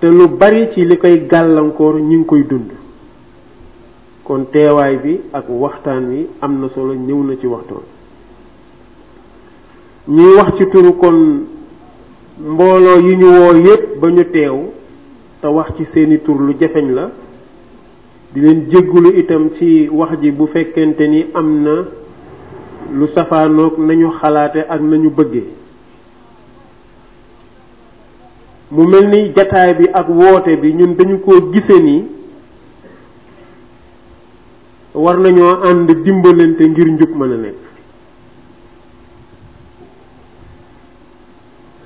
te lu bari ci li koy gàllankoor ñu ngi koy dund kon teewaay bi ak waxtaan wi am na solo ñëw na ci waxtoon ñuy wax ci turu kon mbooloo yi ñu woo yépp ba ñu teew te wax ci seeni tur lu jafeñ la di leen jéggulu itam ci wax ji bu fekkente ni am na lu safaanoog nañu xalaate ak nañu bëggee mu mel ni jataay bi ak woote bi ñun dañu ko gise ni war nañoo ànd dimbalante ngir njub mën nekk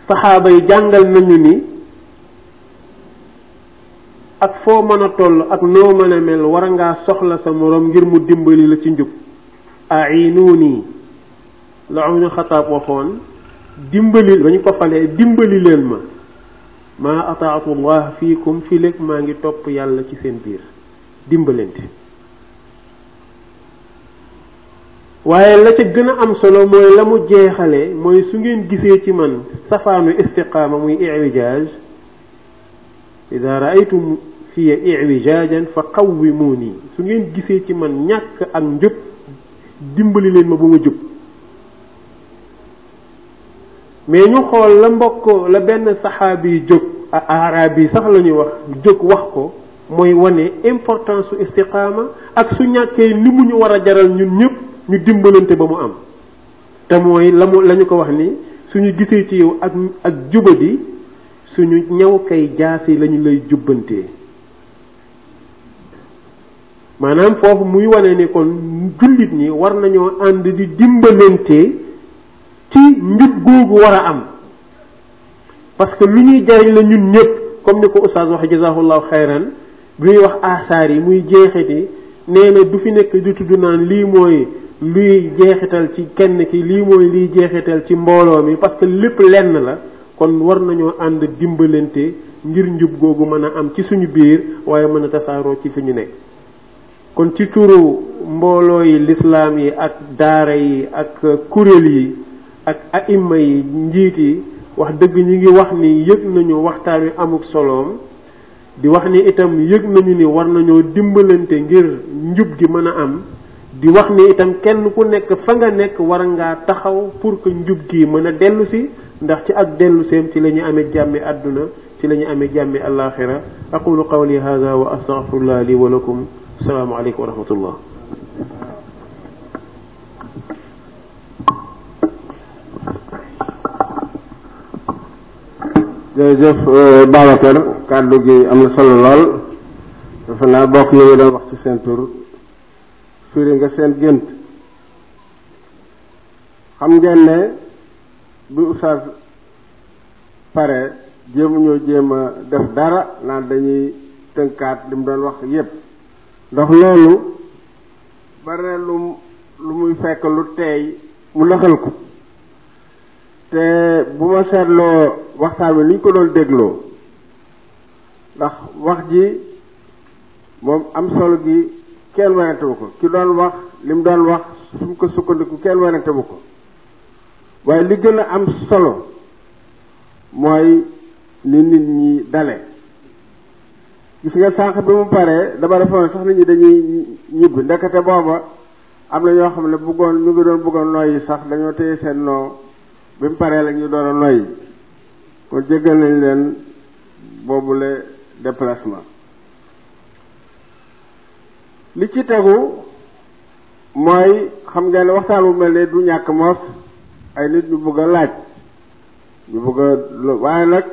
saxaaba yi jàngal nañu ni ak foo mën a toll ak noo mën a mel war ngaa soxla sa moroom ngir mu dimbali la ci njub a'inuuni la Umar Xataab waxoon dimbali ba ñu ko falee dimbali leen ma maa ataatullah fiikum fii léeg maa ngi topp yàlla ci seen biir dimbalante waaye la ca gën a am solo mooy la mu jeexale mooy su ngeen gisee ci man safaanu istiqaama muy i'wijaz ida raaytum fiya i'wijaajan fa nii su ngeen gisee ci man ñàkk ak njub dimbali leen ma ba ma jub mais ñu xool la mbokk la benn saxaabi yi jóg araab sax la wax jóg wax ko mooy wane importance su istiqaama ak su ñàkkee ni mu ñu war a jaral ñun ñëpp ñu dimbalante ba mu am te mooy la mu la ko wax ni suñu gisee ci yow ak ak jubadi suñu ñaw kay yi lañu lay jubbantee maanaam foofu muy wane ni kon jullit ñi war nañoo ànd di dimbalante ci njub googu war a am parce que lu ñuy jariñ la ñun ñëpp comme ni ko ustaas wax jazaahullahu xayran bi buy wax asaar yi muy jeexiti nee na du fi nekk di tudd naan lii mooy luy jeexital ci kenn ki lii mooy liy jeexital ci mbooloo mi parce que lépp lenn la kon war nañoo ànd dimbalante ngir njub googu mën a am ci suñu biir waaye mën a tasaaroo ci fi ñu nekk kon ci turu mbooloo yi lislaam yi ak daara yi ak kuréel yi ak aima yi njiit yi wax dëgg ñu ngi wax ni yëg nañu waxtaan wi amuk soloom di wax ni itam yëg nañu ni war nañoo dimbalante ngir njub gi mën a am di wax ni itam kenn ku nekk fa nga nekk war ngaa taxaw pour que njub gi mën a dellu si ndax ci ak dellu seem ci la ñu amee jàmmi àdduna ci la ñu amee jàmmi àllaaxira aqulu qawli hada wa astaghfirullah li wa lakum salaamaaleykum wa rahmatullah jërëjëf euh, Babacar kàddu gi am na solo lool dafa naa bokk ni ñu doon wax ci seen tur firi nga seen gént xam ngeen ne bu ustaas pare jéem ñoo jéem a def dara naan dañuy tënkaat li mu doon wax yépp ndax loolu bare lu lu muy fekk lu teey mu naxal ko te bu ma seetloo waxtaan wi ni ñu ko doon dégloo ndax wax ji moom am solo gi kenn werantewu ko ci doon wax li mu daan wax su mu ko sukkandiku kenn werantewu ko waaye li gën a am solo mooy ni nit ñi dale gis nga sànq bi mu paree dama defoon sax nit ñi dañuy ñibbi ndekete booba am na ñoo xam ne bëggoon ñu ngi doon bëggoon noyyi sax dañoo téye seen noo bi mu paree la ñu doon a noyyi kon jéggal nañ leen boobule déplacement li ci tegu mooy xam nga ni waxtaan wu mel ne du ñàkk moos ay nit ñu bëgg laaj ñu bëgg a waaye nag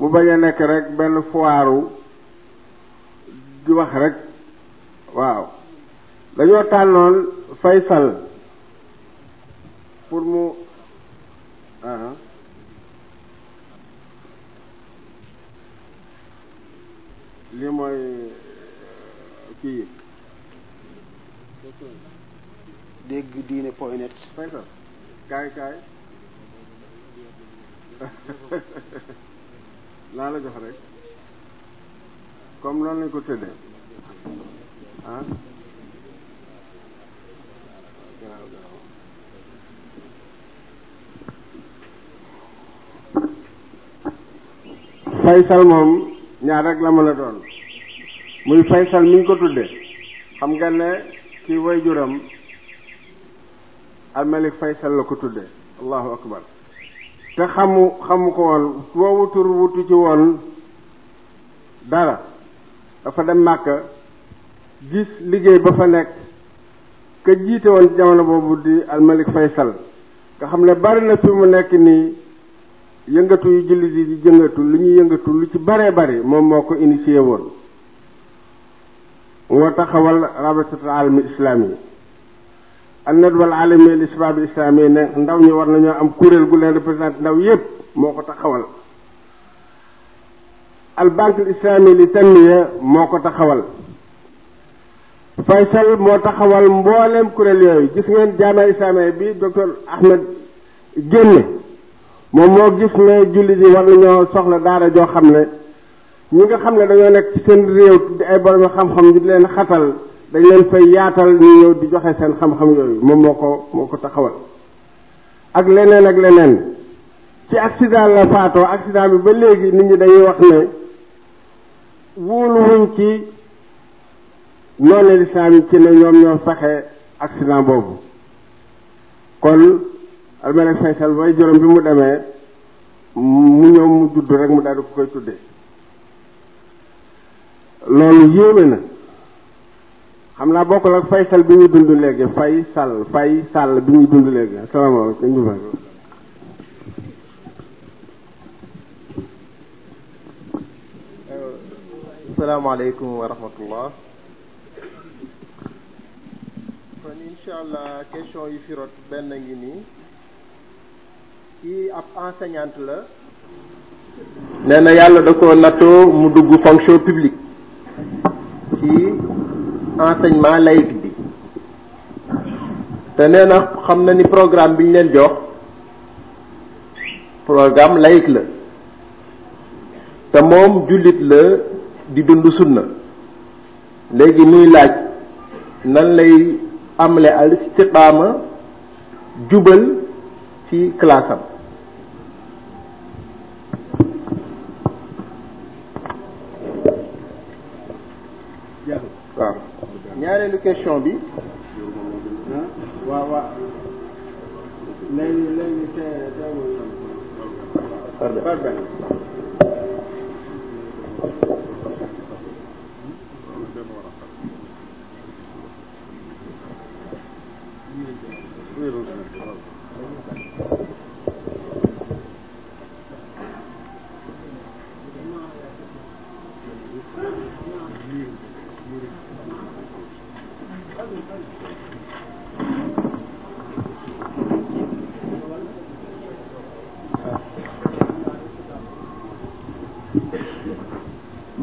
mu bañ nekk rek benn foiru di wax rek waaw dañoo tànnoon Faysal pour mu ah li mooy eh, kii dégg diine point net Faysal kaay kaay laa la jox rek comme noonu lañ ko tëddee ah faysal moom ñaar rek la mën a doon muy faysal mi ñu ko tudde xam nga ne ci way juram almalik faysal la ko tudde allahu akbar te xamu xamu ko woon woowu tur wutu ci woon dara dafa dem Màkka gis liggéey ba fa nekk ka jiite woon jamono boobu di almalik faysal nga xam ne barina fi mu nekk nii yëngatu yu jullit yi di jëngatu li ñuy yëngatu lu ci baree bari moom moo ko initié woon moo taxawal rabitatul alami islaam yi annadwal alami li shabab islaam yi ne ndaw ñi war nañoo am kuréel gu leen représenté ndaw yépp moo ko taxawal al banque islamique li tanmiya moo ko taxawal Faysal moo taxawal mbooleem kuréel yooyu gis ngeen jaama islamique bi docteur Ahmed génne moom moo gis ne jullit yi war ñoo soxla daara joo xam ne ñu nga xam ne dañoo nekk seen réew di ay borom xam-xam ñu di leen xatal dañ leen fa yaatal ñu ñëw di joxe seen xam-xam yooyu moom moo ko moo ko taxawal ak leneen ak leneen ci accident la faatoo accident bi ba léegi nit ñi dañuy wax ne wóoluwuñ ci noonu lislaam yi ci ne ñoom ñoo saxee accident boobu kon almere faysal way juróom bi mu demee mu ñëw mu judd rek mu daal di ko koy tuddee loolu yéeme na xam naa bokkul ak faysal bi ñuy dund léegi fay sàll fay sàll bi ñu ñuy dund léegi asalaamaaleykum asalaamaaleykum wa rahmatullah kon incha question yu fi benn ngi nii kii ab enseignante la nee na yàlla da ko nattoo mu dugg fonction publique ci enseignement laïque bi te nee xam na ni programme bi ñu leen jox programme laïque la te moom jullit la di dund sunna léegi muy laaj nan lay amle al jubal ci classe am ñaareelu question bi waaw Buyurun.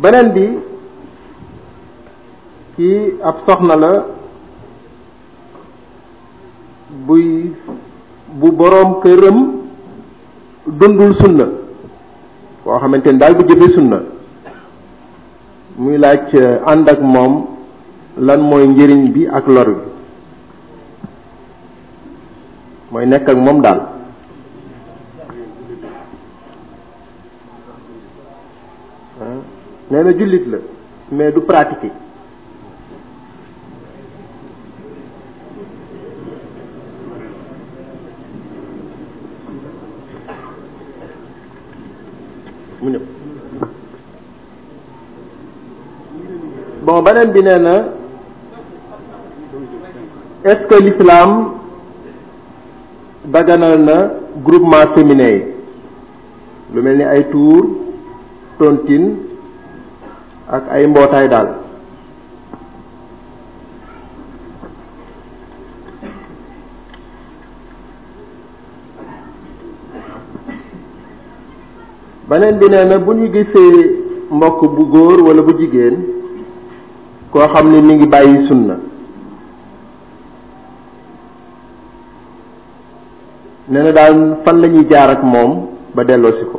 beneen bi kii ab soxna la buy bu boroom këram dundul sunna koo xamante ni daal bu jëfee sunna muy laaj ànd ak moom lan mooy njëriñ bi ak lor bi mooy nekk ak moom daal nee na jullit la mais du pratiquer bon beneen bi nee na est-ce l'islam daganal na groupement féminin yi lu mel ni ay tour tontine ak ay mbootaay daal beneen bi nee na bu ñu gisee mbokk bu góor wala bu jigéen koo xam ne mi ngi bàyyi sunna nee na daal fan la ñuy jaar ak moom ba delloosi ko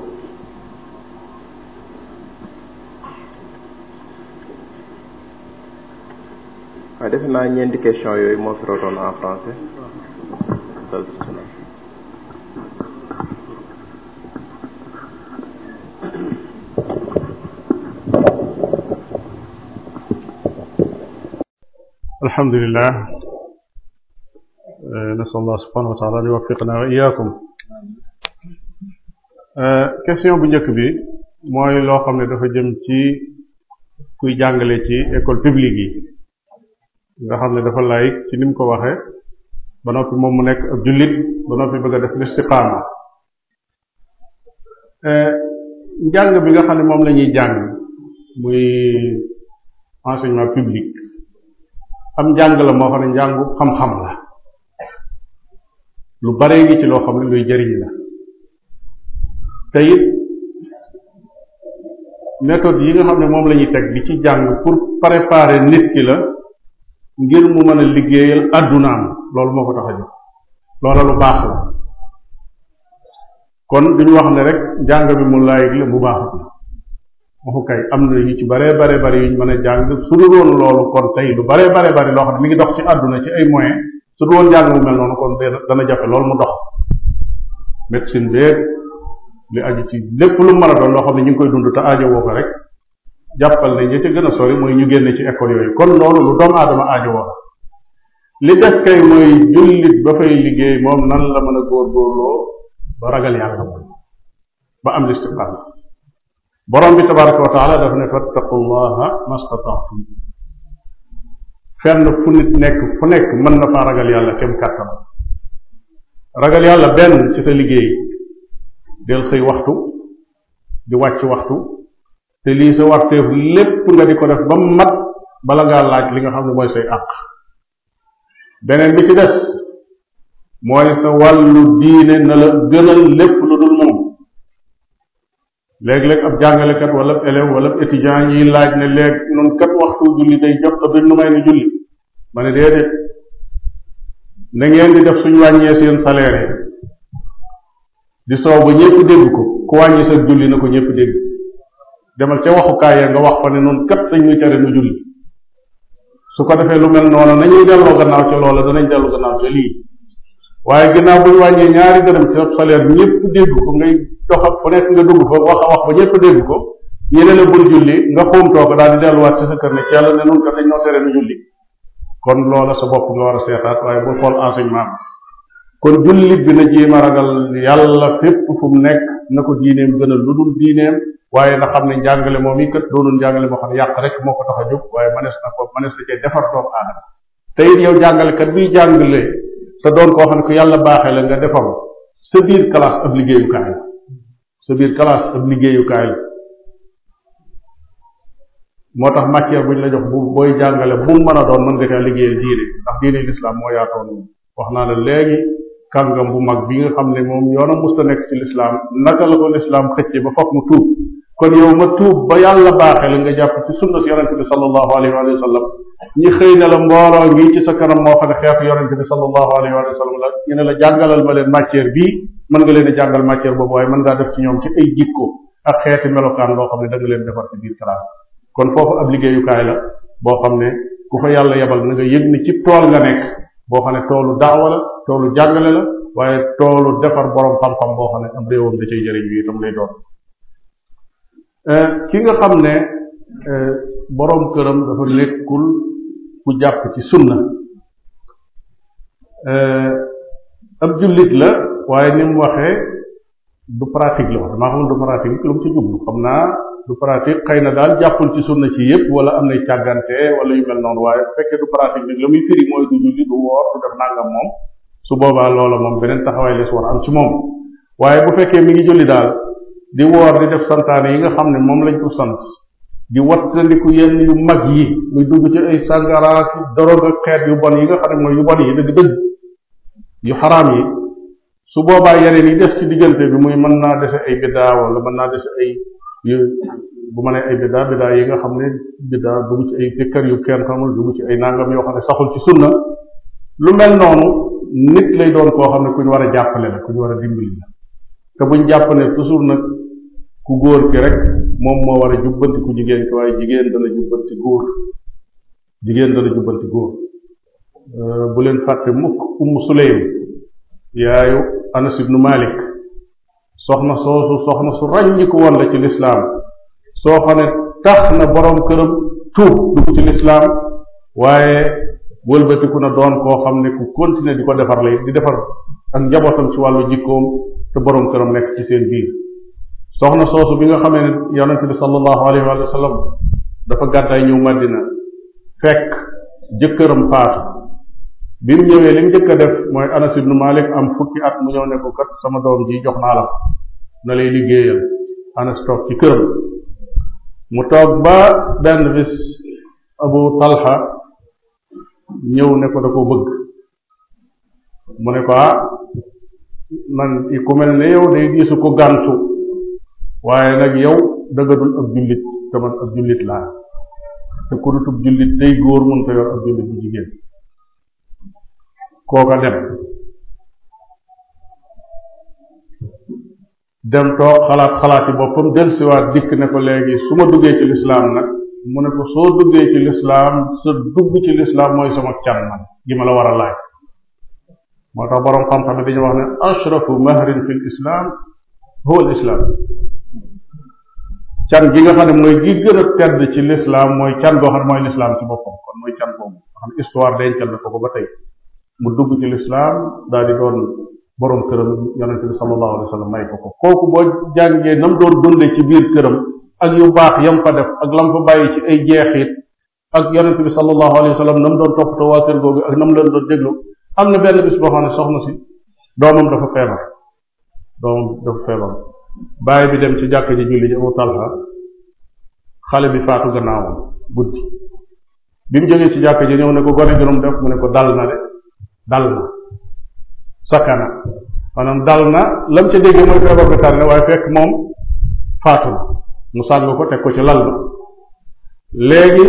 waaye defe naa ñeenti question yooyu moo fi rotoon en الحمد لله نسأل الله سبحانه وتعالى أن يوفقنا وإياكم question bu njëkk bi mooy loo xam ne dafa jëm ci kuy jàngale ci école publique yi nga xam ne dafa lay ci ni mu ko waxee ba noppi moom mu nekk ab jullit ba noppi bëgg a def listiqaama eh, njàng bi nga xam ne moom lañuy ñuy jàng muy enseignement public am njàng la moo xam ne njàngu xam-xam la lu baree ngi ci loo xam ne luy jëriñ la te it yi nga xam ne moom la ñuy teg bi ci jàng pour préparer nit ki la ngir mu mën a liggéeyal addunaam loolu moo ko tax a jóg loola lu baax la kon duñu wax ne rek njàng mi mu laayig la baaxut la waxu kay am na yu ci baree baree bari yuñ mën a jàng su dul woon loolu kon tey lu baree bare bari loo xam ne mi ngi dox ci àdduna ci ay moyens su dul woon jàng mu mel noonu kon dana jafe loolu mu dox médecine beeg li lu mën a doon loo xam ñu ko rek jàppal ne ñi ca gën a sori ñu génne ci yooyu kon loolu lu doomu aadama aajo woo li des kay ba moom nan la mën a góorgóorloo ba ragal yàlla am listiqaama borom bi tabaraka wa taala dafa ne fattaqullaha mastataatum fenn fu nit nekk fu nekk mën na faa ragal yàlla kem kàttan ragal yàlla benn ci sa liggéey del xëy waxtu di wàcc waxtu te lii sa warteef lépp nga di ko def ba mat bala ngaa laaj li nga xam ne mooy say àq beneen bi ci des mooy sa wàllu diine na la gënal lépp lu dul moom léeg-léeg ab jàngalekat wala ab élève wala ab étudiant ñiy laaj ne léeg nun kat waxtu julli day jot te duñ nu may nu julli ma ne déedéet na ngeen di def suñ wàññee seen salaire di soow ba ñëpp dégg ko ku wàññi sa julli na ko ñëpp dégg demal ca waxukaay ya nga wax fa ne nun kat dañ ñu tere nu julli su ko defee lu mel noonu nañuy delloo gannaaw ca loola danañ dellu gannaaw ca lii waaye ginnaaw bu ñu wàññee ñaari dërëm ci salaire ñëpp dégg ko ngay dox ak ku nekk nga dugg fa wax a wax ba ñëpp la bul julli nga kon loola war a seetaat waaye bul xool enseignement kon jullit bi na jéem a ragal yàlla fépp fu mu nekk na ko diineem gën a ludul diineem waaye na xam ne njàngale moom yi kat doonul njàngale moo xam yàq rek moo ko tax a jóg waaye manees na ko manees na cee defar doomu aadama te yow jàngalekat biy jàngale te doon koo xam ne ku yàlla baaxee la nga defam sa biir classe ab liggéeyukaay la sa biir classe ab liggéeyukaay la moo tax matière bu ñu la jox bu booy jàngale bu mu mën a doon mën nga caa liggéeyal diine ndax diine lislaam moo yaatoon wax naa la léegi kàngam bu mag bi nga xam ne moom yoonam musta nekk ci lislaam naka la ko lislaam xëcce ba foog mu tuub kon yow ma tuub ba yàlla baaxee la nga jàpp ci sunna si yonente bi sallallahu alayhi wa sallam ñi xëy na la mbooloo ngi ci sa kanam moo xam ne xeetu yonente bi sallallahu alayhi wa sallam la ñu ne la jàngalal ma leen matière bii mën nga leen a jàngal matière boobu waaye mën ngaa def ci ñoom ci ay jikko ak xeeti melokaan loo xam ne da leen defar ci biir classe kon foofu ab liggéeyukaay la boo xam ne ku fa yàlla yebal na nga yëg ni ci tool nga nekk boo xam ne toolu daawa la toolu jàngale la waaye toolu defar boroom xam-xam boo xam ne am réewam da cay Euh, boroom këram dafa nekkul ku jàpp ci sunna euh, ab jullit la waaye ni mu waxee du pratique la ma xam du lu xam naa du pratique xëy na daal jàppul ci sunna ci yépp wala am nay càggante wala yu mel noonu waaye fekkee du pratique la muy firi mooy du julli du woor du def nangam moom su boobaa loola moom beneen taxawaay la si war am ci moom waaye bu fekkee mi ngi julli daal di woor di def santaane yi nga xam ne moom lañ ko sant di wattandiku yenn yu mag yi muy dugg ci ay sangaraak drogue xeet yu bon yi nga xam ne mooy yu bon yi dëgg-dëgg yu xaraam yi su boobaa yeneen yi des ci diggante bi muy mën naa dese ay biddaa wala mën naa dese ay bu ma ne ay biddaa biddaa yi nga xam ne biddaa dugg ci ay fikkar yu kenn xamul dugg ci ay nangam yoo xam ne saxul ci sunna lu mel noonu nit lay doon koo xam ne ku war a jàppale la ku war a dimbali la te buñ jàpp ne nag ku góor ki rek moom moo war a jubbanti ku jigéen ki waaye jigéen dana jubbanti góor jigéen dana jubbanti góor euh, bu leen fàtte mukk Umm Sulaym yaayu Anas ibnu Malik soxna soosu soxna su ràññiku woon la ci lislaam soo xam ne tax na boroom këram tuub dugg ci lislaam waaye wëlbatiku na doon koo xam ne ku continuer di ko defar lay di defar ak njabootam ci wàllu jikkoom te boroom këram nekk ci seen biir soxna soosu bi nga xamee ne yonente bi sallallahu dafa gàddaay ñëw Madina fekk jëkkëram faatu bi ñëwee li mu njëkk def mooy Anas ibnu Malik am fukki at mu ñëw ne sama doom ji jox naa la na lay liggéeyal Anas toog ci këram mu toog ba benn bis Abu Talha ñëw ne ko da ko bëgg mu ne ko ah, man ku mel ne yow day gisu ko gàntu waaye nag yow dëggadul ab jullit te man ab jullit laa te ku dutub jullit day góor mën ko yor ab jullit bu jigéen kooka dem dem toog xalaat xalaati boppam del siwaat dikk ne ko léegi su ma duggee ci lislaam nag mu ne ko soo duggee ci lislaam sa dugg ci lislaam mooy sama can man gi ma la war a laaj moo tax boroom xam-xam dañu wax ne ashrafu mahrin fi l islam huwa can gi nga xam ne mooy gi gën a tedd ci lislaam mooy can goo xam ne mooy lislaam ci boppam kon mooy can boobu nga xam ne histoire dencal na ko ko ba tey mu dugg ci lislaam daal di doon borom këram yonente bi sallallahu alayhi wa may ko kooku boo jàngee nam doon dunde ci biir këram ak yu baax yam fa def ak lam bàyyi ci ay jeexit ak yonente bi sallallahu alayhi wa nam doon toppatoo waa kër googu ak nam leen doon déglu am na bàyyi bi dem ci jàkk ji julli ji abu talha xale bi faatu gannaawam guddi bi mu jógee ci jàkk ji ñëw ne ko gone juróom def mu ne ko dal na de dal na sakana maanaam dal na lam ca déggee mooy feebar bi tànne waaye fekk moom faatu mu sàng ko teg ko ci lal ba léegi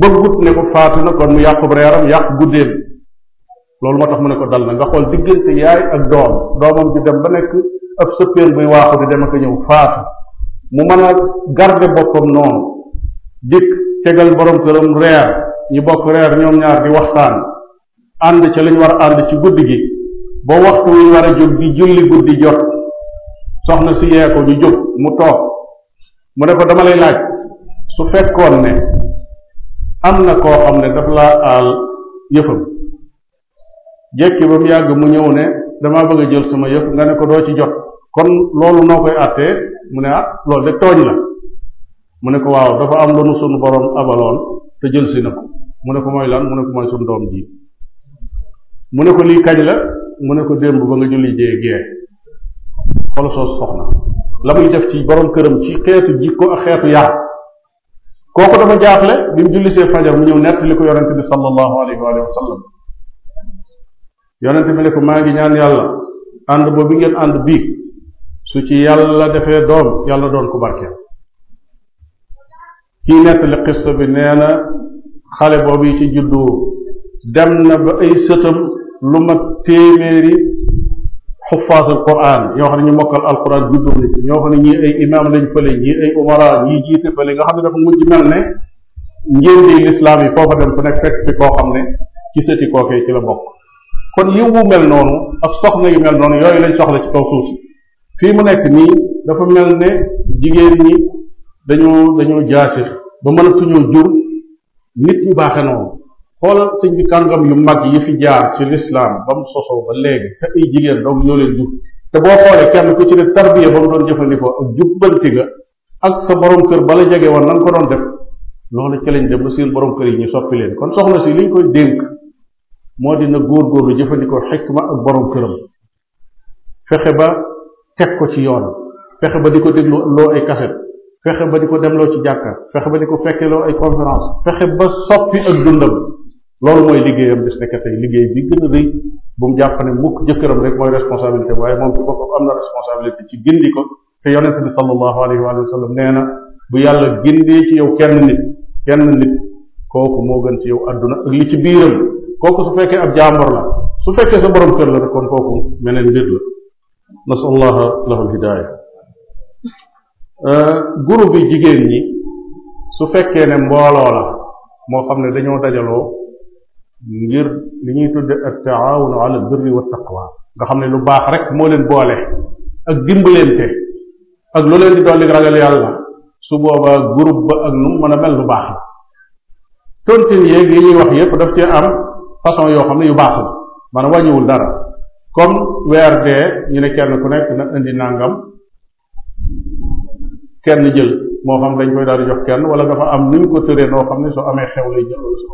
bëggut ne ko faatu na kon mu yàqu reeram yàq guddeem loolu moo tax mu ne ko dal na nga xool diggante yaay ak doomam bi dem ba nekk ab sëppeen buy waaxu di dem ak ñëw faatu mu mën a garder boppam noonu dikk tegal borom këram reer ñu bokk reer ñoom ñaar bi waxtaan ànd ca li war ànd ci guddi gi ba waxtu wi war a jóg di julli guddi jot soxna si yee ko ñu jóg mu toog mu ne ko dama lay laaj su fekkoon ne am na koo xam ne daf laa aal yëfam jekki ba mu yàgg mu ñëw ne damaa bëgg a jël sama yëf nga ne ko doo ci jot kon loolu noo koy àttee mu ne ah loolu de tooñ la mu ne ko waaw dafa am lu nu borom abaloon te jël na ko mu ne ko mooy lan mu ne ko mooy sunu doom ji mu ne ko lii kañ la mu ne ko démb ba nga julli jee gee xol soxna la muy def ci borom këram ci xeetu jikko ak xeetu yar kooku dafa jaaxle bi mu jullisee fajar mu ñëw nett ko yonente bi sallallahu alayhi wa sallam yonente bi ne ko maa ngi ñaan yàlla ànd boobu ngeen ànd bii su ci yàlla defee doom yàlla doon ku barkeel kii nettali xista bi nee na xale boobu yi ci juddu dem na ba ay sëtam lu mat téeméeri xuffaasul quran ñoo xam ne ñu mokkal alquran juddu na ñoo xam ne ñii ay imam lañ fële ñii ay umara ñii jiite fële nga xam ne dafa mujj mel ne njëndi lislaam yi foofa dem ku nekk fekk fi koo xam ne ci sëti kookee ci la bokk kon yiw bu mel noonu ak soxna yu mel noonu yooyu lañ soxla ci kaw suuf si fii mu nekk nii dafa mel ne jigéen ñi dañoo dañoo jaasir ba mënatuñoo jur nit ñu baaxe noonu xoolal sëñ bi kàngam yu mag yi fi jaar ci lislaam ba mu sosoo ba léegi te ay jigéen doom ñoo leen jur te boo xoolee kenn ku ci ne tarbiya ba mu doon jëfandikoo ak jubbanti ak sa borom kër bala jege woon nan ko doon def loolu ci lañ dem ba seen borom kër yi ñu soppi leen kon soxna si liñ koy dénk moo dina góorgóorlu jëfandikoo ma ak borom këram fexe ba teg ko ci yoon fexe ba di ko déglu loo ay kaset fexe ba di ko demloo ci jàkka fexe ba di ko fekkeloo ay conférence fexe ba soppi ak dundam loolu mooy liggéeyam bis nekk tey liggéey bi gën a rëy bu mu jàpp ne mukk jëkkëram rek mooy responsabilité waaye moom ci boppam am na responsabilité ci gindi ko te yonent bi sallallahu alayhi wa sallam nee na bu yàlla gindee ci yow kenn nit kenn nit kooku moo gën ci yow adduna ak li ci biiram kooku su fekkee ab jaambor la su fekkee sa borom nasallaha lahu alhidaaya euh, groupe bi jigéen ñi su fekkee ne mbooloo la moo xam ne dañoo dajaloo ngir li ñuy tudde at taawun al birri wa taqwa nga xam ne lu baax rek moo leen boole ak dimbalente ak lu leen di dolli ragal yàlla su boobaa groupe ak nu mën a mel lu baax la tontine yeeg yi ñuy wax yépp daf cee am façon yoo xam ne yu baax la a wàññiwul dara comme weer dee ñu ne kenn ku nekk na indi nangam kenn jël moo xam dañ koy daal di jox kenn wala dafa am ñu ko tëree noo xam ne soo amee xew lay jël wala su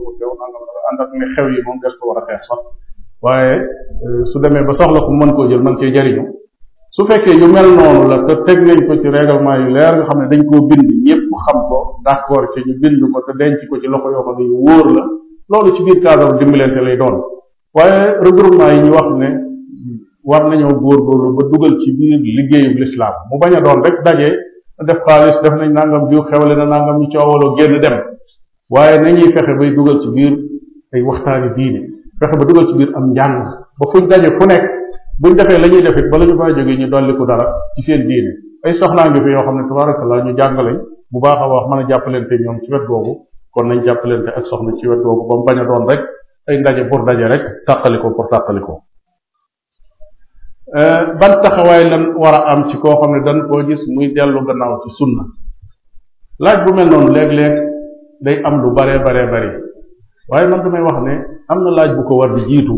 ko war euh, su demee ba soxla mën koo jël mën cee jariñu su fekkee yu mel noonu la te teg nañ ko ci règlement yu leer nga xam ne dañ koo bind ñëpp xam ko d'accord ci ñu bind ko te denc ko ci loxo yoo xam ne yu wóor la loolu ci biir cadre dimbalante lay doon waaye regroupement yi ñu wax ne war nañoo góorgóorlu ba dugal ci biir liggéeyu lislaam mu bañ a doon rek daje def xaalis def nañ nangam diw xewle na nangam ñu coowaloo génn dem waaye nañuy fexe bay dugal ci biir ay waxtaani diine fexe ba dugal ci biir am njàng ba fuñ daje fu nekk buñ defee la ñuy ba it bala ñu faa jógee ñu dolli ko dara ci seen diine ay soxnaa ngi fi yoo xam ne tabarakallah ñu jàngale bu baax a wax mën a jàppalante ñoom ci wet googu kon nañ jàppalante ak soxna ci wet a doon rek ay ndaje pour daje rek tàqalikoo pour tàqalikoo Euh, ban taxawaay lan war a am ci koo xam ne dañ koo gis muy dellu gannaaw ci sunna laaj bu mel noonu léeg-léeg day am lu baree baree bari waaye man damay wax ne am na laaj bu ko war di jiitu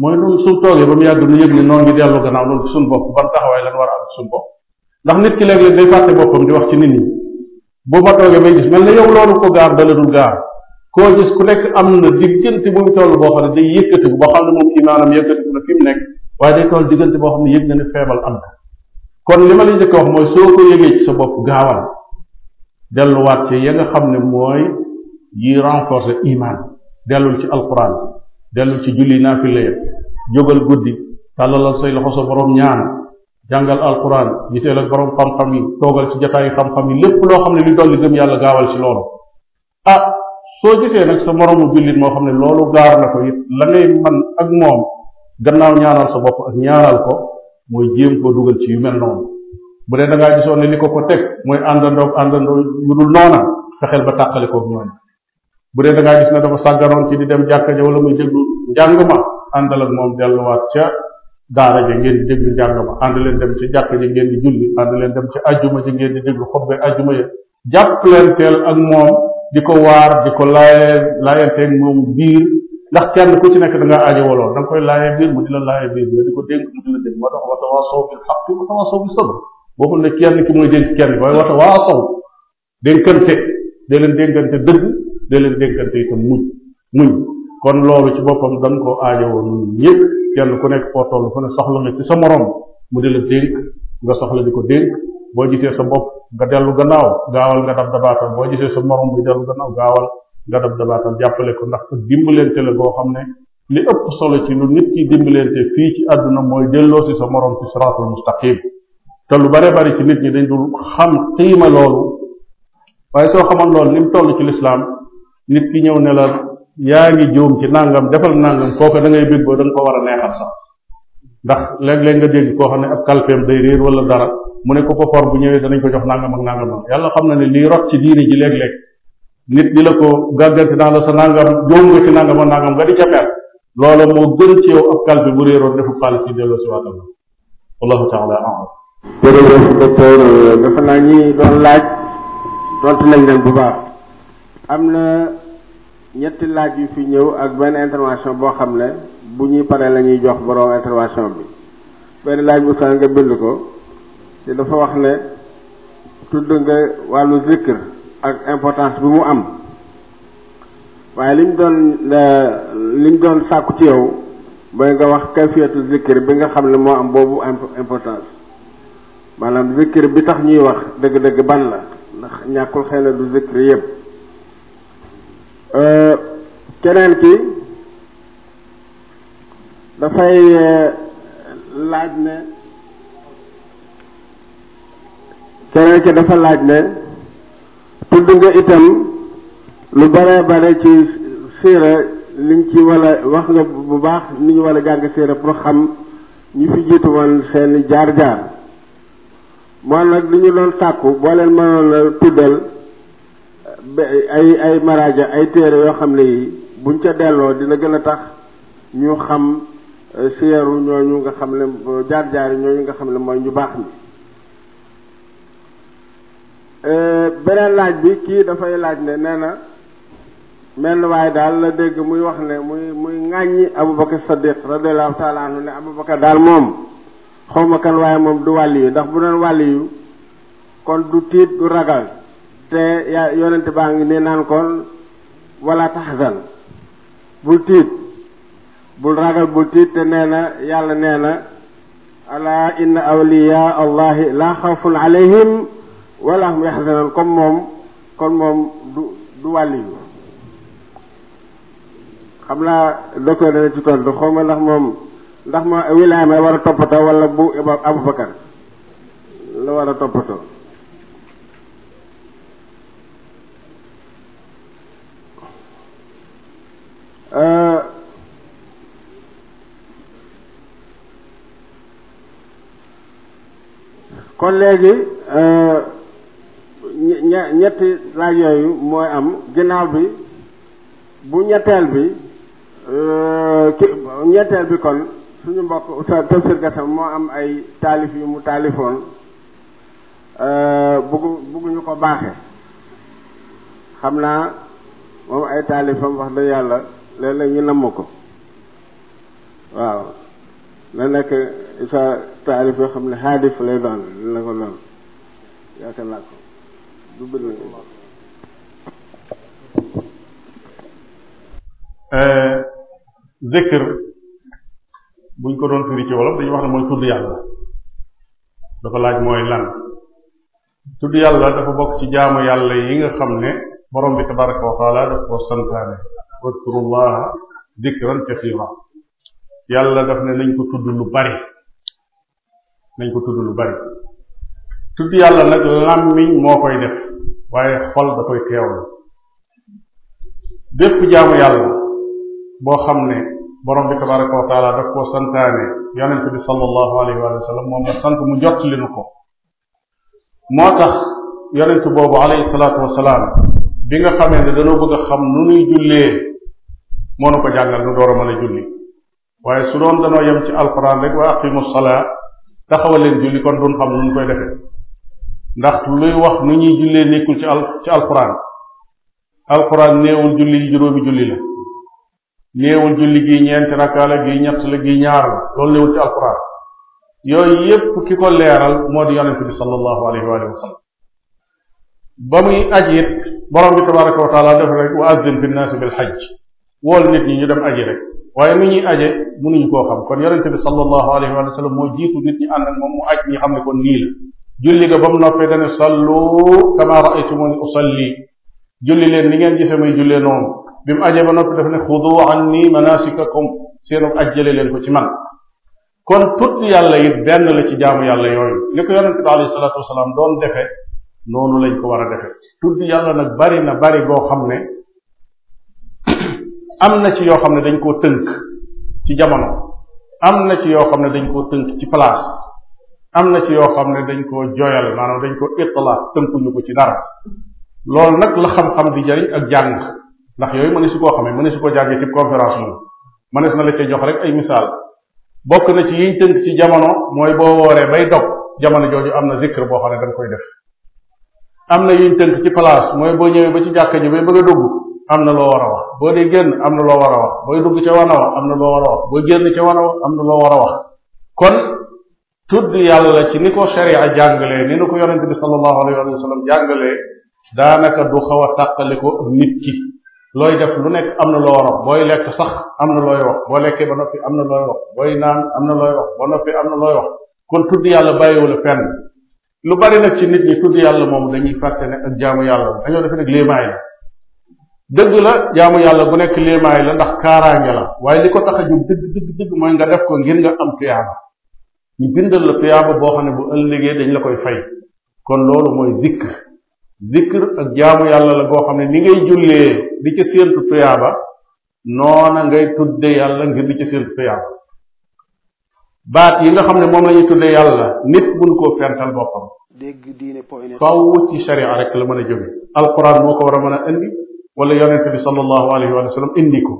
mooy noonu su toogee ba mu yàgg nu yëg ne noo ngi dellu gannaaw loolu ci suñu bopp ban taxawaay lan war a am ci bopp ndax nit ki léeg-léeg day fàtte boppam di wax ci nit ñi bu ma toogee may gis mel ne yow loolu ko gaar dala gaar koo gis ku nekk am na diggante bu mu toll boo xam ne day yëkkatiku boo xam ne moom imaanam fi mu nekk waaye day toll diggante boo xam ne yëg na ne feebal am kon li ma la njëkk wax mooy soo ko yëgee sa bopp gaawal delluwaat ci nga xam ne mooy yi renforcer iman dellul ci alquran dellul ci julli naafile jógal guddi tàllalal say loxo sa borom ñaan jàngal alquran gisee ak borom xam-xam yi toogal ci jataayu xam-xam yi lépp loo xam ne li dolli gëm yàlla gaawal ci loolu ah soo gisee nag sa moromu jullit moo xam ne loolu gaar na ko it la ngay ak moom gannaaw ñaanal sa bopp ak ñaanal ko mooy jéem koo dugal ci yu mel noonu bu dee da ngaa gisoon ne li ko ko teg mooy àndandoo àndandoo yu dul noona fexeel ba tàqale koog bu dee da ngaa gis ne dafa sàgganoon ci di dem jàkka ja wala muy déglu njàng ma àndal ak moom delluwaat ca daara ja ngeen di déglu njàng ma ànd leen dem ci jàkka ja ngeen di julli ànd leen dem ci ajjuma ja ngeen di déglu xob ga ajjuma ya jàpp leen teel ak moom di ko waar di ko laayee laayanteeg ndax kenn ku ci nekk da ngaa aajowoo lool da nga koy laajee biir mu di la laajee biir nga di ko dénk mu di la dénk moo tax wa tawaasaw bil xaqq wa tawaasaw bis sabr boobul ne kenn ki mooy dénk kenn wa tawaasaw boppam dañ koo aajowoo ñun ku nekk foo toll fu ne soxla nga ci sa morom mu di la dénk nga soxla di ko dénk boo gisee sa bopp nga dellu gannaaw gaawal nga dab dabaatal boo gisee sa morom bi dellu gannaaw gaawal nga dab dabaatal jàppale ko ndax ak dimbalante la boo xam ne li ëpp solo ci lu nit ki dimbalante fii ci àdduna mooy delloo sa morom ci siraatul mustaqim te lu bare bari ci nit ñi dañ dul xam xiima loolu waaye soo xamoon loolu li mu ci lislaam nit ki ñëw ne la yaa ngi juum ci nangam defal nangam kooka da ngay bég boo da nga ko war a neexal sax ndax léeg-léeg nga dégg koo xam ne ab kalpeem day réer wala dara mu ne ko ko for bu ñëwee danañ ko jox nangam ak nit di la ko gàgganti naa la sa nangam joom nga ci nangam a nangam nga di ca per loola moo gën ci yow ab kalbi bu réeroon defu xaalis yi delloo si waatam wallahu taala alam jërëjëf docteur dafa naa ñi doon laaj tontu nañ leen bu baax am na ñetti laaj yu fi ñëw ak benn intervention boo xam ne bu ñuy paree la ñuy jox borom intervention bi benn laaj bu sax nga bind ko te dafa wax ne tudd nga wàllu zikr ak importance bi mu am waaye liñ doon liñ doon sàkku ci yow booy nga wax kayfiyatu zikir bi nga xam ne moo am boobu importance maanaam zikir bi tax ñuy wax dëgg-dëgg ban la ndax ñàkkul xëy na du zikir yëpp euh, keneen ki dafay euh, laaj ne keneen ki dafa laaj ne tudd nga itam lu bare bare ci siira liñ ci wala wax nga bu baax ni ñu war a jàng siira pour xam ñi fi jiitu woon seeni jaar-jaar moom nag li ñu doon sàkku boo leen mënoon a tuddal ay ay maraaja ay téere yoo xam ne yi buñ ca delloo dina gën a tax ñu xam euh, siyaru ñu nga xam ne jaar-jaar yi ñooñu nga xam ne mooy ñu baax ni Eh, beneen laaj bi kii dafay laaj ne nee na menn waaye daal la dégg muy wax ne muy muy ŋàññi Abubakar Saddiq radiyallahu taala anhu ne Abubakar daal moom xawma kan waaye moom du wàll yu ndax bu doon wàll yu kon du tiit du ragal te yaa yonent baa ngi ne naan kon wala taxzan bul tiit bul ragal bul tiit te nee na yàlla nee na ala awliya allahi la xawfun alayhim walla am yaxasanan comme moom kon moom du du wàll yi xam naa docteur dana ci tontu xaw ma ndax moom ndax ma wilaayam la war a toppatoo wala bu Abubakar la war a toppatoo euh, kon léegi euh, ñetti laaj yooyu mooy am ginnaaw bi bu ñetteel bi euh, ki ñetteel bi kon suñu mbokk tafsir Gassama moo am ay taalif yu mu taalifoon euh, buggu bugguñu ko baaxe xam naa moom ay taalifam wax dëgg yàlla léeg-léeg ñu namm ko waaw na nekk sa taalif yoo xam ne xaadif lay doon dina ko doon yaakaar naa du bëri eh, zikr buñ ko doon firi ci wolof dañuy wax ne mooy tudd yàlla dafa laaj mooy lan tudd yàlla dafa bokk ci jaamu yàlla yi nga xam ne borom bi tabaraka wa taala daf ko santaane wadkurullaha dikran kathira yàlla daf ne nañ ko tudd lu bari nañ ko tudd lu bari tudd yàlla nag làmmiñ moo koy def waaye xol da koy teewlu bépp jaamu yàlla boo xam ne borom bi tabaraka wa daf koo santaane yonente bi sallallahu alayhi wa sallam moom la sant mu jot ko moo tax yonente boobu alayhi salaatu wasalaam bi nga xamee ne dañoo bëgg a xam nu nuy jullee moo nu ko jàngal nu door a julli waaye su doon danoo yem ci alquran rek wa aqimu salaa taxawal leen julli kon duñ xam nu ñu koy defee ndax luy wax nu ñuy jullee nekkul ci al ci alquran alquran néewul julli juróomi julli la néewul julli gi ñeenti rakkaa la gi ñett la gi ñaar la loolu néewul ci alquran yooyu yépp ki ko leeral moo di yonente bi sallallahu alayhi wa sallam ba muy aj it borom bi tabaraka wa taala def rek wa azzin fi nnaasi bil xaj ñi ñu dem aji waaye nu ñuy koo xam kon yonente bi sallallahu alayhi wa sallam moo jiitu nit ñi ànd ak moom mu aj ñi xam ne kon nii la julli ga ba mu noppee dane sallu kama raaytumuni usalli julli leen li ngeen gisee may jullee noonu bi mu ajee ba noppi daf ne xudu anni manasikakum seenu ajjale leen ko ci man kon tudd yàlla it benn la ci jaamu yàlla yooyu li ko yonente lañ ko war a defee tudd yàlla nag bari na bari boo xam ne am na ci yoo xam ne dañ koo tënk ci jamono am na ci yoo xam ne dañ koo tënk ci place am na ci yoo xam ne dañ koo joyal maanaam dañ ko itlaaq tënkuñu ko ci dara loolu nag la xam-xam di jariñ ak jàng ndax yooyu mënees su koo xamee mënees su koo jàngee ci conférence moom mënees na la ca jox rek ay misaal bokk na ci yiñ tënk ci jamono mooy boo wooree bay dog jamono jooju am na zikr boo xam ne danga koy def am na yiñ tënk ci place mooy boo ñëwee ba ci jàkka ji bay bëgg a dugg am na loo war a wax boo dee génn am na loo war a wax booy dugg wa am na loo a wax booy wa am na loo war a wax tudd yàlla ci ni ko sharia jàngalee ni nu ko yonente bi sallallahu alayhi wa sallam jàngalee daanaka du xaw a tàqali ko nit ki looy def lu nekk am na loo war booy lekk sax am na looy wax boo ba noppi am na looy wax booy naan am na looy wax ba noppi am na looy wax kon tudd yàlla bàyyiwul fenn lu bari nag ci nit ñi tudd yàlla moom dañuy fàtte ne ak jaamu yàlla dañoo defe nag léemaay la dëgg la jaamu yàlla bu nekk léemaay la ndax kaaraange la waaye li ko tax a jóg dëgg dëgg ñu bindal la tuyaaba boo xam ne bu ëllëgee dañ la koy fay kon loolu mooy zikr zikr ak jaamu yàlla la boo xam ne ni ngay jullee di ca séentu tuyaaba noona ngay tudde yàlla ngir di ca séentu tuyaaba baat yi nga xam ne moom la ñuy tudde yàlla nit mun koo fental boppam dégg faw ci sharia rek la mën a jóge alquran moo ko war a mën a indi wala yonente bi sallallahu alayhi wa indi ko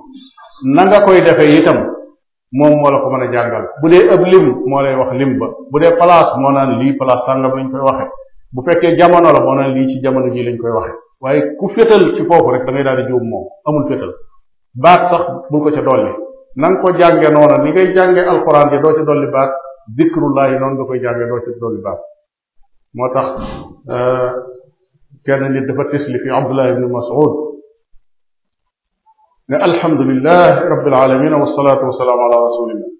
na nga koy defee itam moom moo la ko man a jàngal bu dee ab lim moo lay wax lim ba bu dee place moo naan lii place sàngam lañ koy waxe bu fekkee jamono la moo naan lii ci jamono ji lañ koy waxe waaye ku fétal ci foofu rek da daal di juum moom amul fétal baat sax bul ko ca dolli na nga ko jànge noona ni ngay jànge alxuraan bi doo ca dolli baat zikrullahi noonu nga koy jànge doo ca dolli baat moo tax euh, kenn nit dafa tisli fi Abdullah ibn Mas'ud ne alhamdulilah rabbil alamina wasalaatu wasalaamu ala rasulillah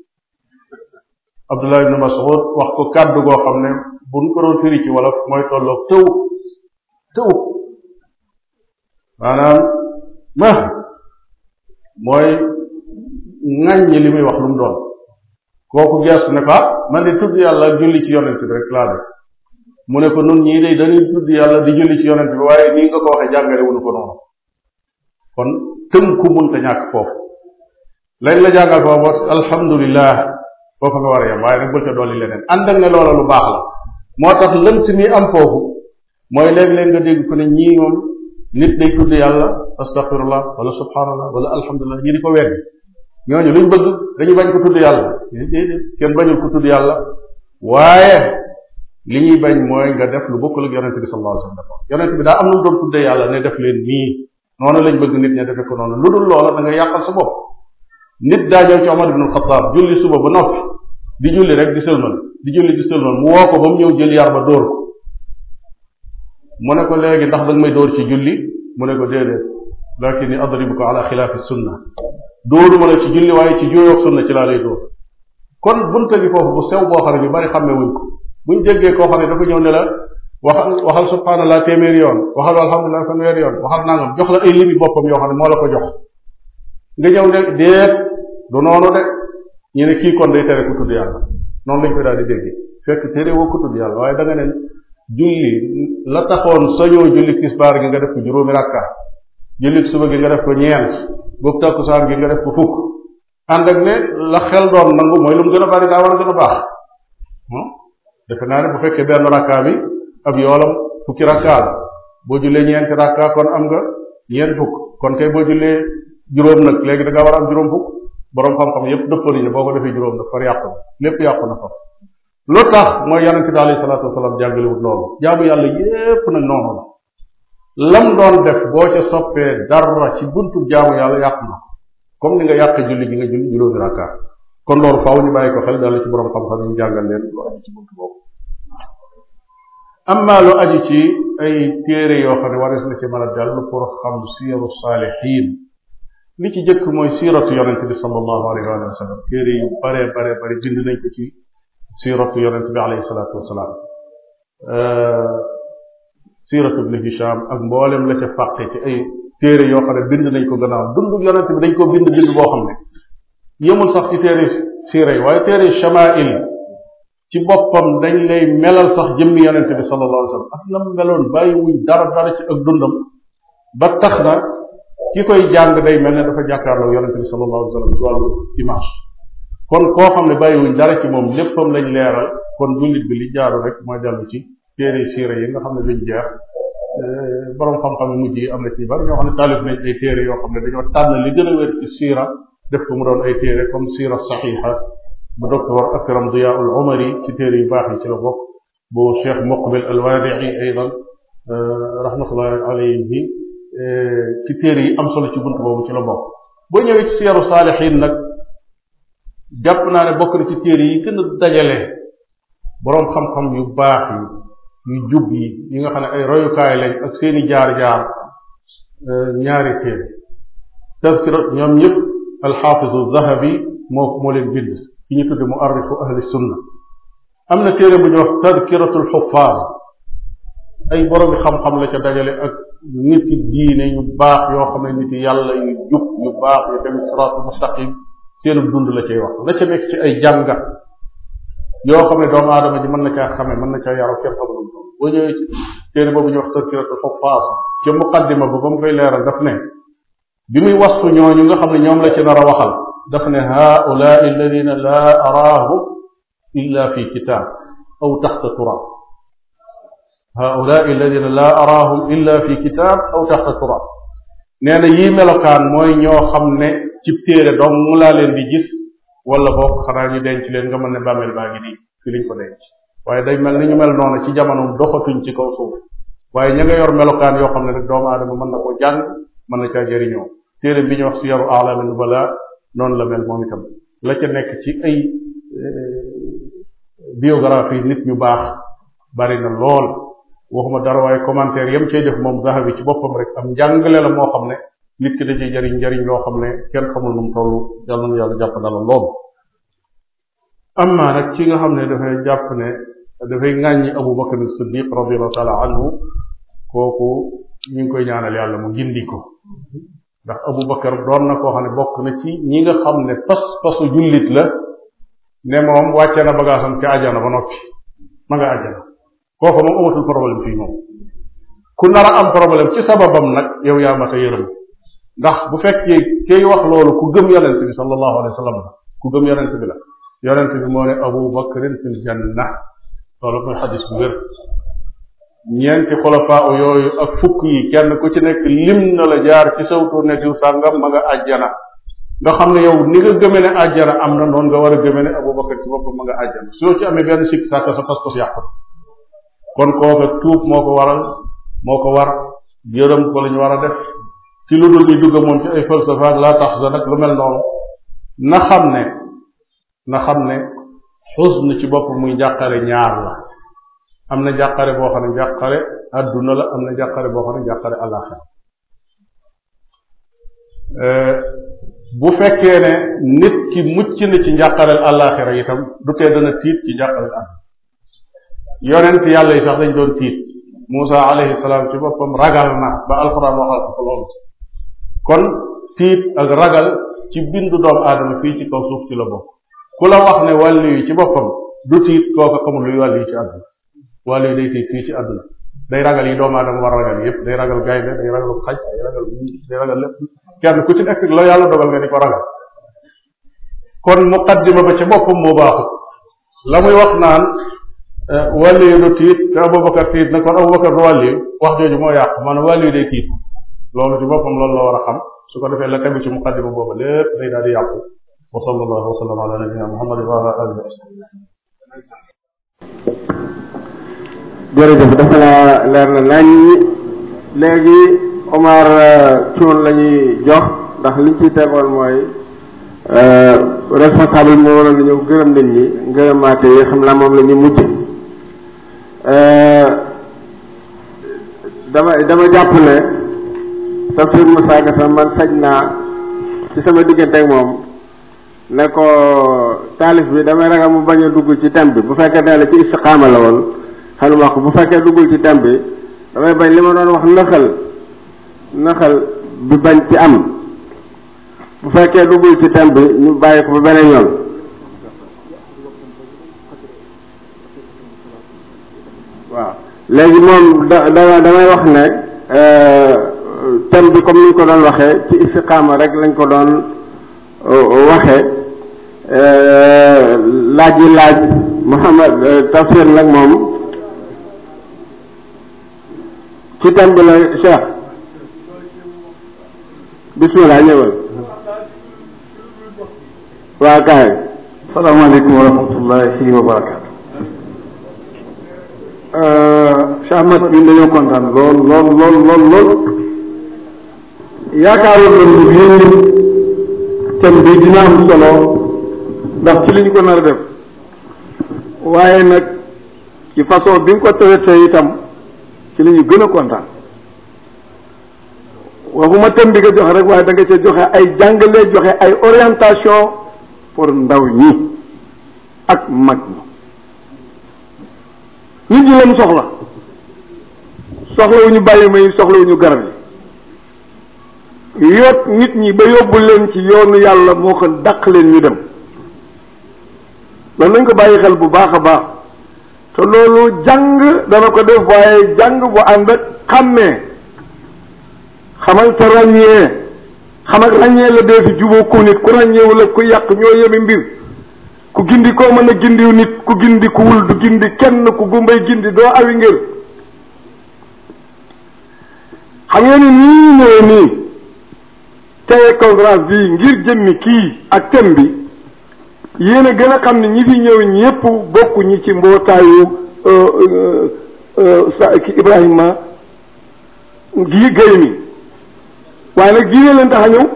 Abdullah ibn Mas'ud wax ko kàddu goo xam ne bu ñu ko doon firi ci wolof mooy tolloog tëw tëw mooy ŋàññi li muy wax lu mu doon kooku gestu ne ko ah, man di tudd yàlla julli ci yonent bi rek laa def mu ko nun ñii day dañuy tudd yàlla di julli ci yonent bi waaye nii nga ko waxee jàngale wuñu kon tënku mënta ñàkk foofu lañ la jàngal foofu alhamdulilah foofu nga war a yem waaye nag bul ca dolli leneen ànd ak ne loola lu baax la moo tax lënt mi am foofu mooy léeg-léeg nga dégg ko ne ñii moom nit day tudd yàlla astaghfirullah wala subhanallah wala alhamdulilah ñi di ko weddi ñooñu luñ bëgg dañu bañ ko tudd yàlla kenn bañul ko tudd yàlla waaye li ñuy bañ mooy nga def lu bokkul ak yonente bi sallallahu alayhi bi daa am lu doon tuddee noonu lañ bëgg nit ña defe noonu lu dul loola da nga yàqal sa nit daa ñëw ci Omar ibn julli suba ba noppi di julli rek di sëlmal di julli di sëlmal mu woo ko ba mu ñëw jël yar ba dóor ko mu ne ko léegi ndax danga may dóor ci julli mu ne ko déedéet lakin ni adribu ko ala xilaafi sunna dóoruma la ci julli waaye ci jooyoog sunna ci laa lay dóor kon bunta gi foofu bu sew boo xam ne ñu bari xàmmee wuñ ko buñ jéggee koo xam ne ñëw ne waxal waxal subhanallah téeméeri yoon waxal alhamdulilah fanweeri yoon waxal nangam jox la ay limi boppam yoo xam ne moo la ko jox nga ñëw ne déet du noonu de ñu ne kii kon day tere ku tudd yàlla noonu lañ di dégg fekk tere woo ku yàlla waaye da nga ne julli la taxoon sañoo julli tisbaar gi nga def ko juróomi rakka julli suba gi nga def ko ñeent boobu takkusaan gi nga def ko fukk ànd ak la xel doon nangu mooy lu mu gën a bari daa war a gën a baax hmm? defe naa ne bu fekkee ab yoolam fukki rakkaa la boo jullee ñeenti rakkaa kon am nga ñeent fukk kon kay boo jullee juróom nag léegi da ngaa war a juróom fukk boroom xam-xam yépp dëppoo nañu boo ko defee juróom nag far yàqu na lépp yàqu na far lu tax mooy yonente bi salaatu wasalaam jàngalewut loolu jaamu yàlla yépp nag noonu la lam doon boo ca soppee dara ci buntu jaamu yàlla yàq na comme ni nga yàq julli gi nga julli juróomi rakkaa kon loolu faaw ñu bàyyi ko xel daal ci borom xam-xam ñu jàngal leen lu ci buntu boobu amma lu aju ci ay téere yoo xam ne warees na ci mën a jàll pour xam siiru saalixiin li ci jëkk mooy siiratu yonente bi sallallahu alayhi wa sallam téere yu bare bare bare bind nañ ko ci siiratu yonente bi alayhi salaatu wasalaam siiratu ibn Hisham ak mboolem la ca fàqe ci ay téere yoo xam ne bind nañ ko gannaaw dundu yonente bi dañ ko bind bind boo xam ne yëmul sax ci téere siira yi waaye téere shamail ci boppam dañ lay melal sax jëmmi yonent bi sallallahu alayhi wasallam ak meloon bàyyiwuñ dara dara ci ak dundam ba tax na ki koy jàng day mel na dafa jàkkaarloo yonent bi sallallahu alayhi wasallam ci wàllu kon koo xam ne bàyyiwuñ dara ci moom léppam lañ leeral kon jullit bi li jaaru rek mooy dellu ci téere siira yi nga xam ne duñ jeex euh, borom xam-xam yu mujj yi am na ci bari ñoo xam ne taalif nañ ay téere yoo xam ne dañoo tànn li gën a wér ci bu docteur akram diyaa ul umari ci téere yu baax yi ci la bokk bu cheikh muqbil alwaadi'i aydan euh, rahmatullahi alayhi euh, ci téere yi am solo ci bunt boobu ci la bokk boo ñëwee ci siyaru saalixiin nag jàpp naa ne bokk na ci téere yi gën a dajale boroom xam-xam yu baax yi yu jub yi yi nga xam ne ay royukaay lañ ak seeni jaar-jaar euh, ñaari téere tazkira ñoom ñëpp alxaafizu zahabi moo moo leen bind ki ñu tudd mu arrifu ahli sunna am na téere bu ñu wax tadkiratul xuffaar ay boromi xam-xam la ca dajale ak nit yi diine ñu baax yoo xam ne nit yi yàlla yu jub yu baax yu tamit siraatul mustaqim seen dund la cay wax la ca nekk ci ay jàngat yoo xam ne doomu aadama ji mën na caa xamee mën na caa yaru kenn xamul boo ñëwee ci téere boobu ñu wax tadkiratul xuffaar ca muqaddima ba ba mu koy leeral daf ne bi muy wastu ñooñu nga xam ne ñoom la ci nar a waxal daf ne haulaa alladina laa araahu illa fi kitaab aw taxta turaab haulaa alladina laa araahum illa fi kitaab aw taxta turaab nee na yii melokaan mooy ñoo xam ne ci téere dong mu laa leen di gis wala boog xanaa ñu denc leen nga mën ne bàmmeel baa ngi nii fi liñ ko denc waaye day mel ni ñu mel noonu ci jamono doxatuñ ci kaw suuf waaye ña nga yor melokaan yoo xam ne rek doomu aadama mën na koo jàng mën na caa jëriñoo téere bi ñu wax si yaru alamin bala noonu la mel moom itam la ca nekk ci ay eh, biographie nit ñu baax bari na lool waxuma dara waaye commentaire yam cay def moom Zahabi ci boppam rek am njàngale la moo xam ne nit ki da ciy jariñ njariñ loo xam ne kenn xamul nu mu toll yàlla na yàlla jàpp dala lool am naa ci nga xam ne dafay jàpp ne dafay ŋàññi Abu Bakar Siddiq radiallahu taala anhu kooku ñu ngi koy ñaanal yàlla mu gindi ko ndax Abu Bakar doon na koo xam ne bokk na ci ñi nga xam ne pas pasu jullit la ne moom wàcce na bagaasam ca ajana ba noppi ma nga ajana kooku moom amatul problème fii moom ku nar a am problème ci sababam nag yow yaa mat a yërëm ndax bu fekkee kay wax loolu ku gëm yonent bi sallallahu alayhi wa ku gëm yonent bi la yonent bi moo ne Abu Bakrin fil janna loolu mooy xadis bu wér ñeenti xulafaa yooyu ak fukk yi kenn ku ci nekk lim na la jaar ci sawtu netil sàngam ma nga àjjana nga xam ne yow ni nga gëme ne àjjana am na noonu nga war a gëme ne abubakar ci boppam ma nga àjjana soo ci amee benn sikk sàkk sa pas-pas yàqu kon kooka tuub moo ko waral moo ko war yërëm ko lañu war a def ci lu dul di dugg moom ci ay falsafa ak laa tax sa nag lu mel noonu na xam ne na xam ne xusn ci bopp muy njàqare ñaar la am na jàqare boo xam ne jàqare adduna am na jàqare boo xam ne jàqare àllaaxira eh, bu fekkee ne nit ki mucc na ci njàqareel àllaaxira itam du tee dana tiit ci njàqareel àdduna yonent yàlla yi sax dañ doon tiit Muusa alayhi ci boppam ragal na ba alxuraan waxal ko loolu kon tiit ak ragal ci bindu doomu aadama fii ci kaw suuf ci la bokk ku la wax ne wàllu yi ci boppam du tiit kooka xamul luy wàllu yi ci àdduna wàll yi day tiit fii ci àdduna day ragal yi doomu aadama war ragal yëpp day ragal gaynde day ragal xaj day ragal day kenn ku ci nekk la yàlla dogal nga di ko ragal kon muqaddima ba ca boppam moo baaxut la muy wax naan eh, wàllu yu tiit te Abubakar tiit na kon Abubakar du wàllu wax jooju moo yàq maanaam wàllu day tiit loolu ci boppam loolu la war a su ko defee la tegu ci muqaddima booba lépp day daal di wa sallallahu wa sallam ala nabiyina muhammad jërëjëf dafa naa leer na nañ léegi Omar euh, Thioune la ñuy jox ndax liñ ci tegoon mooy euh, responsable moo waroon ñëw gërëm nit ñi ngërëmaate yi xam naa moom la ñuy mujj euh, dama dama jàpp ne tafsir Moussa Gassama man sañ naa ci sama diggante ak moom ne ko taalif bi damay ragal mu bañ a dugg ci thème bi bu fekkee daal ci istiqaama la woon xel wax bu fekkee duggul ci thème bi damay bañ li ma doon wax naxal naxal bi bañ ci am bu fekkee duggul ci thème bi ñu bàyyi ko ba beneen yoon waaw léegi moom da da damay wax ne euh, thème bi comme ni ñu ko doon waxee ci istiqaama rek lañ ko doon euh, waxee euh, laaj yi laaj Muhammad tafsir nag moom ci thème bi la Cheikh bismillah ñëwal waa kaay salaamaaleykum wa rahmatullahi wa barakaatu Cheikh Ahmad ñun dañoo kontaan lool lool lool lool lool yaakaaroon nañu bii thème bi dina am solo ndax ci liñ ko nar a def waaye nag ci façon bi nga ko traité itam ci la ñu gën a kontaan waxuma thème di nga jox rek waaye danga nga joxe ay jàngale joxe ay orientation pour ndaw ñi ak mag ñi nit ñi lañ soxla soxla wu ñu bàyyi may soxla wu ñu garab yi yoot nit ñi ba yóbbu leen ci yoonu yàlla moo ko dàq leen ñu dem loolu nañ ko bàyyi xel bu baax a baax te loolu jàng dana ko def waaye jàng bu ànd ak xàmmee xamal te ràññee xam ak ràññee la dee fi juboo ku nit ku ràññeewu la ku yàq ñoo yemi mbir ku gindi koo mën a gindiw nit ku gindi ku wul du gindi kenn ku gumbay gindi doo awi ngir xam ngeen ni nii ñëwee nii tey bi ngir jëmmi kii ak thème bi yéen a gën a xam ne ñi fi ñëw ñëpp bokk ñi ci mbootaayu euh, euh, euh, sa ki Ibrahima gii gay mi waaye nag diine leen tax a ñëw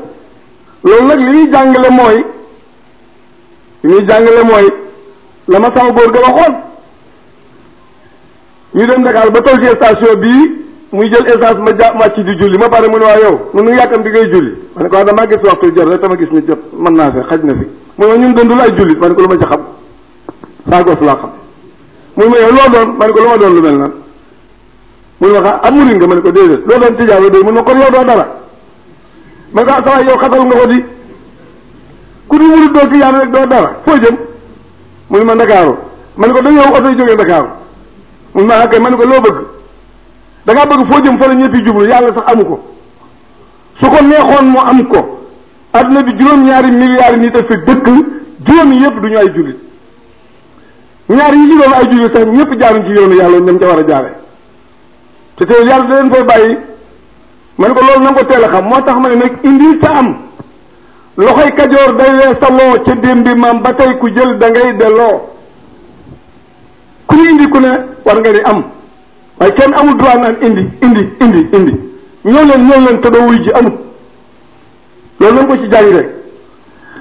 loolu nag li ñuy jàngale mooy li ñuy jàngale mooy la ma sama góor ga waxoon ñu dem Dakar ba toll ci station bii muy jël essence ma ja ma ci di julli ma pare mu ne waa yow nu nu yàkkam di ngay julli ma ne ko dama gis waxtu jot rek dama gis ni jot mën naa fi xaj na fi mooy ñun dundul ay jullit man ko lu ma ci xam saa gos laa xam muy ma yow loo doon man ko lu ma doon lu mel nan muy ma xam ab murid nga man ko déedéet loo doon tijaan la doy mun na kon loo doon dara man ko sawaay ah, yow doo dara foo jëm muy ma ndakaaru man ko dañoo oto yi jógee ndakaaru mun ma xam ah, man ko loo bëgg da ngaa bëgg foo jëm fa la ñëpp jublu yàlla sax amu ko su ko neexoon mu am ko adduna bi juróom-ñaari milliards nit a fi dëkk juróomi yëpp duñu ay jullit ñaari yi ci doon ay jullit sax ñëpp jaaruñ ci yoonu yàlla ñoom ca war a jaare te te yàlla da leen fay bàyyi ma ko loolu na ko teel a xam moo tax ma ne nag indil ta am loxoy kajoor day wees sa maam ba tey ku jël da ngay delloo ku indi ku ne war nga ni am waaye kenn amul droit naan indi indi indi indi ñëw leen ñëw leen te doo wuy ji loolu lañ ko ci jàng rek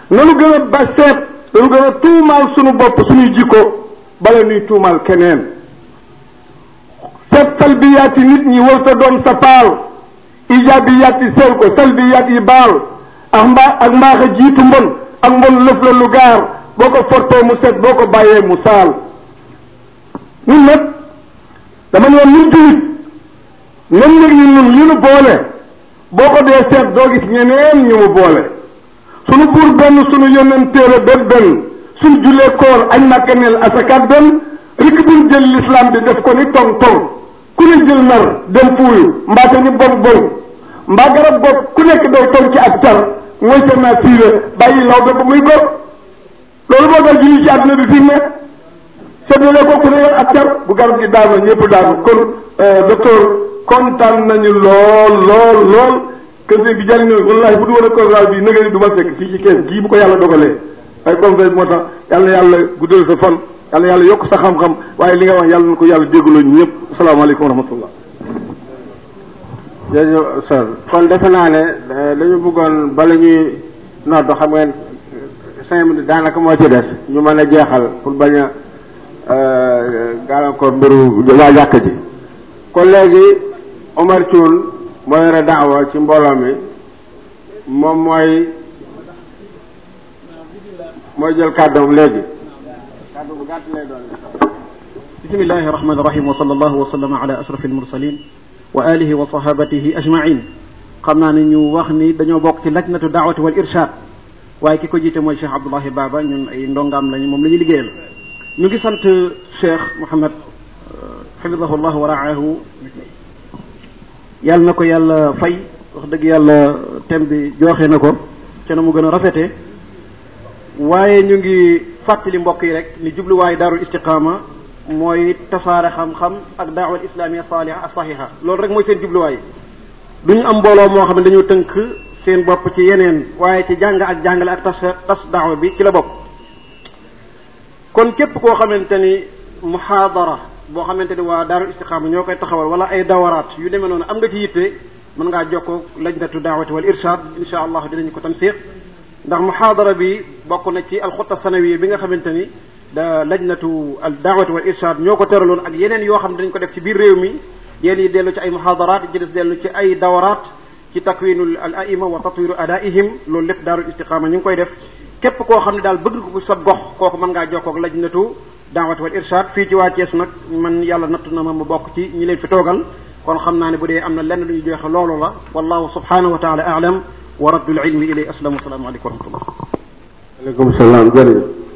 nanu gën a ba seet nanu gën a tuumaal sunu bopp suñuy jikko bala nuy tuumaal keneen seet salbiyaat yi nit ñi war sa doon sa paal ijaabiyaat yi seel ko salbiyaat yi baal ak mbaa ak mbaax jiitu mbon ak mbon lëf la lu gaar boo ko fortoo mu set boo ko bàyyee mu saal ñun nag dama ne woon jullit ñoom nag ñun ñun li nu boole boo ko dee seet doo gis ñeneen ñu mu boole sunu buur benn sunu yónneen téere bépp benn sunu jullee koor añ a neel asakaat benn rikk buñ jël l'islam bi def ko ni tong tong ku ne jël nar dem fuuyu mbaa te ñu bon bon mbaa garab bopp ku nekk day tong ci ak tar mooy seen naa siire bàyyi law ba muy góor loolu moo dal julli ci àdduna bi fi mu ne seddale ko ku ne yoon ak tar bu garab gi daanu ñëpp daanu kon euh, docteur kontaan nañu lool lool lool kese bi jariñu wallahi bu du woon a conférence bi nagari ma fekk fii ci kees gii bu ko yàlla dogalee waaye conférence bi moo tax yàlla yàlla guddal sa fan yàlla yàlla yokk sa xam-xam waaye li nga wax yàlla na ko yàlla jégaloo ñu ñëpp asalaamaaleykum wa rahmatullah jërëjëf sir kon defe naa ne dañu euh, bëggoon bala ñuy nodd xam ngeen cinq minutes daanaka mooy ci des ñu mën a jeexal pour bañ a euh, gàllankoor mbiru waa jàkk ji kon Omar Thioune moo yore daawa ci mbooloo mi moom mooy mooy jël kàddoom léegi kàddu bu gàtt lay doon bismillahi rahmani rahim wa sallallahu wa sallama ala ashrafil mursalin wa alihi wa sahabatihi ajmain xam naa ne ñu wax ni dañoo bokk ci lajnatu daawati wal irshad waaye ki ko jiite mooy Cheikh Abdoulahi Baba ñun ay ndongaam lañu moom la ñuy liggéeyal ñu ngi sant Cheikh Mouhamed xafidahu llah wa raahu yàlla na ko yàlla fay wax dëgg yàlla thème bi joxe na ko ca mu gën a rafete waaye ñu ngi fàttali mbokk yi rek ni jubluwaay daarul istiqaama mooy tasaare xam-xam ak daawal islaamiya saaliha ak sahiha loolu rek mooy seen jubluwaay du ñu am mbooloo moo xam ne dañu tënk seen bopp ci yeneen waaye ci jàng ak jàngale ak tas tas daawa bi ci la bopp kon képp koo xamante ni muhaadara boo xamante ni waa daarul istiqaama ñoo koy taxawal wala ay dawaraat yu demee noonu am nga ci yitte mën ngaa jokkoo lajnatu daawati wal irshad insha allah dinañ ko tansiq ndax muhaadara bi bokk na ci alxutta sanawiya bi nga xamante ni da lajnatu al daawati wal irshad ñoo ko tëraloon ak yeneen yoo xam ne dañ ko def ci biir réew mi yéen yi dellu ci ay muhaadaraat ci des dellu ci ay dawaraat ci takwinul al aima wa tatwiru adaihim loolu lépp daarul istiqaama ñu ngi koy def képp koo xam ne daal bëgg ko sa gox kooku mën ngaa jokkoo ak lajnatu daawat wal irshad fii ci waa Thiès nag man yàlla nattu na ma ma bokk ci ñi leen fi toogal kon xam naa ne bu dee am na lenn lu ñu joxe loolu la wallahu subhanahu wa taala aalam wa raddul ilmi ilay aslamu asalaamaaleykum wa rahmatullah aleykum salaam jërëjëf